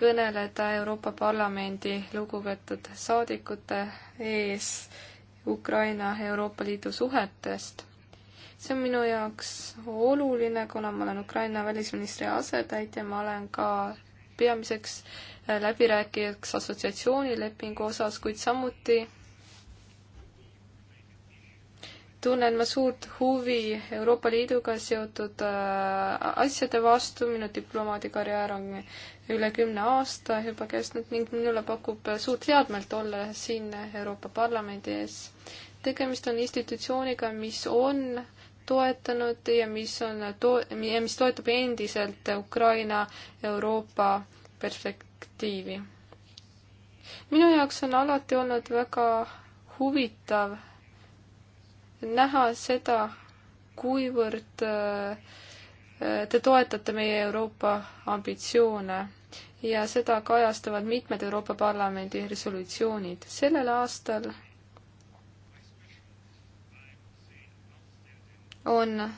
kõneleda Euroopa Parlamendi lugupeetud saadikute ees Ukraina Euroopa Liidu suhetest. see on minu jaoks oluline, kuna ma olen Ukraina välisministri asetäitja, ma olen ka peamiseks läbirääkijaks assotsiatsioonilepingu osas, kuid samuti tunnen ma suurt huvi Euroopa Liiduga seotud äh, asjade vastu, minu diplomaadikarjäär on üle kümne aasta juba kestnud ning minule pakub suurt headmelt olla siin Euroopa Parlamendi ees. tegemist on institutsiooniga, mis on toetanud ja mis on to-, ja mis toetab endiselt Ukraina Euroopa perspektiivi. minu jaoks on alati olnud väga huvitav näha seda, kuivõrd äh, te toetate meie Euroopa ambitsioone ja seda kajastavad mitmed Euroopa Parlamendi resolutsioonid. sellel aastal on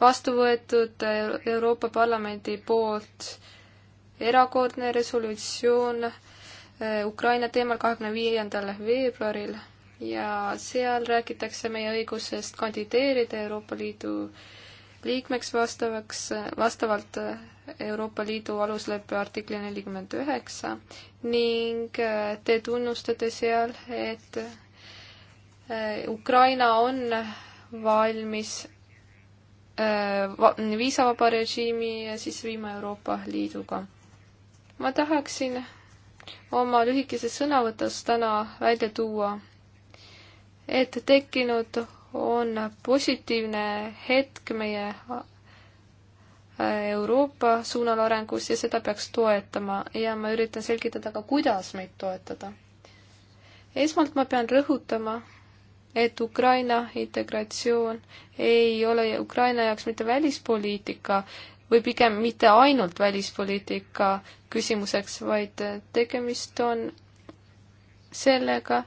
vastu võetud Euroopa Parlamendi poolt erakordne resolutsioon äh, Ukraina teemal kahekümne viiendal veebruaril ja seal räägitakse meie õigusest kandideerida Euroopa Liidu liikmeks vastavaks, vastavalt Euroopa Liidu alusleppe artikli nelikümmend üheksa ning äh, te tunnustate seal, et äh, Ukraina on valmis äh, viisavaba režiimi sisse viima Euroopa Liiduga. ma tahaksin oma lühikeses sõnavõtus täna välja tuua et tekkinud on positiivne hetk meie äh, Euroopa suunal arengus ja seda peaks toetama ja ma üritan selgitada ka, kuidas meid toetada. esmalt ma pean rõhutama, et Ukraina integratsioon ei ole Ukraina jaoks mitte välispoliitika või pigem mitte ainult välispoliitika küsimuseks, vaid tegemist on sellega,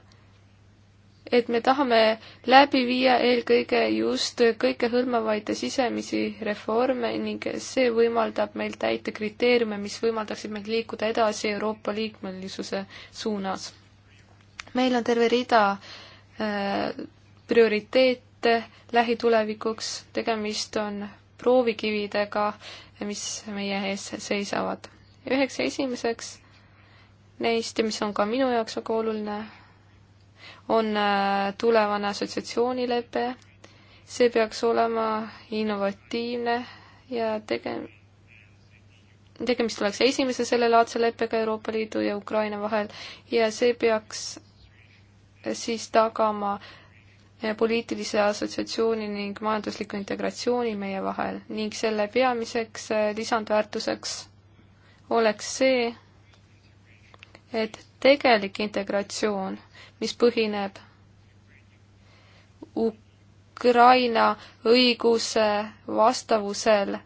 et me tahame läbi viia eelkõige just kõikehõlmavaid sisemisi reforme ning see võimaldab meil täita kriteeriume, mis võimaldaksid meil liikuda edasi Euroopa liikmelisuse suunas. meil on terve rida äh, prioriteete lähitulevikuks, tegemist on proovikividega, mis meie ees seisavad. üheks esimeseks neist ja mis on ka minu jaoks väga oluline, on äh, tulevane assotsiatsioonilepe, see peaks olema innovatiivne ja tege-, tegemist oleks esimese sellelaadse leppega Euroopa Liidu ja Ukraina vahel ja see peaks äh, siis tagama äh, poliitilise assotsiatsiooni ning majandusliku integratsiooni meie vahel ning selle peamiseks lisandväärtuseks oleks see, et tegelik integratsioon mis põhineb Ukraina õiguse vastavusel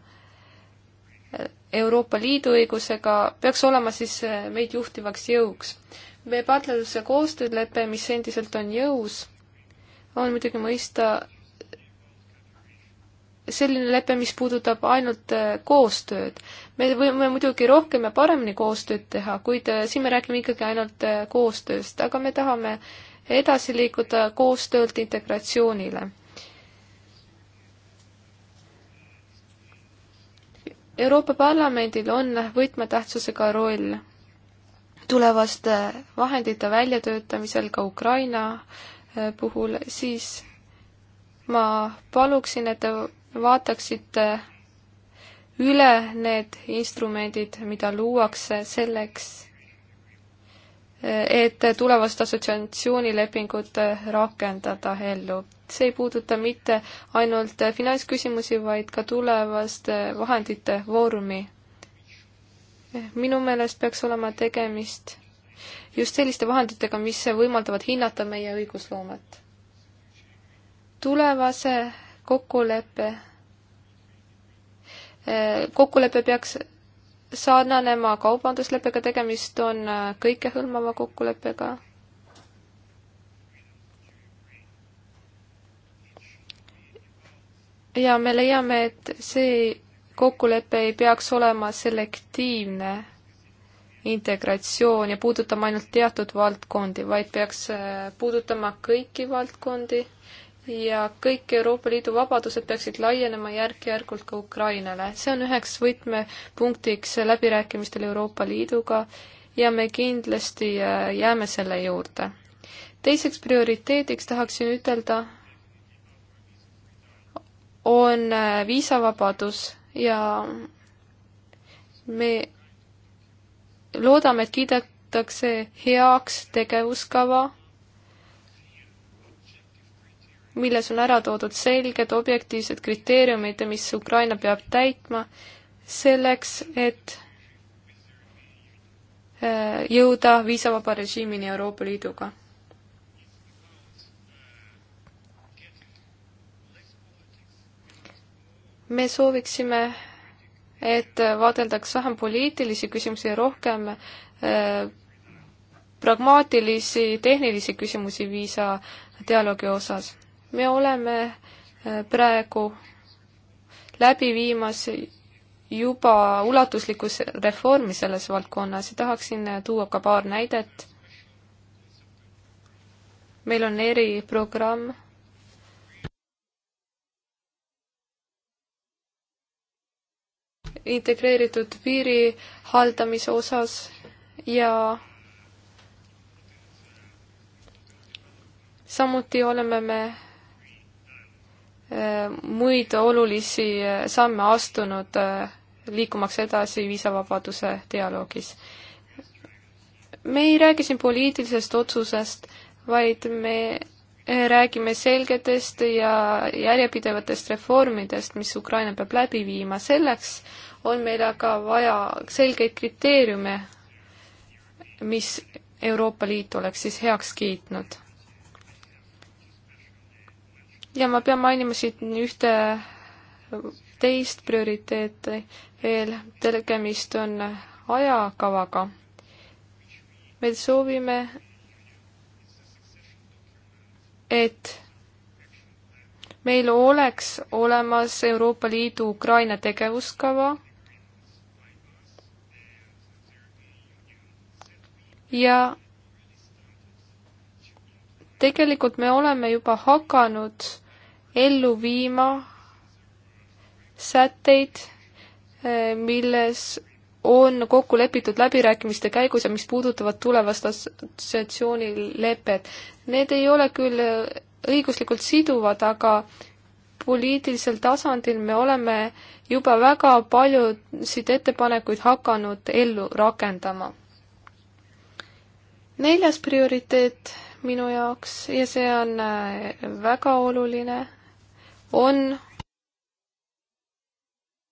Euroopa Liidu õigusega, peaks olema siis äh, meid juhtivaks jõuks. meie partnerluse koostöölepe, mis endiselt on jõus, on muidugi mõista selline lepe, mis puudutab ainult äh, koostööd me võime muidugi rohkem ja paremini koostööd teha, kuid äh, siin me räägime ikkagi ainult äh, koostööst, aga me tahame edasi liikuda koostöölt integratsioonile. Euroopa Parlamendil on võtmetähtsusega roll tulevaste vahendite väljatöötamisel ka Ukraina äh, puhul, siis ma paluksin, et te vaataksite üle need instrumendid, mida luuakse selleks, et tulevast assotsiatsioonilepingut rakendada ellu. see ei puuduta mitte ainult finantsküsimusi, vaid ka tulevast vahendite vormi. minu meelest peaks olema tegemist just selliste vahenditega, mis võimaldavad hinnata meie õigusloomet. tulevase kokkuleppe kokkulepe peaks sarnanema kaubandusleppega, tegemist on äh, kõikehõlmava kokkuleppega. ja me leiame, et see kokkulepe ei peaks olema selektiivne integratsioon ja puudutama ainult teatud valdkondi, vaid peaks äh, puudutama kõiki valdkondi ja kõik Euroopa Liidu vabadused peaksid laienema järk-järgult ka Ukrainale. see on üheks võtmepunktiks läbirääkimistel Euroopa Liiduga ja me kindlasti äh, jääme selle juurde. teiseks prioriteediks tahaksin ütelda, on äh, viisavabadus ja me loodame, et kiidetakse heaks tegevuskava milles on ära toodud selged objektiivsed kriteeriumid, mis Ukraina peab täitma selleks, et äh, jõuda viisavaba režiimini Euroopa Liiduga. me sooviksime, et vaadeldaks vähem poliitilisi küsimusi ja rohkem äh, pragmaatilisi, tehnilisi küsimusi viisa dialoogi osas me oleme äh, praegu läbi viimas juba ulatuslikus reformi selles valdkonnas ja tahaksin äh, tuua ka paar näidet. meil on eriprogramm. integreeritud piiri haldamise osas ja samuti oleme me muid olulisi samme astunud, äh, liikumaks edasi viisavabaduse dialoogis. me ei räägi siin poliitilisest otsusest, vaid me äh, räägime selgetest ja järjepidevatest reformidest, mis Ukraina peab läbi viima, selleks on meil aga vaja selgeid kriteeriume, mis Euroopa Liit oleks siis heaks kiitnud ja ma pean mainima siin ühte teist prioriteeti veel, tegemist on ajakavaga. me soovime, et meil oleks olemas Euroopa Liidu Ukraina tegevuskava ja tegelikult me oleme juba hakanud ellu viima sätteid, eh, milles on kokku lepitud läbirääkimiste käigus ja mis puudutavad tulevast assotsiatsioonilepet. Need ei ole küll eh, õiguslikult siduvad, aga poliitilisel tasandil me oleme juba väga paljusid ettepanekuid hakanud ellu rakendama. neljas prioriteet minu jaoks ja see on eh, väga oluline on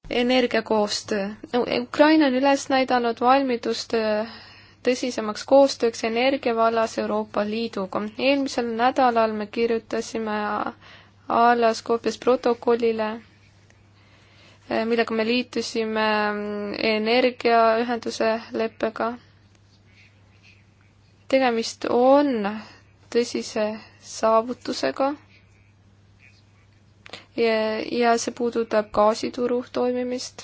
energiakoostöö. Ukraina on üles näidanud valmidust tõsisemaks koostööks energia vallas Euroopa Liiduga. eelmisel nädalal me kirjutasime alla Skopjas protokollile, millega me liitusime energiaühenduse leppega. tegemist on tõsise saavutusega ja see puudutab gaasituru toimimist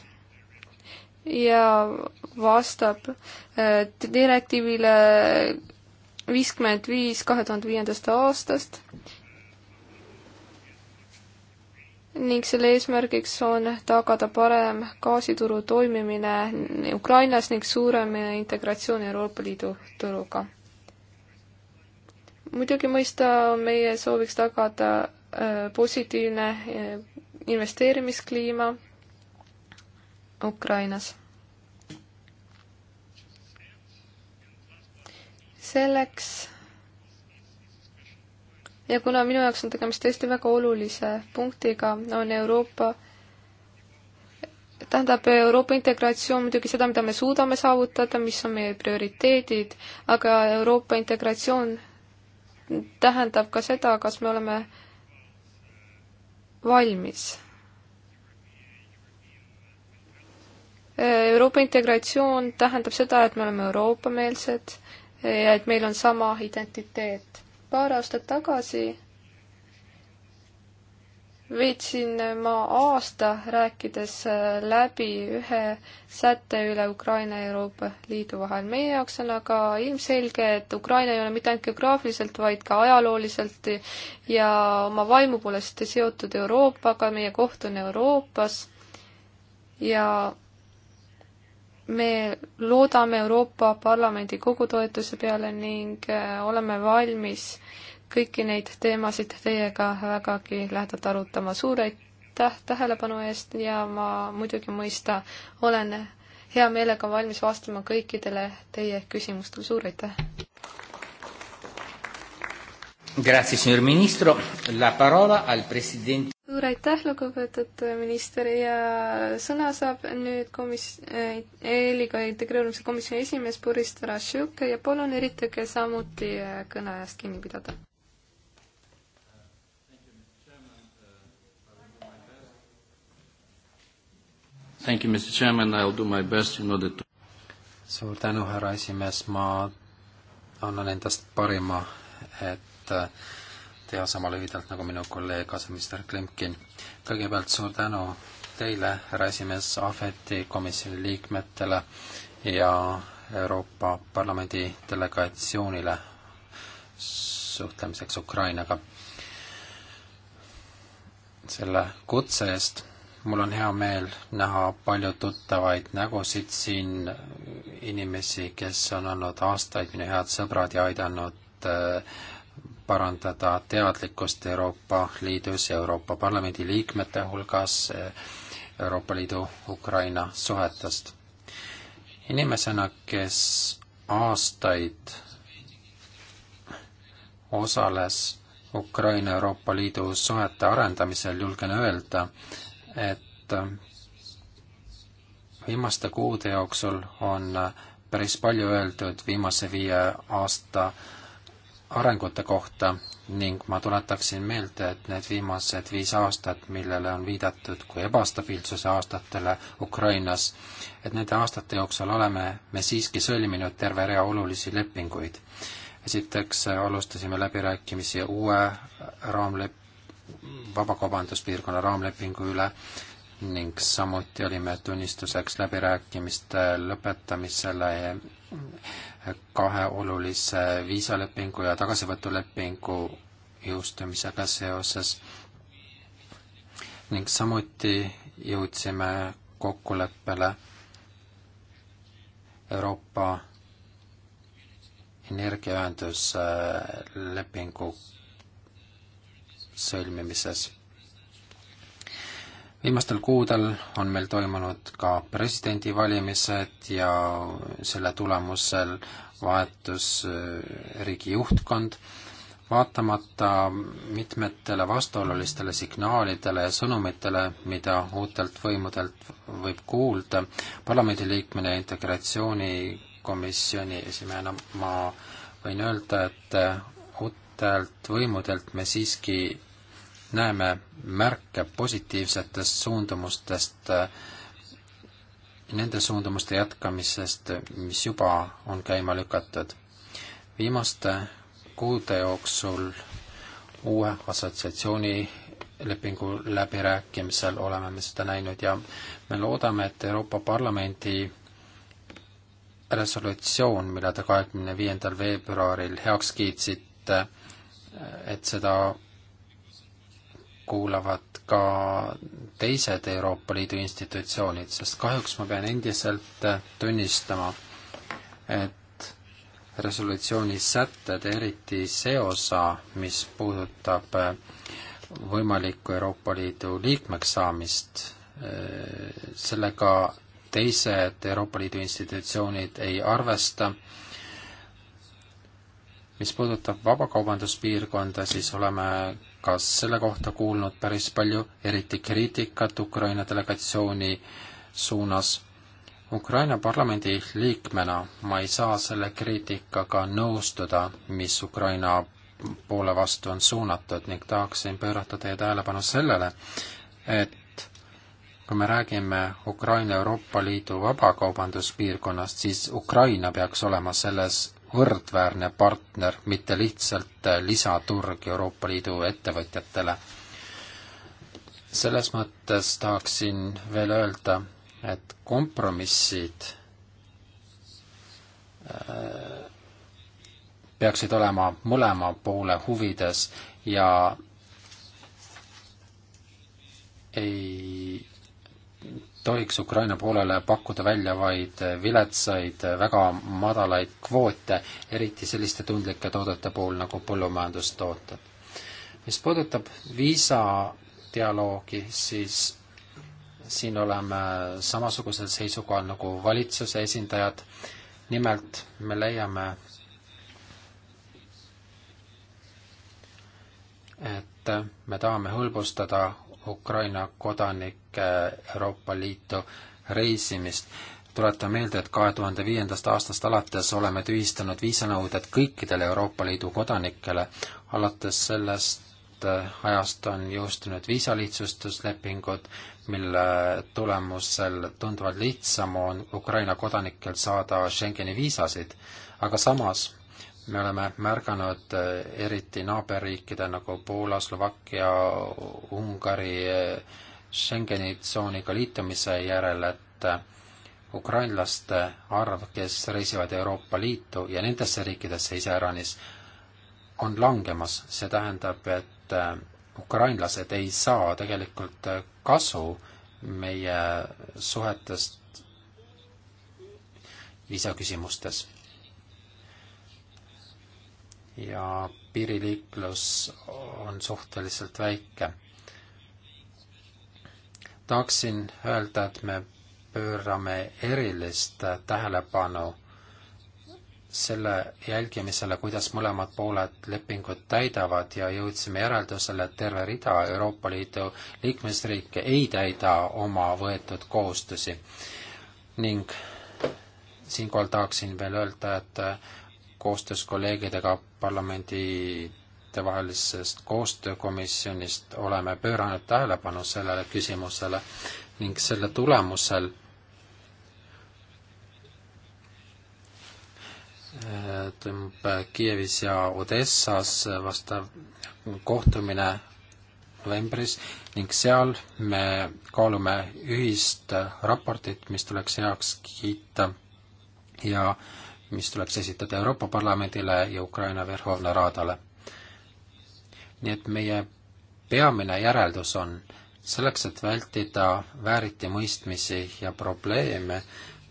ja vastab äh, direktiivile viiskümmend viis kahe tuhande viiendast aastast ning selle eesmärgiks on tagada parem gaasituru toimimine Ukrainas ning suurem integratsioon Euroopa Liidu turuga. muidugi mõista meie sooviks tagada Äh, positiivne äh, investeerimiskliima Ukrainas. selleks ja kuna minu jaoks on tegemist tõesti väga olulise punktiga, on Euroopa, tähendab, Euroopa integratsioon muidugi seda, mida me suudame saavutada, mis on meie prioriteedid, aga Euroopa integratsioon tähendab ka seda, kas me oleme äh, valmis. Euroopa integratsioon tähendab seda, et me oleme Euroopa-meelsed ja et meil on sama identiteet. paar aastat tagasi veetsin ma aasta rääkides äh, läbi ühe sätte üle Ukraina ja Euroopa Liidu vahel. meie jaoks on aga ilmselge, et Ukraina ei ole mitte ainult geograafiliselt, vaid ka ajalooliselt ja oma vaimu poolest seotud Euroopaga, meie koht on Euroopas ja me loodame Euroopa Parlamendi kogutoetuse peale ning äh, oleme valmis äh, kõiki neid teemasid teiega vägagi lähedalt arutama. suur aitäh tähelepanu eest ja ma muidugi mõista olen hea meelega valmis vastama kõikidele teie küsimustele, suur aitäh! suur aitäh, lugupeetud minister ja sõna saab nüüd komis-, eh, eeliga integreerumise komisjoni esimees Boris Tarasjuk ja palun üritage samuti eh, kõneajast kinni pidada. Thank you, Mr Chairman, I will do my best in order to suur tänu, härra esimees, ma annan endast parima, et äh, teha sama lühidalt nagu minu kolleeg aseminister Klimkin. kõigepealt suur tänu teile, härra esimees, Ahveti komisjoni liikmetele ja Euroopa Parlamendi delegatsioonile suhtlemiseks Ukrainaga. selle kutse eest mul on hea meel näha palju tuttavaid nägusid siin, inimesi, kes on olnud aastaid minu head sõbrad ja aidanud äh, parandada teadlikkust Euroopa Liidus ja Euroopa Parlamendi liikmete hulgas äh, Euroopa Liidu Ukraina suhetest. inimesena, kes aastaid osales Ukraina Euroopa Liidu suhete arendamisel, julgen öelda, et äh, viimaste kuude jooksul on äh, päris palju öeldud viimase viie aasta arengute kohta ning ma tuletaksin meelde, et need viimased viis aastat, millele on viidatud kui ebastabiilsuse aastatele Ukrainas, et nende aastate jooksul oleme me siiski sõlminud terve rea olulisi lepinguid. esiteks äh, alustasime läbirääkimisi uue raamlep-, vabakaubanduspiirkonna raamlepingu üle ning samuti olime tunnistuseks läbirääkimiste lõpetamisele kahe olulise viisalepingu ja tagasivõtulepingu jõustumisega seoses ning samuti jõudsime kokkuleppele Euroopa energiaühenduslepingu sõlmimises. viimastel kuudel on meil toimunud ka presidendivalimised ja selle tulemusel vahetus äh, riigi juhtkond vaatamata mitmetele vastuolulistele signaalidele ja sõnumitele, mida uutelt võimudelt võib kuulda, parlamendiliikmena ja integratsioonikomisjoni esimehena ma võin öelda, et uutelt võimudelt me siiski näeme märke positiivsetest suundumustest, nende suundumuste jätkamisest, mis juba on käima lükatud. viimaste kuude jooksul uue assotsiatsiooni lepingu läbirääkimisel oleme me seda näinud ja me loodame, et Euroopa Parlamendi resolutsioon, mille te kahekümne viiendal veebruaril heaks kiitsite, et seda kuulavad ka teised Euroopa Liidu institutsioonid, sest kahjuks ma pean endiselt äh, tunnistama, et resolutsiooni sätted, eriti see osa, mis puudutab äh, võimalikku Euroopa Liidu liikmeks saamist, äh, sellega teised Euroopa Liidu institutsioonid ei arvesta. mis puudutab vabakaubanduspiirkonda, siis oleme kas selle kohta kuulnud päris palju, eriti kriitikat Ukraina delegatsiooni suunas. Ukraina parlamendi liikmena ma ei saa selle kriitikaga nõustuda, mis Ukraina poole vastu on suunatud ning tahaksin pöörata teie tähelepanu sellele, et kui me räägime Ukraina Euroopa Liidu vabakaubanduspiirkonnast, siis Ukraina peaks olema selles võrdväärne partner, mitte lihtsalt äh, lisaturg Euroopa Liidu ettevõtjatele. selles mõttes tahaksin veel öelda, et kompromissid äh, peaksid olema mõlema poole huvides ja ei tohiks Ukraina poolele pakkuda välja vaid viletsaid, väga madalaid kvoote, eriti selliste tundlike toodete puhul nagu põllumajandustooted. mis puudutab viisadialoogi, siis siin oleme samasugusel seisukohal nagu valitsuse esindajad, nimelt me leiame, et me tahame hõlbustada Ukraina kodanike Euroopa Liitu reisimist. tuletan meelde, et kahe tuhande viiendast aastast alates oleme tühistanud viisanõuded kõikidele Euroopa Liidu kodanikele. alates sellest äh, ajast on jõustunud viisalihtsustuslepingud, mille tulemusel tunduvalt lihtsam on Ukraina kodanikel saada Schengeni viisasid, aga samas me oleme märganud äh, eriti naaberriikide nagu Poola, Slovakkia, Ungari, äh, Schengeni tsooniga liitumise järel, et äh, ukrainlaste arv, kes reisivad Euroopa Liitu ja nendesse riikidesse iseäranis, on langemas, see tähendab, et ukrainlased ei saa tegelikult kasu meie suhetest viisaküsimustes ja piiriliiklus on suhteliselt väike. tahaksin öelda, et me pöörame erilist tähelepanu selle jälgimisele, kuidas mõlemad pooled lepingut täidavad ja jõudsime järeldusele, et terve rida Euroopa Liidu liikmesriike ei täida oma võetud kohustusi. ning siinkohal tahaksin veel öelda, et koostöös kolleegidega parlamentidevahelisest koostöökomisjonist oleme pööranud tähelepanu sellele küsimusele ning selle tulemusel eh, toimub Kiievis ja Odessas vastav kohtumine novembris ning seal me kaalume ühist raportit, mis tuleks heaks kiita ja äh, mis tuleks esitada Euroopa Parlamendile ja Ukraina Verhovna Raadale. nii et meie peamine järeldus on, selleks, et vältida vääritimõistmisi ja probleeme,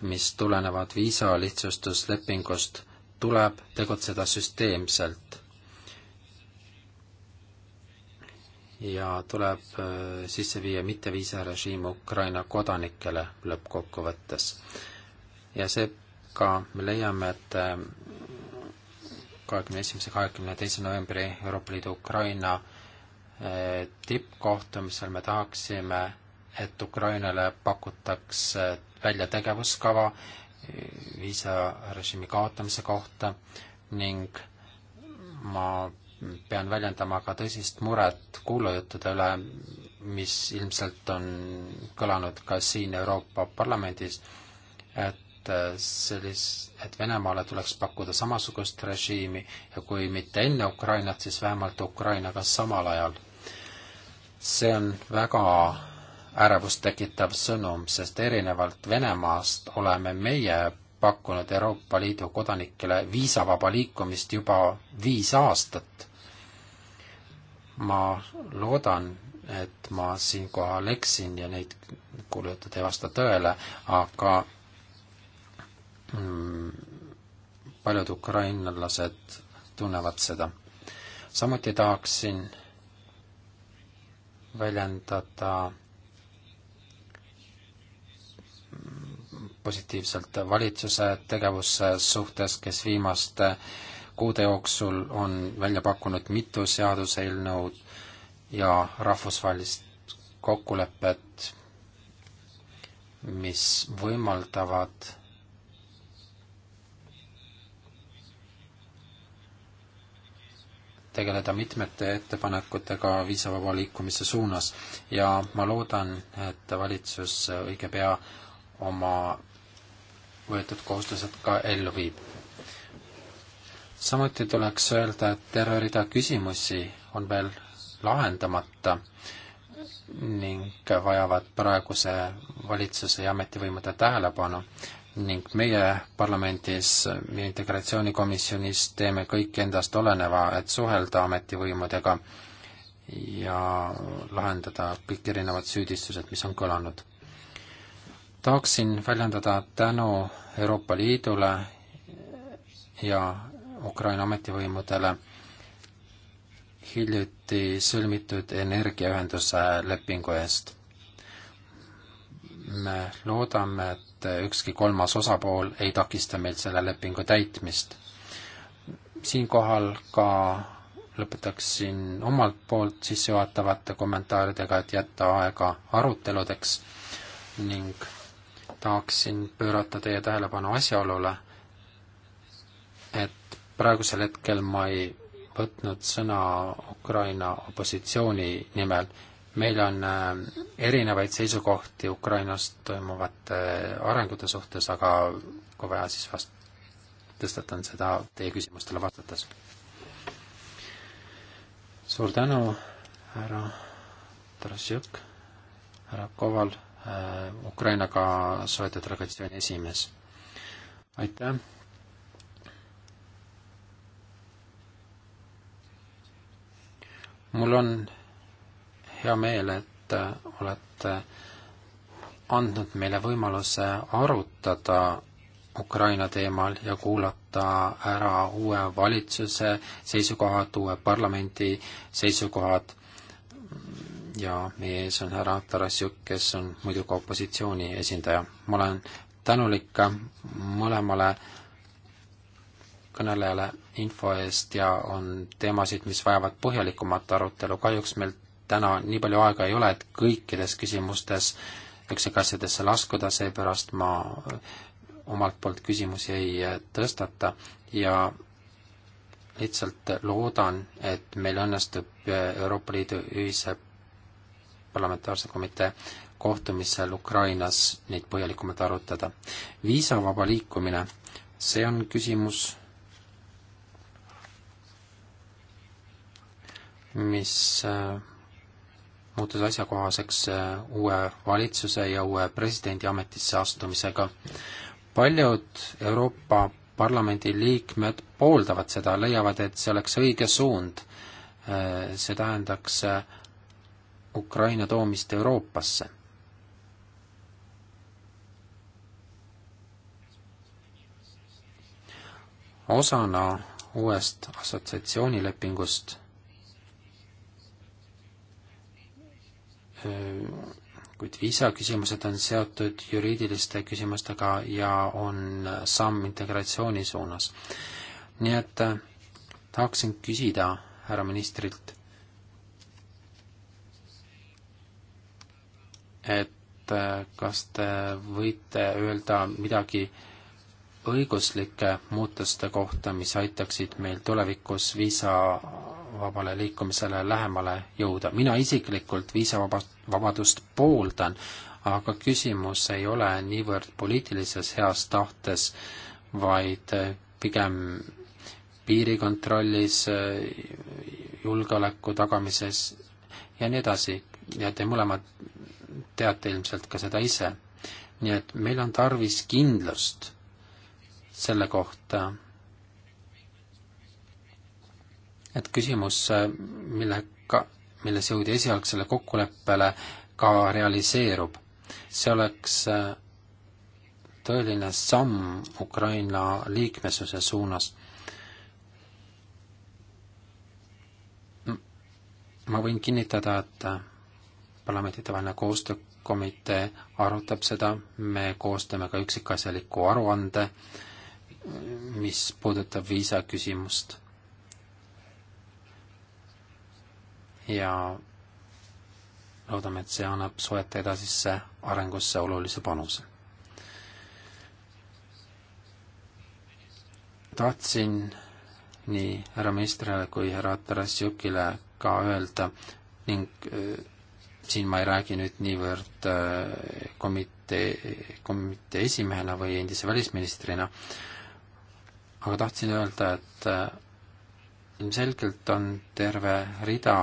mis tulenevad viisa lihtsustuslepingust, tuleb tegutseda süsteemselt. ja tuleb äh, sisse viia mitteviisarežiim Ukraina kodanikele lõppkokkuvõttes. ja see ka me leiame, et äh, kahekümne esimese, kahekümne teise novembri Euroopa Liidu Ukraina äh, tippkohtumisel me tahaksime, et Ukrainale pakutaks äh, välja tegevuskava viisarežiimi kaotamise kohta ning ma pean väljendama ka tõsist muret kuulujuttude üle, mis ilmselt on kõlanud ka siin Euroopa Parlamendis, et et äh, sellis-, et Venemaale tuleks pakkuda samasugust režiimi ja kui mitte enne Ukrainat, siis vähemalt Ukrainaga samal ajal. see on väga ärevust tekitav sõnum, sest erinevalt Venemaast oleme meie pakkunud Euroopa Liidu kodanikele viisavaba liikumist juba viis aastat. ma loodan, et ma siinkohal eksin ja neid kuulujutud ei vasta tõele, aga Mm, paljud ukrainlased tunnevad seda. samuti tahaksin väljendada positiivselt valitsuse tegevuse suhtes, kes viimaste kuude jooksul on välja pakkunud mitu seaduseelnõud ja rahvusvahelist kokkulepet, mis võimaldavad tegeleda mitmete ettepanekutega viisavaba liikumise suunas ja ma loodan, et valitsus õige pea oma võetud kohustused ka ellu viib. samuti tuleks öelda, et terve rida küsimusi on veel lahendamata ning vajavad praeguse valitsuse ja ametivõimude tähelepanu ning meie parlamendis ja integratsioonikomisjonis teeme kõik endast oleneva, et suhelda ametivõimudega ja lahendada kõik erinevad süüdistused, mis on kõlanud. tahaksin väljendada tänu Euroopa Liidule ja Ukraina ametivõimudele hiljuti sõlmitud energiaühenduse lepingu eest. me loodame, et et ükski kolmas osapool ei takista meil selle lepingu täitmist. siinkohal ka lõpetaksin omalt poolt sissejuhatavate kommentaaridega, et jätta aega aruteludeks ning tahaksin pöörata teie tähelepanu asjaolule, et praegusel hetkel ma ei võtnud sõna Ukraina opositsiooni nimel meil on äh, erinevaid seisukohti Ukrainas toimuvate äh, arengute suhtes, aga kui vaja, siis vast tõstatan seda teie küsimustele vastates. suur tänu, härra Tarasjuk, härra Koval, äh, Ukrainaga suhete delegatsiooni esimees. aitäh! mul on hea meel, et äh, olete andnud meile võimaluse arutada Ukraina teemal ja kuulata ära uue valitsuse seisukohad, uue parlamendi seisukohad ja meie ees on härra Tarasjuk, kes on muidugi opositsiooni esindaja. ma olen tänulik mõlemale kõnelejale info eest ja on teemasid, mis vajavad põhjalikumat arutelu, kahjuks meil täna nii palju aega ei ole, et kõikides küsimustes üksikasjadesse laskuda, seepärast ma omalt poolt küsimusi ei eh, tõstata ja lihtsalt loodan, et meil õnnestub eh, Euroopa Liidu ühise parlamentaarse komitee kohtumisel Ukrainas neid põhjalikumalt arutada. viisavaba liikumine, see on küsimus, mis eh, muutus asjakohaseks äh, uue valitsuse ja uue presidendi ametisse astumisega. paljud Euroopa Parlamendi liikmed pooldavad seda, leiavad, et see oleks õige suund. Äh, see tähendaks äh, Ukraina toomist Euroopasse. osana uuest assotsiatsioonilepingust Äh, kuid viisaküsimused on seotud juriidiliste küsimustega ja on samm integratsiooni suunas. nii et äh, tahaksin küsida härra ministrilt, et äh, kas te võite öelda midagi õiguslike muutuste kohta, mis aitaksid meil tulevikus viisa vabale liikumisele lähemale jõuda. mina isiklikult viisavabadust pooldan, aga küsimus ei ole niivõrd poliitilises heas tahtes, vaid eh, pigem piirikontrollis, eh, julgeoleku tagamises ja nii edasi. ja te mõlemad teate ilmselt ka seda ise. nii et meil on tarvis kindlust selle kohta et küsimus, millega, milles jõudi esialgsele kokkuleppele, ka realiseerub. see oleks äh, tõeline samm Ukraina liikmesuse suunas. ma võin kinnitada, et äh, parlamentidevaheline koostöökomitee arutab seda, me koostame ka üksikasjaliku aruande, mis puudutab viisaküsimust ja loodame, et see annab suhete edasisse arengusse olulise panuse. tahtsin nii härra ministrile kui härra Tarasjukile ka öelda ning äh, siin ma ei räägi nüüd niivõrd äh, komitee, komitee esimehena või endise välisministrina, aga tahtsin öelda, et äh, ilmselgelt on terve rida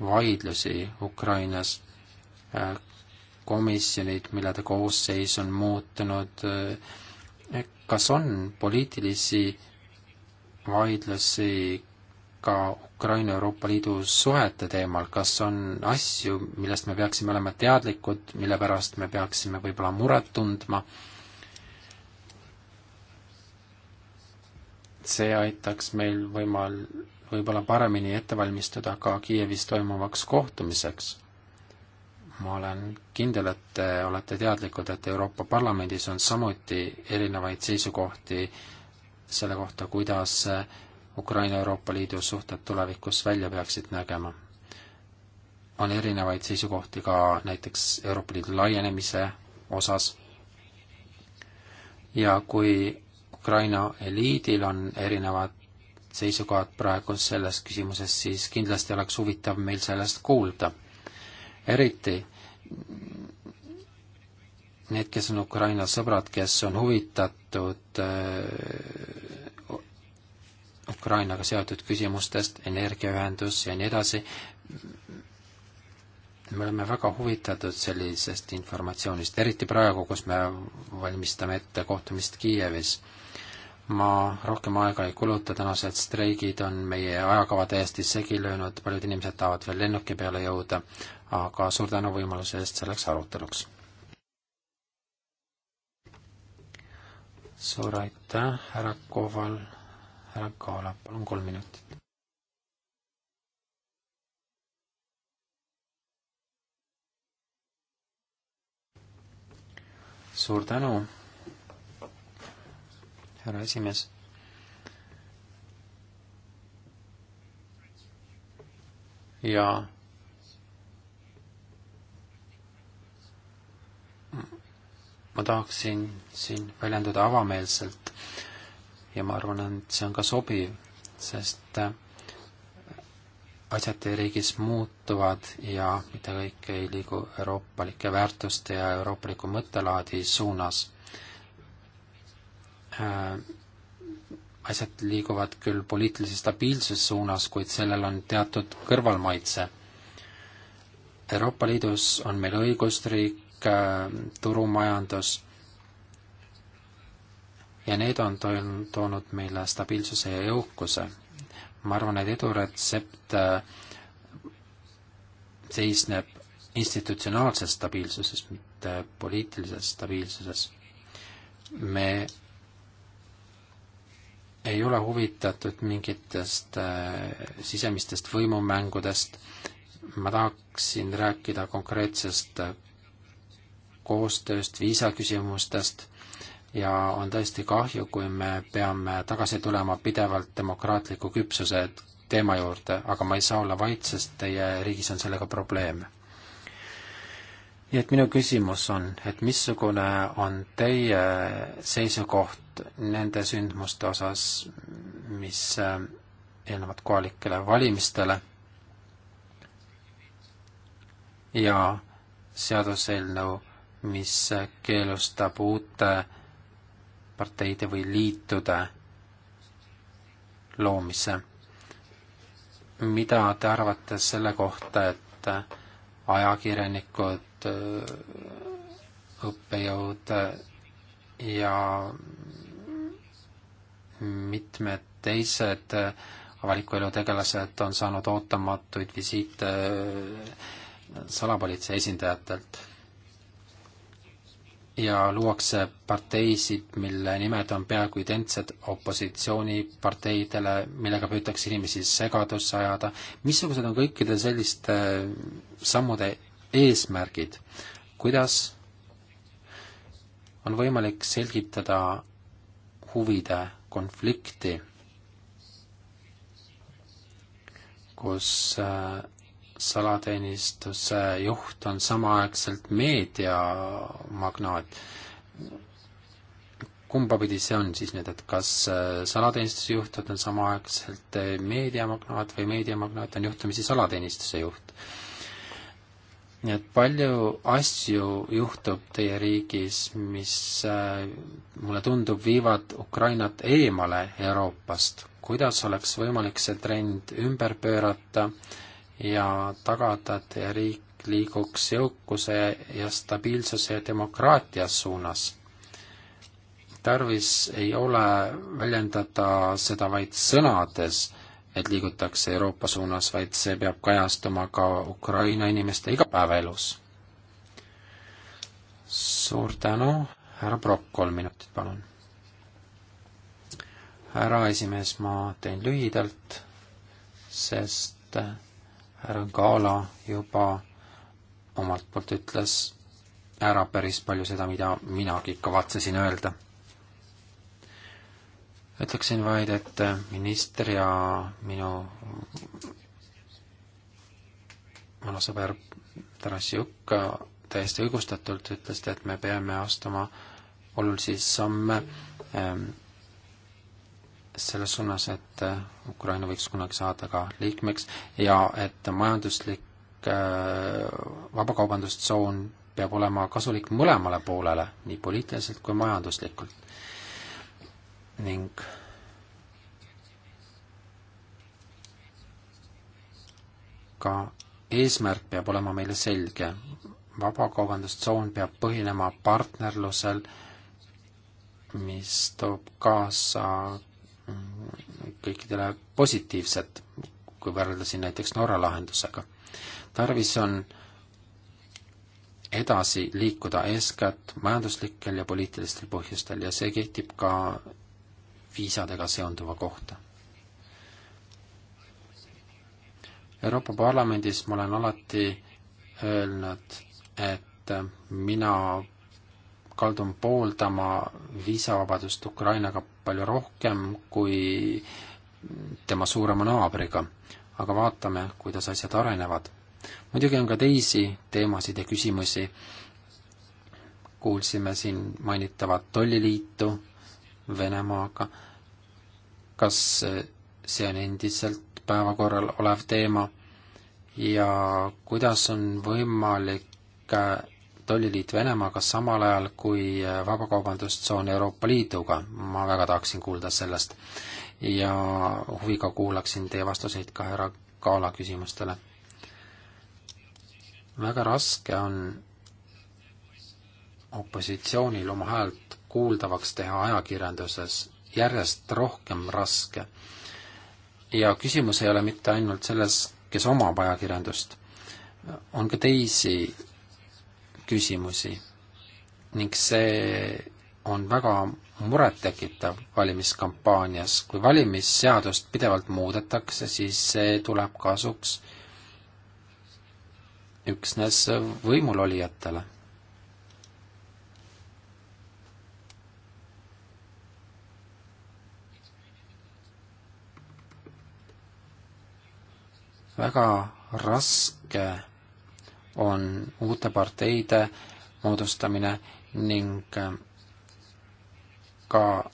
vaidlusi Ukrainas, komisjonid, millede koosseis on muutunud, kas on poliitilisi vaidlusi ka Ukraina Euroopa Liidu suhete teemal, kas on asju, millest me peaksime olema teadlikud, mille pärast me peaksime võib-olla muret tundma? see aitaks meil võimal-, võib-olla paremini ette valmistada ka Kiievis toimuvaks kohtumiseks. ma olen kindel, et te olete teadlikud, et Euroopa Parlamendis on samuti erinevaid seisukohti selle kohta, kuidas Ukraina Euroopa Liidu suhted tulevikus välja peaksid nägema. on erinevaid seisukohti ka näiteks Euroopa Liidu laienemise osas ja kui Ukraina eliidil on erinevad seisukohad praegu selles küsimuses, siis kindlasti oleks huvitav meil sellest kuulda. eriti need, kes on Ukraina sõbrad, kes on huvitatud äh, Ukrainaga seotud küsimustest, energiaühendus ja nii edasi, me oleme väga huvitatud sellisest informatsioonist, eriti praegu, kus me valmistame ette kohtumist Kiievis ma rohkem aega ei kuluta, tänased streigid on meie ajakava täiesti segi löönud, paljud inimesed tahavad veel lennuki peale jõuda, aga suur tänu võimaluse eest selleks aruteluks. suur aitäh, härra Koval, härra Kaala, palun kolm minutit. suur tänu härra esimees. ja ma tahaksin siin väljenduda avameelselt ja ma arvan, et see on ka sobiv, sest asjad teie riigis muutuvad ja mitte kõik ei liigu euroopalike väärtuste ja euroopaliku mõttelaadi suunas. Äh, asjad liiguvad küll poliitilise stabiilsuse suunas, kuid sellel on teatud kõrvalmaitse. Euroopa Liidus on meil õigusriik, äh, turumajandus ja need on toonud meile stabiilsuse ja jõukuse. ma arvan, et eduretsept äh, seisneb institutsionaalses stabiilsuses, mitte poliitilises stabiilsuses. me ei ole huvitatud mingitest äh, sisemistest võimumängudest. ma tahaksin rääkida konkreetsest äh, koostööst, viisaküsimustest ja on tõesti kahju, kui me peame tagasi tulema pidevalt demokraatliku küpsuse teema juurde, aga ma ei saa olla vait, sest teie riigis on sellega probleeme. nii et minu küsimus on, et missugune on teie seisukoht just nende sündmuste osas, mis äh, eelnevad kohalikele valimistele ja seaduseelnõu, mis keelustab uute parteide või liitude loomise. mida te arvate selle kohta, et ajakirjanikud, õppejõud ja mitmed teised äh, avaliku elu tegelased on saanud ootamatuid visiite äh, salapolitsei esindajatelt. ja luuakse parteisid, mille nimed on peaaegu identsed opositsiooniparteidele, millega püütakse inimesi segadusse ajada. missugused on kõikide selliste äh, sammude eesmärgid? kuidas on võimalik selgitada huvide konflikti, kus äh, salateenistuse juht on samaaegselt meediamagnaat. kumba pidi see on siis nüüd, et kas äh, salateenistuse juhtod on samaaegselt äh, meediamagnaat või meediamagnaat on juhtumisi salateenistuse juht? nii et palju asju juhtub teie riigis, mis äh, mulle tundub, viivad Ukrainat eemale Euroopast. kuidas oleks võimalik see trend ümber pöörata ja tagada, et teie riik liiguks jõukuse ja stabiilsuse ja demokraatia suunas? tarvis ei ole väljendada seda vaid sõnades et liigutakse Euroopa suunas, vaid see peab kajastuma ka Ukraina inimeste igapäevaelus. suur tänu, härra Prokk, kolm minutit, palun. härra esimees, ma teen lühidalt, sest härra Gala juba omalt poolt ütles ära päris palju seda, mida minagi kavatsesin öelda ütleksin vaid, et minister ja minu vana sõber Taras Jukka täiesti õigustatult ütles, et me peame astuma olulisi samme ähm, selles suunas, et Ukraina võiks kunagi saada ka liikmeks ja et majanduslik äh, vabakaubandustsoon peab olema kasulik mõlemale poolele, nii poliitiliselt kui majanduslikult ning ka eesmärk peab olema meile selge. vabakaubandustsoon peab põhinema partnerlusel, mis toob kaasa kõikidele positiivset, kui võrrelda siin näiteks Norra lahendusega. tarvis on edasi liikuda eeskätt majanduslikel ja poliitilistel põhjustel ja see kehtib ka viisadega seonduva kohta. Euroopa Parlamendis ma olen alati öelnud, et mina kaldun pooldama viisavabadust Ukrainaga palju rohkem kui tema suurema naabriga. aga vaatame, kuidas asjad arenevad. muidugi on ka teisi teemasid ja küsimusi, kuulsime siin mainitavat tolliliitu Venemaaga kas see on endiselt päevakorral olev teema ja kuidas on võimalik äh, tolliliit Venemaaga samal ajal kui äh, vabakaubandustsoon Euroopa Liiduga, ma väga tahaksin kuulda sellest. ja huviga kuulaksin teie vastuseid ka härra Kaala küsimustele. väga raske on opositsioonil oma häält kuuldavaks teha ajakirjanduses järjest rohkem raske. ja küsimus ei ole mitte ainult selles, kes omab ajakirjandust, on ka teisi küsimusi ning see on väga murettekitav valimiskampaanias. kui valimisseadust pidevalt muudetakse, siis see tuleb kasuks üksnes võimulolijatele väga raske on uute parteide moodustamine ning ka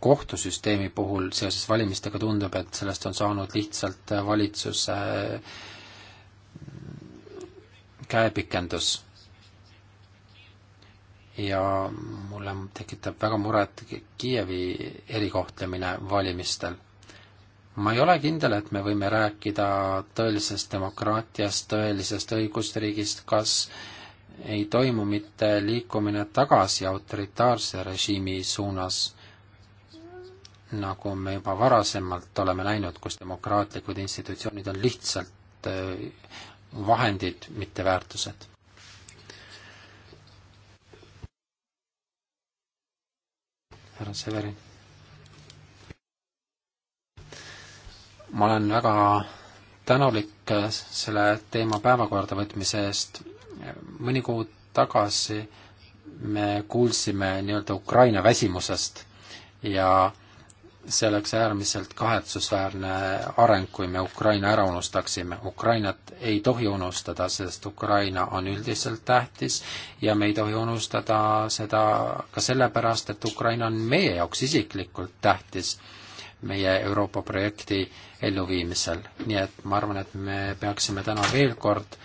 kohtusüsteemi puhul seoses valimistega tundub, et sellest on saanud lihtsalt valitsuse käepikendus. ja mulle tekitab väga muret Kiievi erikohtlemine valimistel ma ei ole kindel, et me võime rääkida tõelisest demokraatiast, tõelisest õigusriigist, kas ei toimu mitte liikumine tagasi autoritaarse režiimi suunas, nagu me juba varasemalt oleme näinud, kus demokraatlikud institutsioonid on lihtsalt äh, vahendid, mitte väärtused härra Severin. ma olen väga tänulik äh, selle teema päevakorda võtmise eest. mõni kuu tagasi me kuulsime nii-öelda Ukraina väsimusest ja see oleks äärmiselt kahetsusväärne areng, kui me Ukraina ära unustaksime. Ukrainat ei tohi unustada, sest Ukraina on üldiselt tähtis ja me ei tohi unustada seda ka sellepärast, et Ukraina on meie jaoks isiklikult tähtis meie Euroopa projekti elluviimisel. nii et ma arvan, et me peaksime täna veel kord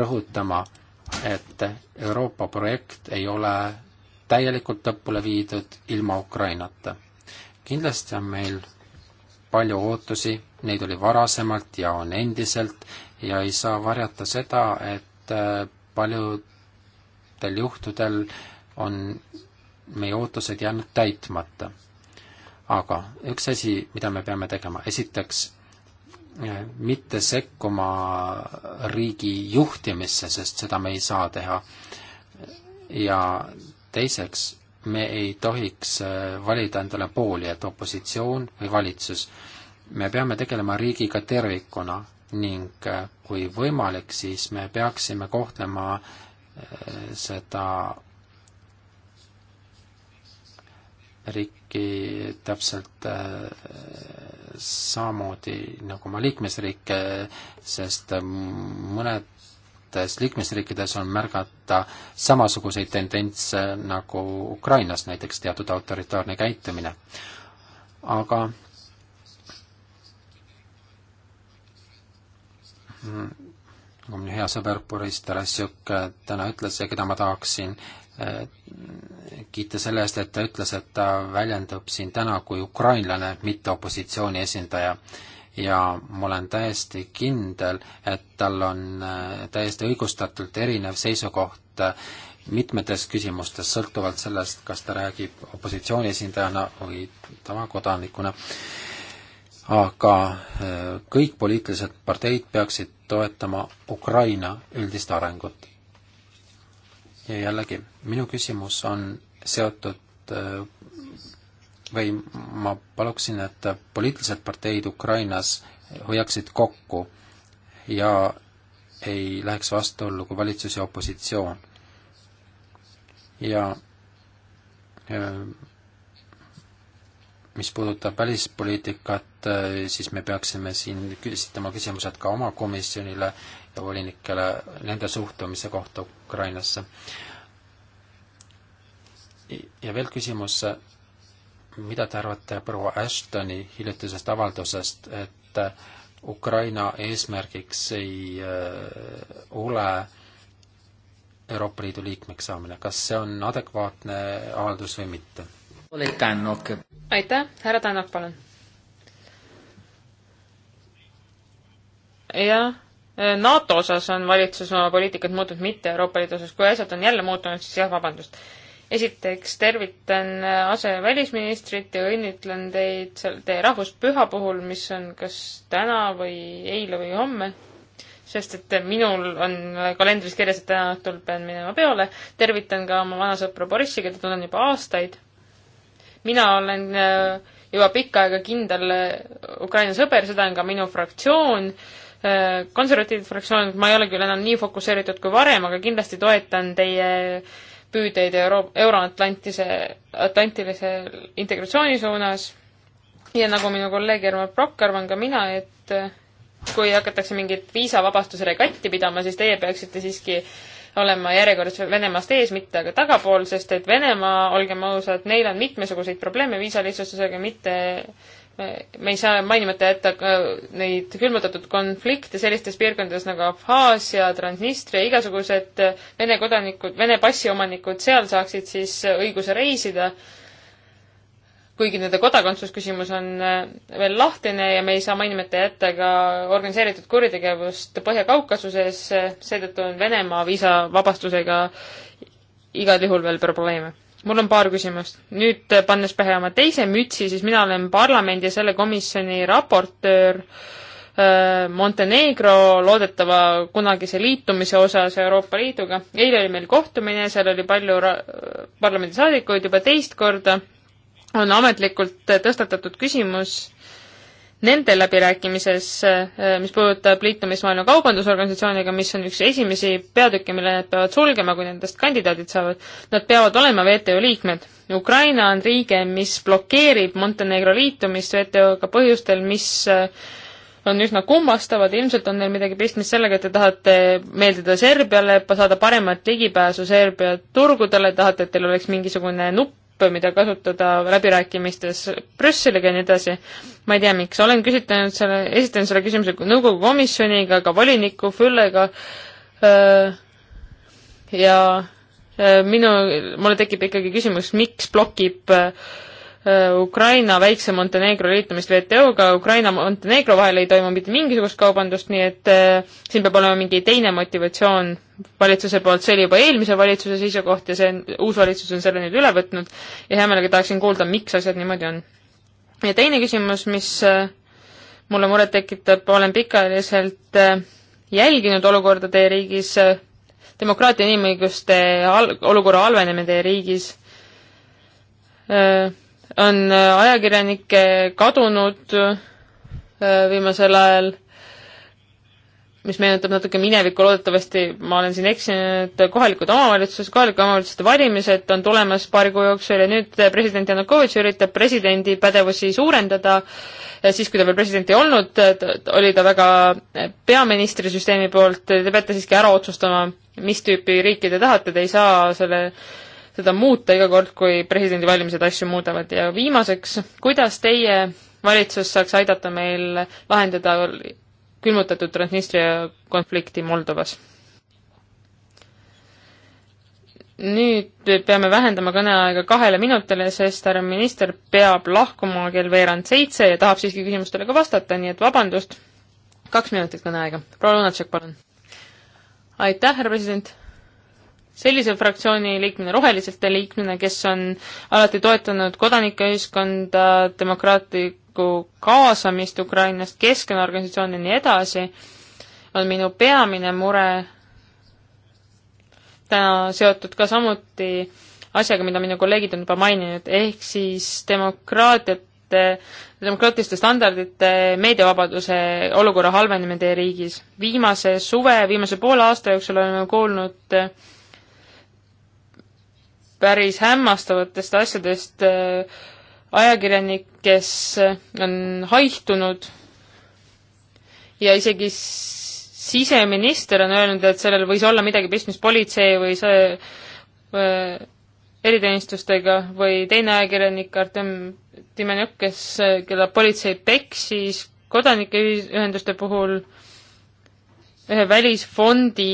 rõhutama, et Euroopa projekt ei ole täielikult lõpule viidud ilma Ukrainata. kindlasti on meil palju ootusi, neid oli varasemalt ja on endiselt ja ei saa varjata seda, et äh, paljudel juhtudel on meie ootused jäänud täitmata aga üks asi, mida me peame tegema, esiteks eh, mitte sekkuma riigi juhtimisse, sest seda me ei saa teha. ja teiseks, me ei tohiks eh, valida endale pooli, et opositsioon või valitsus. me peame tegelema riigiga tervikuna ning eh, kui võimalik, siis me peaksime kohtlema seda riik-, riiki täpselt äh, samamoodi nagu oma liikmesriike, sest mõnedes liikmesriikides on märgata samasuguseid tendentse nagu Ukrainas näiteks teatud autoritaarne käitumine. aga nagu minu hea sõber Boris Tarasjuk äh, täna ütles ja keda ma tahaksin Äh, kiita selle eest, et ta ütles, et ta väljendub siin täna kui ukrainlane, mitte opositsiooni esindaja. ja ma olen täiesti kindel, et tal on äh, täiesti õigustatult erinev seisukoht äh, mitmetes küsimustes, sõltuvalt sellest, kas ta räägib opositsiooni esindajana või tavakodanikuna. aga kõik poliitilised parteid peaksid toetama Ukraina üldist arengut ja jällegi, minu küsimus on seotud äh, või ma paluksin, et poliitilised parteid Ukrainas hoiaksid kokku ja ei läheks vastuollu kui valitsus ja opositsioon. ja äh, mis puudutab välispoliitikat, äh, siis me peaksime siin esitama küsimused ka oma komisjonile volinikele nende suhtumise kohta Ukrainasse. ja veel küsimus, mida te arvate proua Ashtoni hiljutisest avaldusest, et Ukraina eesmärgiks ei äh, ole Euroopa Liidu liikmeks saamine, kas see on adekvaatne avaldus või mitte? aitäh, härra Tänak, palun. jah, Äh, NATO osas on valitsus oma poliitikat muutnud, mitte Euroopa Liidu osas. kui asjad on jälle muutunud, siis jah, vabandust. esiteks tervitan äh, asevälisministrit ja õnnitlen teid seal teie rahvuspüha puhul, mis on kas täna või eile või homme, sest et minul on äh, kalendris kirjas, et täna õhtul pean minema peole. tervitan ka oma vanasõpra Borissi, keda tunnen juba aastaid. mina olen juba pikka aega kindel Ukraina sõber, seda on ka minu fraktsioon Äh, konservatiivide fraktsioon, ma ei ole küll enam nii fokusseeritud kui varem, aga kindlasti toetan teie püüdeid euro, euroatlantise, atlantilise integratsiooni suunas. ja nagu minu kolleeg Ermar Prokk, arvan ka mina, et äh, kui hakatakse mingit viisavabastuse regatti pidama, siis teie peaksite siiski olema järjekorras Venemaast ees, mitte aga tagapool, sest et Venemaa, olgem ausad, neil on mitmesuguseid probleeme viisalihtsustusega, mitte me ei saa mainimata jätta äh, neid külmutatud konflikte sellistes piirkondades nagu Abhaasia, Transnistria, igasugused äh, Vene kodanikud, Vene passi omanikud seal saaksid siis äh, õiguse reisida, kuigi nende kodakondsusküsimus on veel lahtine ja me ei saa mainimata jätta ka organiseeritud kuritegevust Põhja-Kaukasuses, seetõttu on Venemaa viisavabastusega igal juhul veel probleeme mul on paar küsimust. nüüd äh, pannes pähe oma teise mütsi, siis mina olen parlamendi ja selle komisjoni raportöör äh, Montenegro loodetava kunagise liitumise osas Euroopa Liiduga. eile oli meil kohtumine, seal oli palju parlamendisaadikuid juba teist korda, on ametlikult äh, tõstatatud küsimus nende läbirääkimises, äh, mis puudutab liitumist Maailma Kaubandusorganisatsiooniga, mis on üks esimesi peatükke, mille nad peavad sulgema, kui nendest kandidaadid saavad, nad peavad olema WTO liikmed. Ukraina on riige, mis blokeerib Montenegro liitumist WTO-ga põhjustel, mis äh, on üsna kummastavad, ilmselt on neil midagi pistmist sellega, et te tahate meeldida Serbiale, saada paremat ligipääsu Serbia turgudele, tahate, et teil oleks mingisugune nupp mida kasutada läbirääkimistes Brüsseliga ja nii edasi. ma ei tea, miks, olen küsitlenud selle, esitanud selle küsimuse nõukogu komisjoniga, ka voliniku Füllega ja minu, mulle tekib ikkagi küsimus, miks blokib Äh, Ukraina väikse Montenegro liitumist WTO-ga, Ukraina Montenegro vahel ei toimu mitte mingisugust kaubandust, nii et äh, siin peab olema mingi teine motivatsioon valitsuse poolt, see oli juba eelmise valitsuse seisukoht ja see on, uus valitsus on selle nüüd üle võtnud ja hea meelega tahaksin kuulda, miks asjad niimoodi on. ja teine küsimus, mis äh, mulle muret tekitab, olen pikaajaliselt äh, jälginud olukorda teie riigis, äh, demokraatia inimõiguste al-, olukorra halvenemine teie riigis, äh, on äh, ajakirjanikke kadunud äh, viimasel ajal, mis meenutab natuke minevikku, loodetavasti ma olen siin eksinud, äh, kohalikud omavalitsused, kohalike omavalitsuste valimised on tulemas paari kuu jooksul ja nüüd president Janukovitš üritab presidendi pädevusi suurendada, siis kui ta veel president ei olnud, oli ta väga peaministrisüsteemi poolt, te peate siiski ära otsustama, mis tüüpi riiki te tahate, te ei saa selle seda muuta iga kord, kui presidendivalimised asju muudavad ja viimaseks, kuidas teie valitsus saaks aidata meil lahendada külmutatud Transnistria konflikti Moldovas? nüüd peame vähendama kõneaega kahele minutile, sest härra minister peab lahkuma kell veerand seitse ja tahab siiski küsimustele ka vastata, nii et vabandust. kaks minutit kõneaega. proua Lunatšek, palun. aitäh, härra president sellise fraktsiooni liikmena, roheliste liikmena, kes on alati toetanud kodanikeühiskonda, demokraatlikku kaasamist Ukrainast, keskkonnaorganisatsioone ja nii edasi, on minu peamine mure täna seotud ka samuti asjaga, mida minu kolleegid on juba maininud, ehk siis demokraatiate, demokraatiliste standardite, meediavabaduse olukorra halvenemine teie riigis. viimase suve, viimase poole aasta jooksul oleme kuulnud äh, päris hämmastavatest asjadest. Äh, ajakirjanik, kes äh, on haihtunud ja isegi siseminister on öelnud, et sellel võis olla midagi pistmist politsei või see äh, eriteenistustega või teine ajakirjanik Artem Timenjuk, kes, keda politsei peksis kodanikeühenduste puhul ühe välisfondi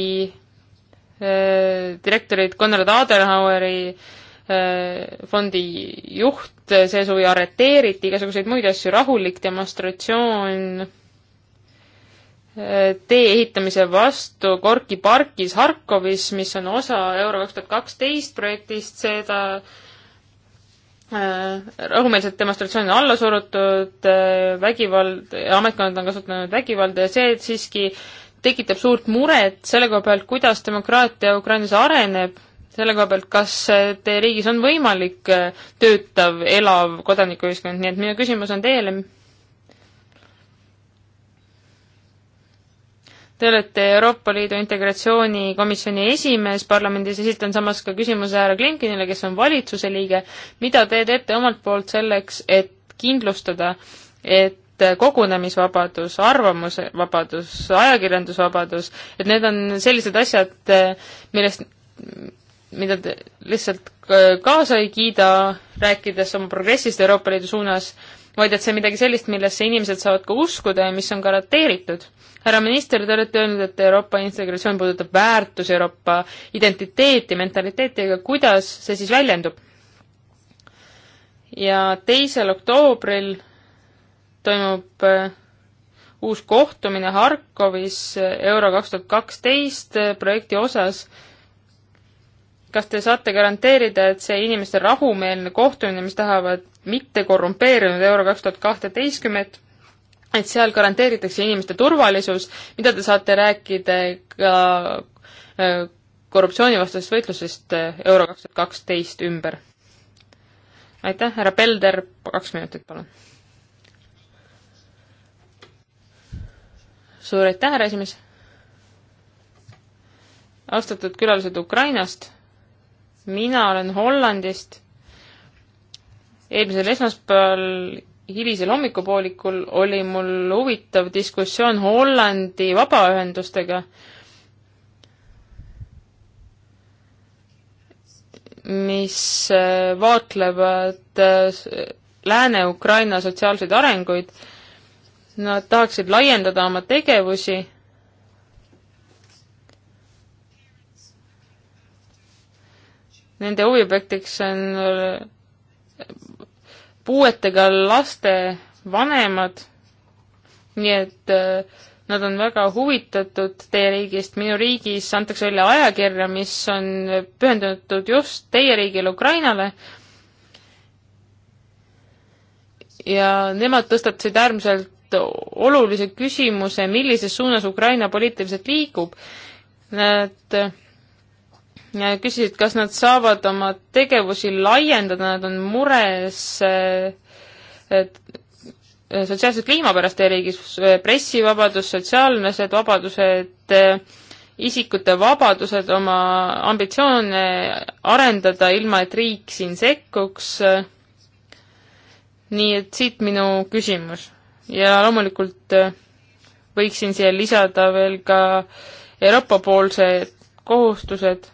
direktorit Konrad Adenaueri äh, fondi juht see suvi arreteeriti, igasuguseid muid asju, rahulik demonstratsioon äh, tee ehitamise vastu Gorki parkis Harkovis, mis on osa Euro kaks tuhat kaksteist projektist, seda äh, rahumeelset demonstratsiooni alla surutud, vägivald, ametkonnad on kasutanud vägivalda ja see siiski äh, tekitab suurt muret selle koha pealt, kuidas demokraatia Ukrainas areneb, selle koha pealt, kas teie riigis on võimalik äh, töötav, elav kodanikuühiskond, nii et minu küsimus on teile. Te olete Euroopa Liidu Integratsioonikomisjoni esimees parlamendis, esitan samas ka küsimuse härra Klinkinile, kes on valitsuse liige. mida te teete omalt poolt selleks, et kindlustada, et et kogunemisvabadus, arvamusvabadus, ajakirjandusvabadus, et need on sellised asjad, millest, mida te lihtsalt kaasa ei kiida, rääkides oma progressist Euroopa Liidu suunas, vaid et see on midagi sellist, millesse inimesed saavad ka uskuda ja mis on garanteeritud. härra minister, te olete öelnud, et Euroopa integratsioon puudutab väärtusi, Euroopa identiteeti, mentaliteeti, aga kuidas see siis väljendub? ja teisel oktoobril toimub äh, uus kohtumine Harkovis äh, Euro kaks tuhat kaksteist äh, projekti osas. kas te saate garanteerida, et see inimeste rahumeelne kohtumine, mis tahavad mitte korrumpeerunud Euro kaks tuhat kahteteistkümmet, et seal garanteeritakse inimeste turvalisus, mida te saate rääkida ka korruptsioonivastasest võitlusest Euro kaks tuhat kaksteist ümber? aitäh, härra Pelder, kaks minutit, palun suur aitäh, härra esimees! austatud külalised Ukrainast, mina olen Hollandist, eelmisel esmaspäeval hilisel hommikupoolikul oli mul huvitav diskussioon Hollandi vabaühendustega, mis äh, vaatlevad äh, Lääne-Ukraina sotsiaalseid arenguid nad tahaksid laiendada oma tegevusi. Nende huviobjektiks on äh, puuetega laste vanemad, nii et äh, nad on väga huvitatud teie riigist, minu riigis antakse välja ajakirja, mis on pühendatud just teie riigile, Ukrainale, ja nemad tõstatasid äärmiselt olulise küsimuse, millises suunas Ukraina poliitiliselt liigub. Nad äh, küsisid, kas nad saavad oma tegevusi laiendada, nad on mures äh, äh, sotsiaalse kliima pärast teie riigis, pressivabadus, sotsiaalsed vabadused, isikute vabadused oma ambitsioone arendada, ilma et riik siin sekkuks. nii et siit minu küsimus ja loomulikult äh, võiksin siia lisada veel ka Euroopa poolsed kohustused.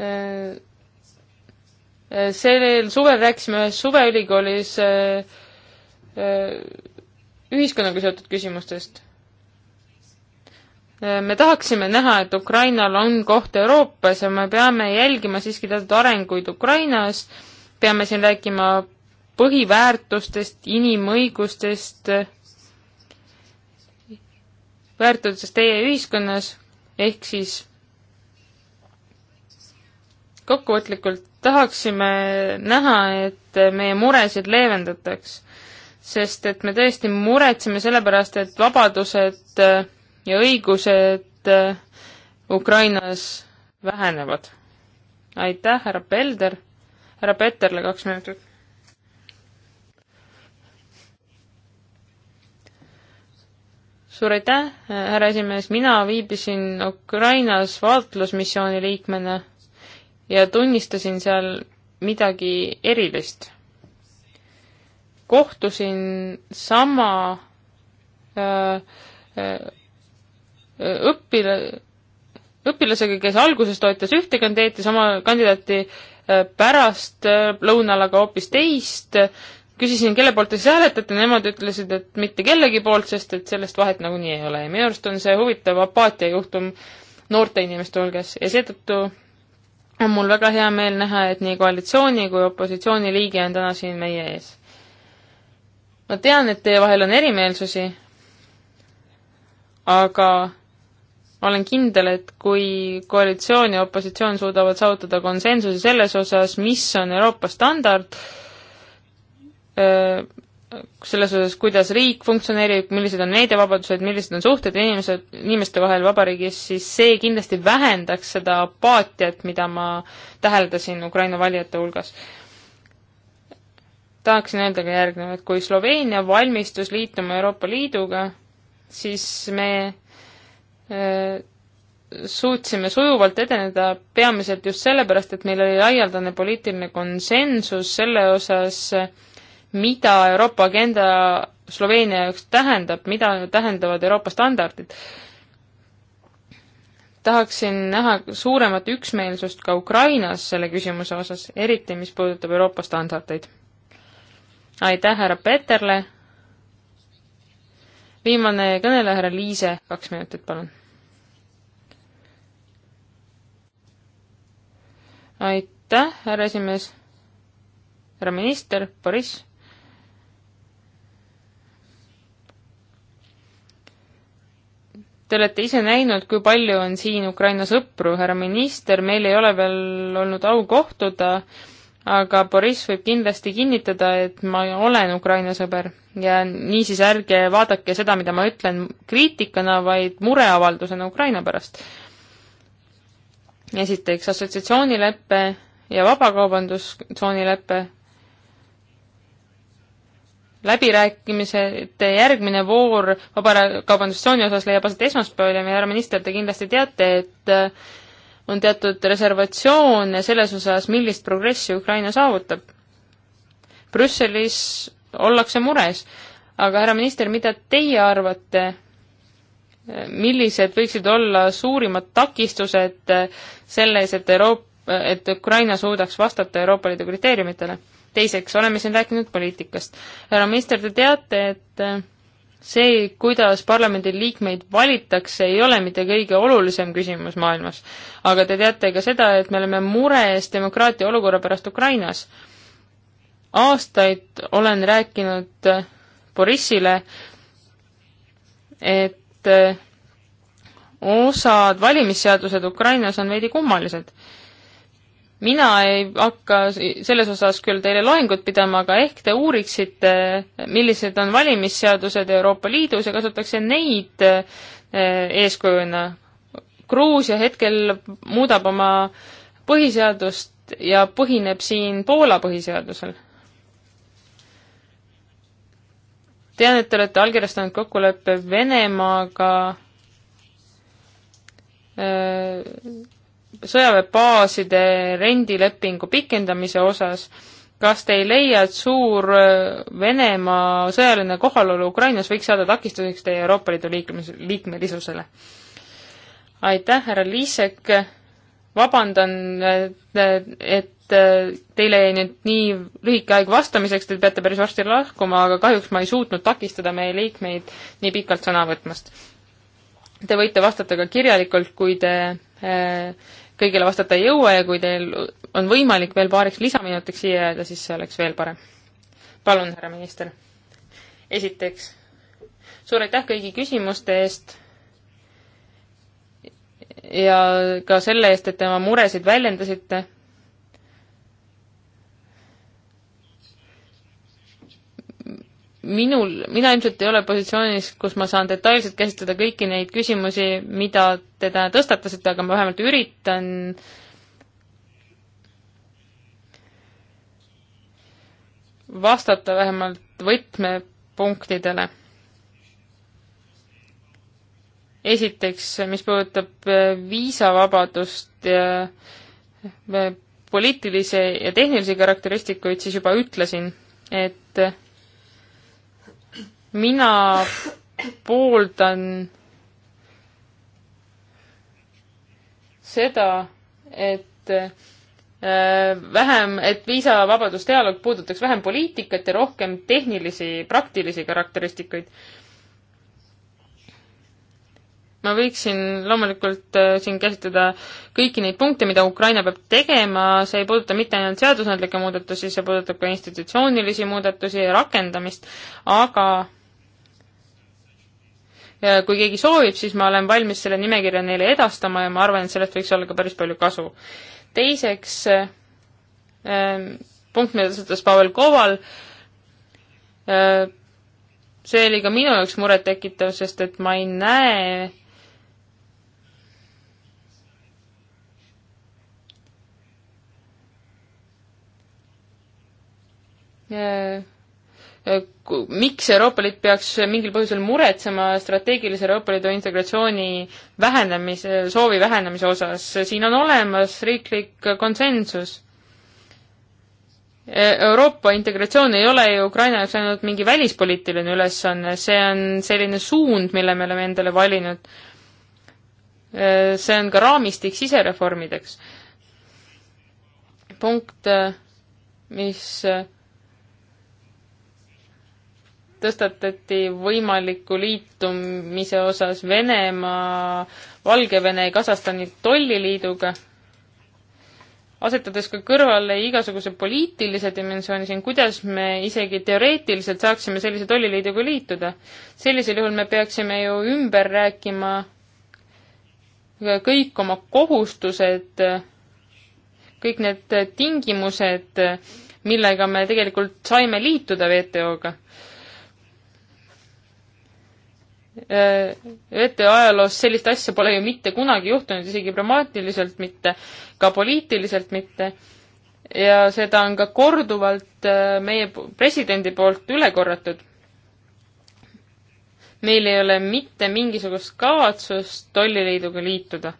Äh, äh, sellel suvel rääkisime ühes suveülikoolis ühiskonnaga seotud küsimustest me tahaksime näha, et Ukrainal on koht Euroopas ja me peame jälgima siiski teatud arenguid Ukrainas, peame siin rääkima põhiväärtustest, inimõigustest, väärtustest teie ühiskonnas, ehk siis kokkuvõtlikult tahaksime näha, et meie muresid leevendataks, sest et me tõesti muretseme selle pärast, et vabadused ja õigused äh, Ukrainas vähenevad. aitäh, härra Pelder, härra Peterle kaks minutit. suur aitäh, härra esimees, mina viibisin Ukrainas vaatlusmissiooni liikmena ja tunnistasin seal midagi erilist. kohtusin sama äh, äh, õpila-, õpilasega, kes alguses toetas ühte kandidaati, sama kandidaati äh, pärast äh, lõunal aga hoopis teist, küsisin, kelle poolt te siis hääletate, nemad ütlesid, et mitte kellegi poolt, sest et sellest vahet nagunii ei ole ja minu arust on see huvitav apaatia juhtum noorte inimeste hulgas ja seetõttu on mul väga hea meel näha, et nii koalitsiooni kui opositsiooni liige on täna siin meie ees. ma tean, et teie vahel on erimeelsusi, aga ma olen kindel, et kui koalitsioon ja opositsioon suudavad saavutada konsensuse selles osas, mis on Euroopa standard, selles osas, kuidas riik funktsioneerib, millised on meediavabadused, millised on suhted inimesed, inimeste vahel vabariigis, siis see kindlasti vähendaks seda apaatiat, mida ma täheldasin Ukraina valijate hulgas. tahaksin öelda ka järgnevat, kui Sloveenia valmistus liituma Euroopa Liiduga, siis me Äh, suutsime sujuvalt edeneda peamiselt just sellepärast, et meil oli laialdane poliitiline konsensus selle osas, mida Euroopa agenda Sloveenia jaoks tähendab, mida tähendavad Euroopa standardid. tahaksin näha suuremat üksmeelsust ka Ukrainas selle küsimuse osas, eriti mis puudutab Euroopa standardeid. aitäh härra Peterle viimane kõneleja, härra Liise, kaks minutit, palun. aitäh, härra esimees, härra minister, Boriss. Te olete ise näinud, kui palju on siin Ukraina sõpru, härra minister, meil ei ole veel olnud au kohtuda äh, aga Boriss võib kindlasti kinnitada, et ma olen Ukraina sõber ja niisiis ärge vaadake seda, mida ma ütlen kriitikana, vaid mureavaldusena Ukraina pärast. esiteks assotsiatsioonileppe ja vabakaubandustsoonileppe läbirääkimised, järgmine voor vabakaubandustsooni osas leiab aset esmaspäeval ja härra minister, te kindlasti teate, et on teatud reservatsioone selles osas, millist progressi Ukraina saavutab. Brüsselis ollakse mures, aga härra minister, mida teie arvate, millised võiksid olla suurimad takistused selles, et Euroop-, et Ukraina suudaks vastata Euroopa Liidu kriteeriumitele? teiseks, oleme siin rääkinud poliitikast. härra minister, te teate, et see, kuidas parlamendi liikmeid valitakse, ei ole mitte kõige olulisem küsimus maailmas. aga te teate ka seda, et me oleme mures demokraatia olukorra pärast Ukrainas. aastaid olen rääkinud Borissile, et osad valimisseadused Ukrainas on veidi kummalised mina ei hakka selles osas küll teile loengut pidama, aga ehk te uuriksite, millised on valimisseadused Euroopa Liidus ja kasutatakse neid eh, eeskujuna. Gruusia hetkel muudab oma põhiseadust ja põhineb siin Poola põhiseadusel. tean, et te olete allkirjastanud kokkuleppe Venemaaga eh, sõjaväebaaside rendilepingu pikendamise osas, kas te ei leia, et suur äh, Venemaa sõjaline kohalolu Ukrainas võiks saada takistuseks teie Euroopa Liidu liikmes, liikmelisusele? aitäh, härra Liisek, vabandan, et äh, teile jäi nüüd nii lühike aeg vastamiseks, te peate päris varsti lahkuma, aga kahjuks ma ei suutnud takistada meie liikmeid nii pikalt sõna võtmast. Te võite vastata ka kirjalikult, kui te äh, kõigile vastata ei jõua ja kui teil on võimalik veel paariks lisaminutiks siia jääda, siis see oleks veel parem. palun, härra minister. esiteks, suur aitäh kõigi küsimuste eest ja ka selle eest, et te oma muresid väljendasite minul, mina ilmselt ei ole positsioonis, kus ma saan detailselt käsitleda kõiki neid küsimusi, mida te täna tõstatasite, aga ma vähemalt üritan vastata vähemalt võtmepunktidele. esiteks, mis puudutab äh, viisavabadust ja äh, poliitilisi ja tehnilisi karakteristikuid, siis juba ütlesin, et mina pooldan seda, et äh, vähem, et viisavabadusdialoog puudutaks vähem poliitikat ja rohkem tehnilisi, praktilisi karakteristikuid. ma võiksin loomulikult äh, siin käsitleda kõiki neid punkte, mida Ukraina peab tegema, see ei puuduta mitte ainult seadusandlikke muudatusi, see puudutab ka institutsioonilisi muudatusi ja rakendamist, aga kui keegi soovib, siis ma olen valmis selle nimekirja neile edastama ja ma arvan, et sellest võiks olla ka päris palju kasu. teiseks ähm, punkt, mida tõstatas Pavel Koval, äh, see oli ka minu jaoks murettekitav, sest et ma ei näe Yeah äh, Äh, miks Euroopa Liit peaks mingil põhjusel muretsema strateegilise Euroopa Liidu integratsiooni vähenemise, soovi vähenemise osas, siin on olemas riiklik konsensus. Äh, Euroopa integratsioon ei ole ju Ukraina jaoks ainult mingi välispoliitiline ülesanne, see on selline suund, mille me oleme endale valinud. Äh, see on ka raamistik sisereformideks. punkt, mis tõstatati võimaliku liitumise osas Venemaa, Valgevene ja Kasahstani tolliliiduga, asetades ka kõrvale igasuguse poliitilise dimensiooni siin, kuidas me isegi teoreetiliselt saaksime sellise tolliliiduga liituda. sellisel juhul me peaksime ju ümber rääkima kõik oma kohustused, kõik need tingimused, millega me tegelikult saime liituda WTO-ga. Äh, ette ajaloos sellist asja pole ju mitte kunagi juhtunud, isegi dramaatiliselt mitte, ka poliitiliselt mitte. ja seda on ka korduvalt äh, meie presidendi poolt üle korratud. meil ei ole mitte mingisugust kavatsust tolliliiduga liituda.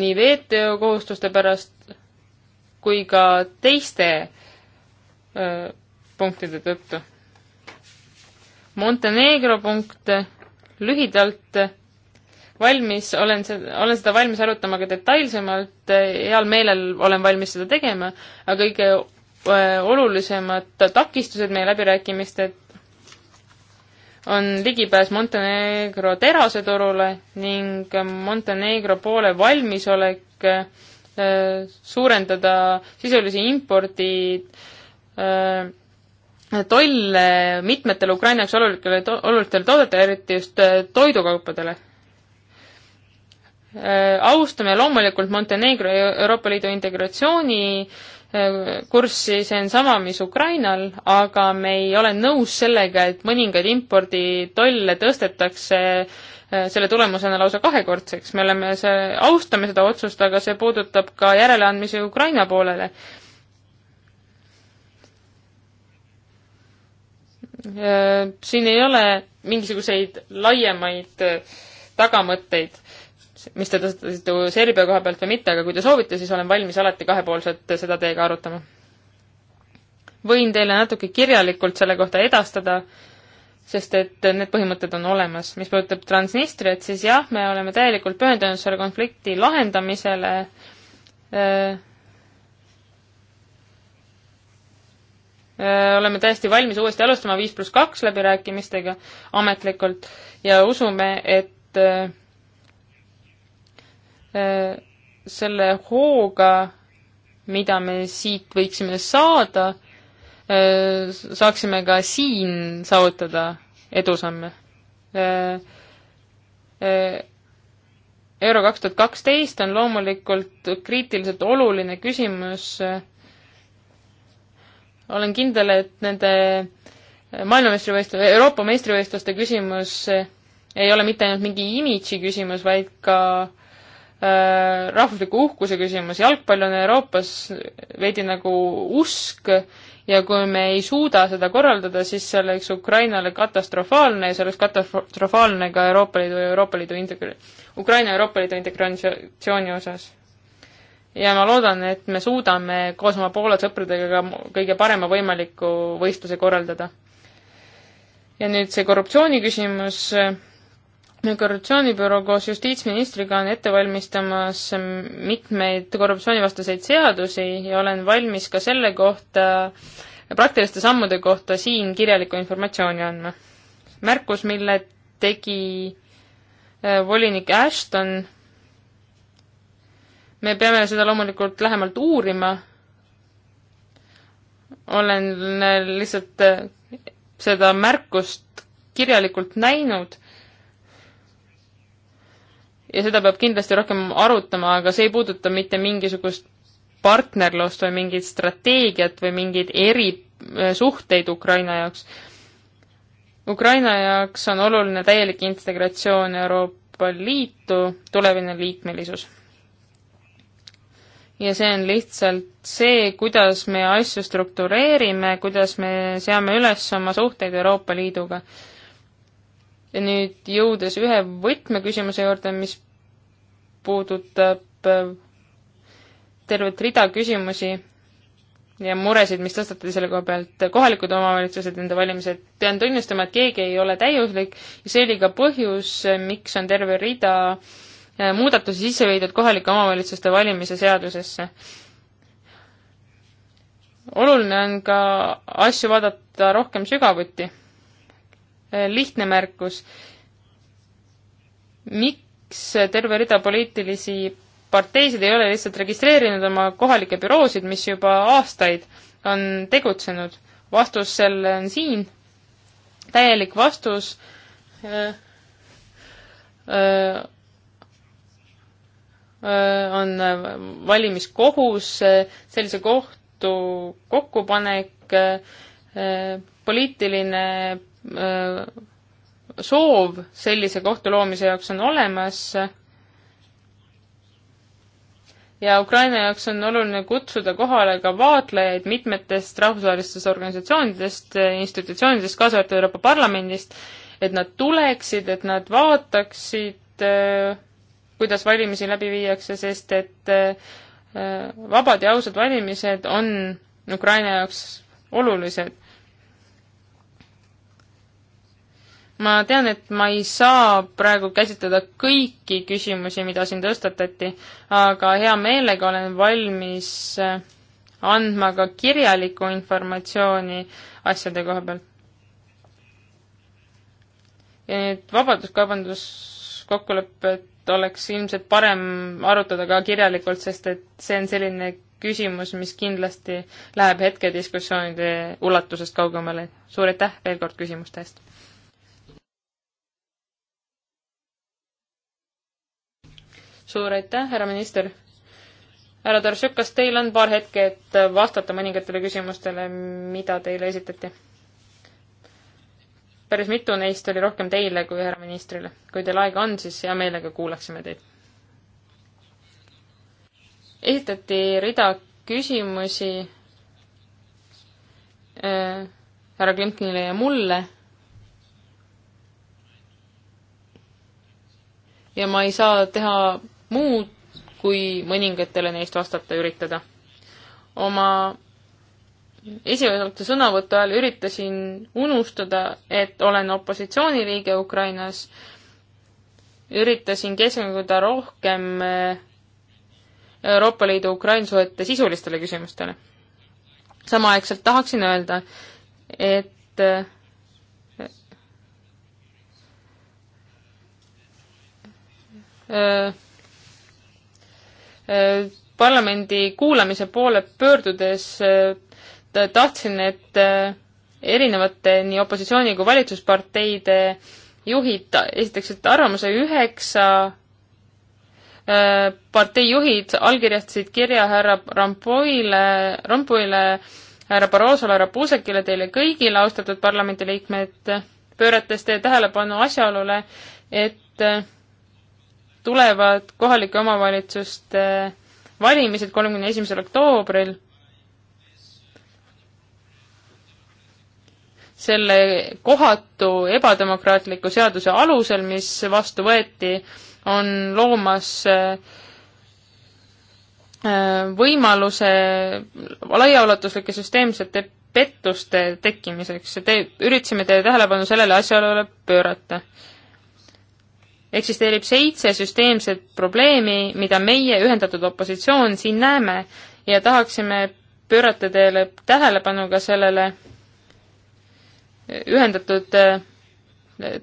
nii WTO kohustuste pärast kui ka teiste äh, punktide tõttu Montenegro punkt lühidalt valmis, olen seda, olen seda valmis arutama ka detailsemalt, heal meelel olen valmis seda tegema, aga kõige äh, olulisemad takistused meie läbirääkimistel on ligipääs Montenegro teraseturule ning Montenegro poole valmisolek äh, suurendada sisulisi impordi äh, toll mitmetele Ukraina jaoks olulikele, olulistele toodetele, eriti just äh, toidukaupadele. Äh, austame loomulikult Montenegro Euroopa Liidu integratsiooni äh, kurssi, see on sama, mis Ukrainal, aga me ei ole nõus sellega, et mõningaid imporditolle tõstetakse selle tulemusena lausa kahekordseks. me oleme, see, austame seda otsust, aga see puudutab ka järeleandmisi Ukraina poolele Äh, siin ei ole mingisuguseid laiemaid äh, tagamõtteid, mis te tõstatasite Serbia koha pealt või mitte, aga kui te soovite, siis olen valmis alati kahepoolselt seda teiega arutama. võin teile natuke kirjalikult selle kohta edastada, sest et need põhimõtted on olemas. mis puudutab Transnistriat, siis jah, me oleme täielikult pühendunud selle konflikti lahendamisele äh, Äh, oleme täiesti valmis uuesti alustama viis pluss kaks läbirääkimistega ametlikult ja usume, et äh, äh, selle hooga, mida me siit võiksime saada, saaksime ka siin saavutada edusamme. Euro kaks tuhat kaksteist on loomulikult kriitiliselt oluline küsimus olen kindel, et nende maailmameistrivõistluse, Euroopa meistrivõistluste küsimus ei ole mitte ainult mingi imidži küsimus, vaid ka äh, rahvusliku uhkuse küsimus. jalgpall on Euroopas veidi nagu usk ja kui me ei suuda seda korraldada, siis see oleks Ukrainale katastrofaalne ja see oleks katastrofaalne ka Euroopa Liidu ja Euroopa Liidu integre-, Ukraina Euroopa Liidu integratsiooni osas ja ma loodan, et me suudame koos oma Poola sõpradega ka kõige parema võimaliku võistluse korraldada. ja nüüd see korruptsiooni küsimus, korruptsioonibüroo koos justiitsministriga on ette valmistamas mitmeid korruptsioonivastaseid seadusi ja olen valmis ka selle kohta, praktiliste sammude kohta siin kirjalikku informatsiooni andma. märkus, mille tegi eh, volinik Ashton me peame seda loomulikult lähemalt uurima. olen lihtsalt äh, seda märkust kirjalikult näinud. ja seda peab kindlasti rohkem arutama, aga see ei puuduta mitte mingisugust partnerlust või mingit strateegiat või mingeid erisuhteid äh, Ukraina jaoks. Ukraina jaoks on oluline täielik integratsioon Euroopa Liitu, tulevine liikmelisus ja see on lihtsalt see, kuidas me asju struktureerime, kuidas me seame üles oma suhteid Euroopa Liiduga. ja nüüd jõudes ühe võtmeküsimuse juurde, mis puudutab äh, tervet rida küsimusi ja muresid, mis tõstatati selle koha pealt, kohalikud omavalitsused, nende valimised, pean tunnistama, et keegi ei ole täiuslik ja see oli ka põhjus, miks on terve rida äh, muudatusi sisse viidud kohalike omavalitsuste valimise seadusesse. oluline on ka asju vaadata rohkem sügavuti. lihtne märkus. miks terve rida poliitilisi parteisid ei ole lihtsalt registreerinud oma kohalikke büroosid, mis juba aastaid on tegutsenud? vastus sellele on siin. täielik vastus öö, äh, öö, äh, Äh, on äh, valimiskohus, äh, sellise kohtu kokkupanek, poliitiline soov sellise kohtu loomise jaoks on olemas ja Ukraina jaoks on oluline kutsuda kohale ka vaatlejaid mitmetest rahvusvahelistest organisatsioonidest, institutsioonidest, kaasa arvatud Euroopa Parlamendist, et nad tuleksid, et nad vaataksid äh, kuidas valimisi läbi viiakse, sest et äh, vabad ja ausad valimised on Ukraina jaoks olulised. ma tean, et ma ei saa praegu käsitleda kõiki küsimusi, mida siin tõstatati, aga hea meelega olen valmis äh, andma ka kirjalikku informatsiooni asjade koha pealt. ja nüüd vabaduskaubanduskokkulepped oleks ilmselt parem arutada ka kirjalikult, sest et see on selline küsimus, mis kindlasti läheb hetkediskussioonide ulatusest kaugemale. suur aitäh veel kord küsimuste eest! suur aitäh, härra minister! härra Tarsjuk, kas teil on paar hetke, et vastata mõningatele küsimustele, mida teile esitati? päris mitu neist oli rohkem teile kui härra ministrile. kui teil aega on, siis hea meelega kuulaksime teid. esitati rida küsimusi äh, härra Klimkinile ja mulle. ja ma ei saa teha muud, kui mõningatele neist vastata üritada. oma esimese sõnavõtu ajal üritasin unustada, et olen opositsiooniliige Ukrainas, üritasin keskenduda rohkem eh, Euroopa Liidu Ukraina suhete sisulistele küsimustele. samaaegselt tahaksin öelda, et äh, äh, parlamendi kuulamise poole pöördudes äh, tahtsin, et äh, erinevate nii opositsiooni kui valitsusparteide juhid esitaksid arvamuse üheksa äh, partei juhid allkirjastasid kirja härra Rampoile, Rampoile, härra Barrosole, härra Puusekile, teile kõigile, austatud parlamendiliikmed, pöörates teie tähelepanu asjaolule, et äh, tulevad kohalike omavalitsuste valimised kolmekümne esimesel oktoobril selle kohatu ebademokraatliku seaduse alusel, mis vastu võeti, on loomas äh, võimaluse laiaulatuslike süsteemsete pettuste tekkimiseks. Te, üritasime teie tähelepanu sellele asjaolule pöörata. eksisteerib seitse süsteemset probleemi, mida meie, ühendatud opositsioon, siin näeme ja tahaksime pöörata teile tähelepanu ka sellele ühendatud eh,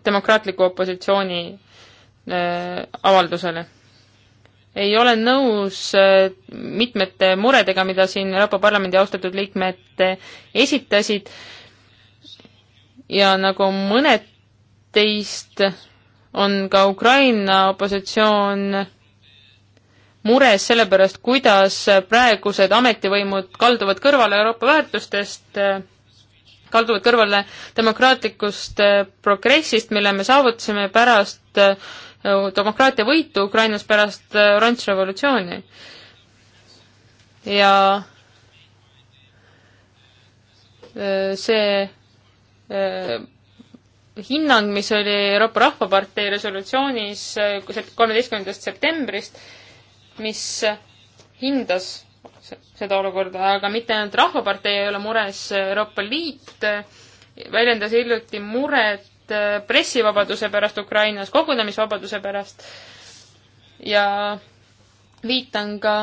demokraatliku opositsiooni eh, avaldusele. ei ole nõus eh, mitmete muredega, mida siin Euroopa Parlamendi austatud liikmed esitasid ja nagu mõned teist on ka Ukraina opositsioon mures selle pärast, kuidas praegused ametivõimud kalduvad kõrvale Euroopa väärtustest äh, kalduvad kõrvale demokraatlikust äh, progressist, mille me saavutasime pärast äh, demokraatia võitu Ukrainas pärast äh, oranž revolutsiooni. ja see hinnang, mis oli Euroopa Rahvapartei resolutsioonis kolmeteistkümnendast septembrist, mis hindas seda olukorda, aga mitte ainult Rahvapartei ei ole mures, Euroopa Liit väljendas hiljuti muret äh, pressivabaduse pärast Ukrainas, kogunemisvabaduse pärast ja viitan ka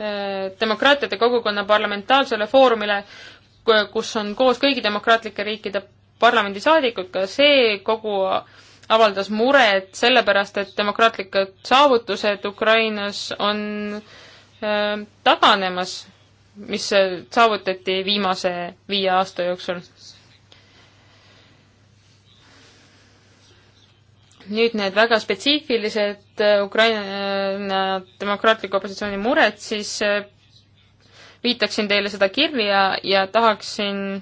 äh, demokraatiate kogukonna parlamentaarsele foorumile, kus on koos kõigi demokraatlike riikide parlamendisaadikud, ka see kogu avaldas muret sellepärast, et demokraatlikud saavutused Ukrainas on äh, Äh, taganemas, mis saavutati viimase viie aasta jooksul. nüüd need väga spetsiifilised äh, Ukraina äh, demokraatliku opositsiooni mured, siis viitaksin teile seda kirja ja tahaksin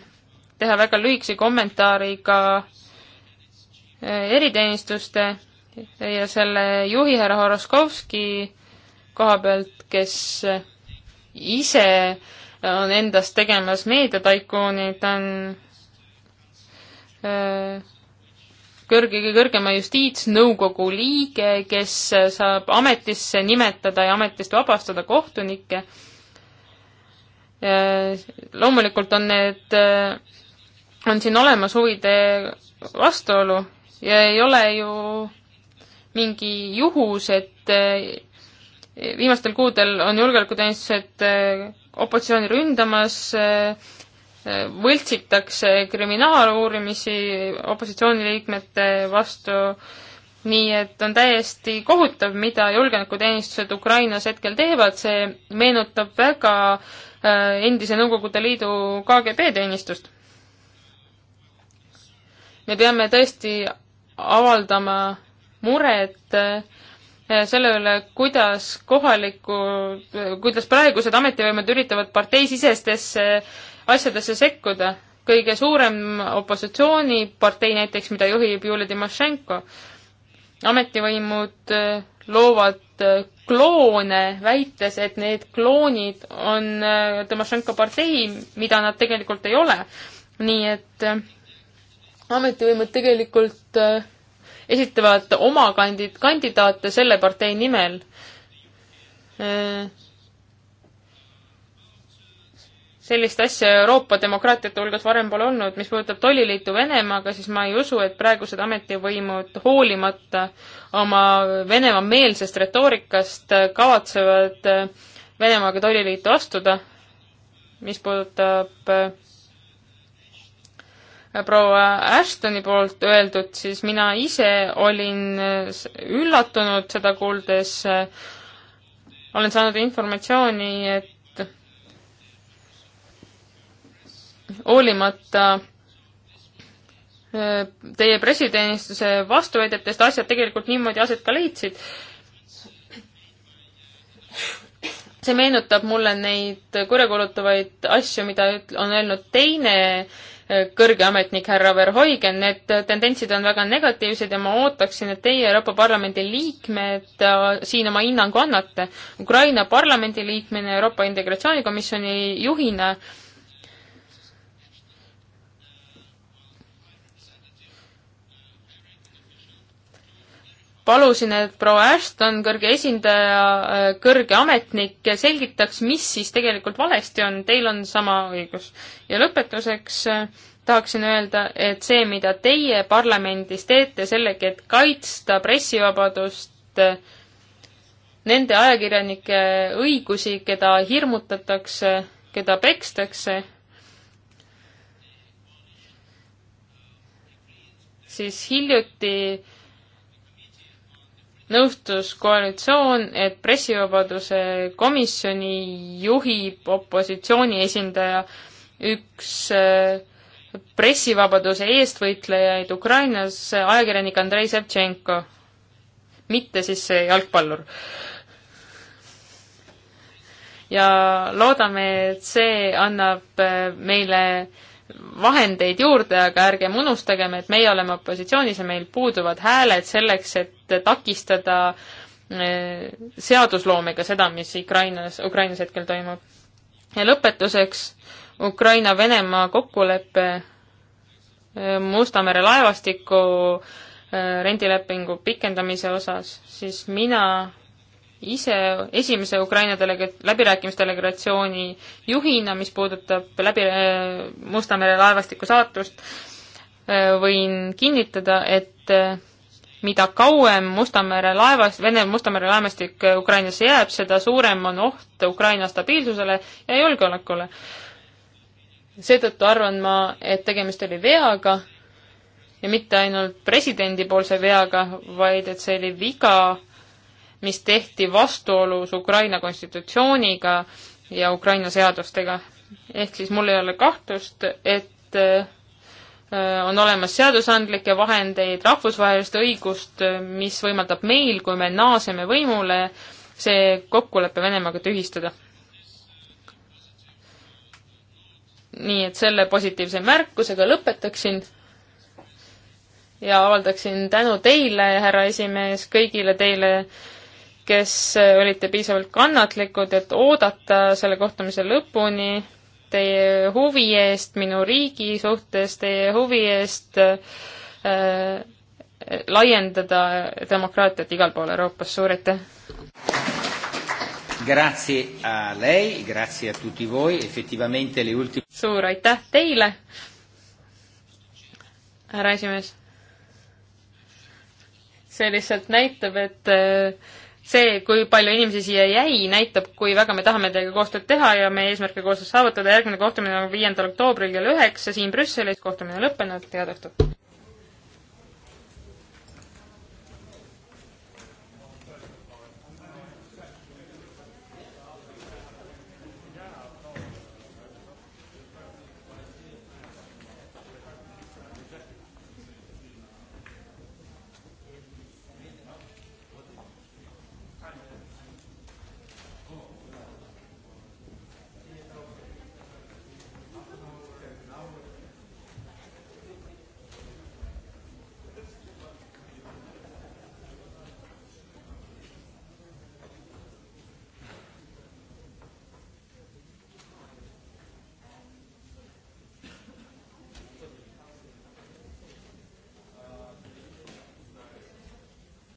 teha väga lühikese kommentaari ka eriteenistuste ja selle juhi härra Horoskovski koha pealt, kes ise on endast tegemas meediataikooni, ta on äh, kõrge, kõrgema justiitsnõukogu liige, kes saab ametisse nimetada ja ametist vabastada kohtunikke. Äh, loomulikult on need, äh, on siin olemas huvide vastuolu ja ei ole ju mingi juhus, et viimastel kuudel on julgeolekuteenistused eh, opositsiooni ründamas, eh, eh, võltsitakse kriminaaluurimisi opositsiooniliikmete vastu, nii et on täiesti kohutav, mida julgeolekuteenistused Ukrainas hetkel teevad, see meenutab väga endise Nõukogude Liidu KGB teenistust. me peame tõesti avaldama muret äh, Äh, selle üle, kuidas kohaliku, kuidas praegused ametivõimed üritavad parteisisestesse asjadesse sekkuda. kõige suurem opositsioonipartei näiteks, mida juhib Julia Timošenko, ametivõimud äh, loovad äh, kloone, väites, et need kloonid on Timošenko partei, mida nad tegelikult ei ole. nii et ametivõimud tegelikult äh, esitavad oma kandi-, kandidaate selle partei nimel. sellist asja Euroopa demokraatiate hulgas varem pole olnud. mis puudutab tolliliitu Venemaaga, siis ma ei usu, et praegused ametivõimud hoolimata oma Venemaa-meelsest retoorikast kavatsevad Venemaaga tolliliitu astuda. mis puudutab äh, proua Ashtoni poolt öeldud, siis mina ise olin äh, üllatunud seda kuuldes, olen saanud informatsiooni, et hoolimata äh, teie pressiteenistuse vastuväidetest asjad tegelikult niimoodi aset ka leidsid. see meenutab mulle neid kurjakuulutavaid asju, mida on öelnud teine kõrge ametnik härra Verhoigen, need tendentsid on väga negatiivsed ja ma ootaksin, et teie Euroopa Parlamendi liikmed äh, siin oma hinnangu annate. Ukraina parlamendi liikmena, Euroopa Integratsioonikomisjoni juhina äh, palusin, et proua Ashton, kõrge esindaja, kõrge ametnik selgitaks, mis siis tegelikult valesti on, teil on sama õigus. ja lõpetuseks äh, tahaksin öelda, et see, mida teie parlamendis teete sellegi, et kaitsta pressivabadust, äh, nende ajakirjanike õigusi, keda hirmutatakse, keda pekstakse, siis hiljuti nõustus koalitsioon, et pressivabaduse komisjoni juhib opositsiooni esindaja, üks äh, pressivabaduse eestvõitlejaid Ukrainas, ajakirjanik Andrei Sevtšenko. mitte siis see jalgpallur. ja loodame, et see annab äh, meile vahendeid juurde, aga ärgem unustagem, et meie oleme opositsioonis ja meil puuduvad hääled selleks, et takistada eh, seadusloomega seda, mis Ukrainas, Ukrainas hetkel toimub. ja lõpetuseks Ukraina-Venemaa kokkulepe eh, Musta mere laevastiku eh, rendilepingu pikendamise osas, siis mina ise esimese Ukraina delega-, läbirääkimisdelegatsiooni juhina, mis puudutab läbi äh, Musta mere laevastiku saatust äh,, võin kinnitada, et äh, mida kauem Musta mere laevas, Vene Musta mere laevastik äh, Ukrainasse jääb, seda suurem on oht Ukraina stabiilsusele ja julgeolekule. seetõttu arvan ma, et tegemist oli veaga ja mitte ainult presidendi poolse veaga, vaid et see oli viga mis tehti vastuolus Ukraina konstitutsiooniga ja Ukraina seadustega. ehk siis mul ei ole kahtlust, et äh, on olemas seadusandlikke vahendeid, rahvusvahelist õigust, mis võimaldab meil, kui me naaseme võimule, see kokkulepe Venemaaga tühistada. nii et selle positiivse märkusega lõpetaksin ja avaldaksin tänu teile, härra esimees, kõigile teile äh, kes olite piisavalt kannatlikud, et oodata selle kohtumise lõpuni, teie huvi eest minu riigi suhtes, teie huvi eest äh, laiendada demokraatiat igal pool Euroopas, suur aitäh! Grazie a lei, grazie a tutti voi, effettivamente le ultime suur aitäh teile, härra esimees! see lihtsalt näitab, et äh, see, kui palju inimesi siia jäi, näitab, kui väga me tahame teiega koostööd teha ja meie eesmärke koostöös saavutada. järgmine kohtumine on viiendal oktoobril kell üheksa siin Brüsselis, kohtumine on lõppenud, head õhtut!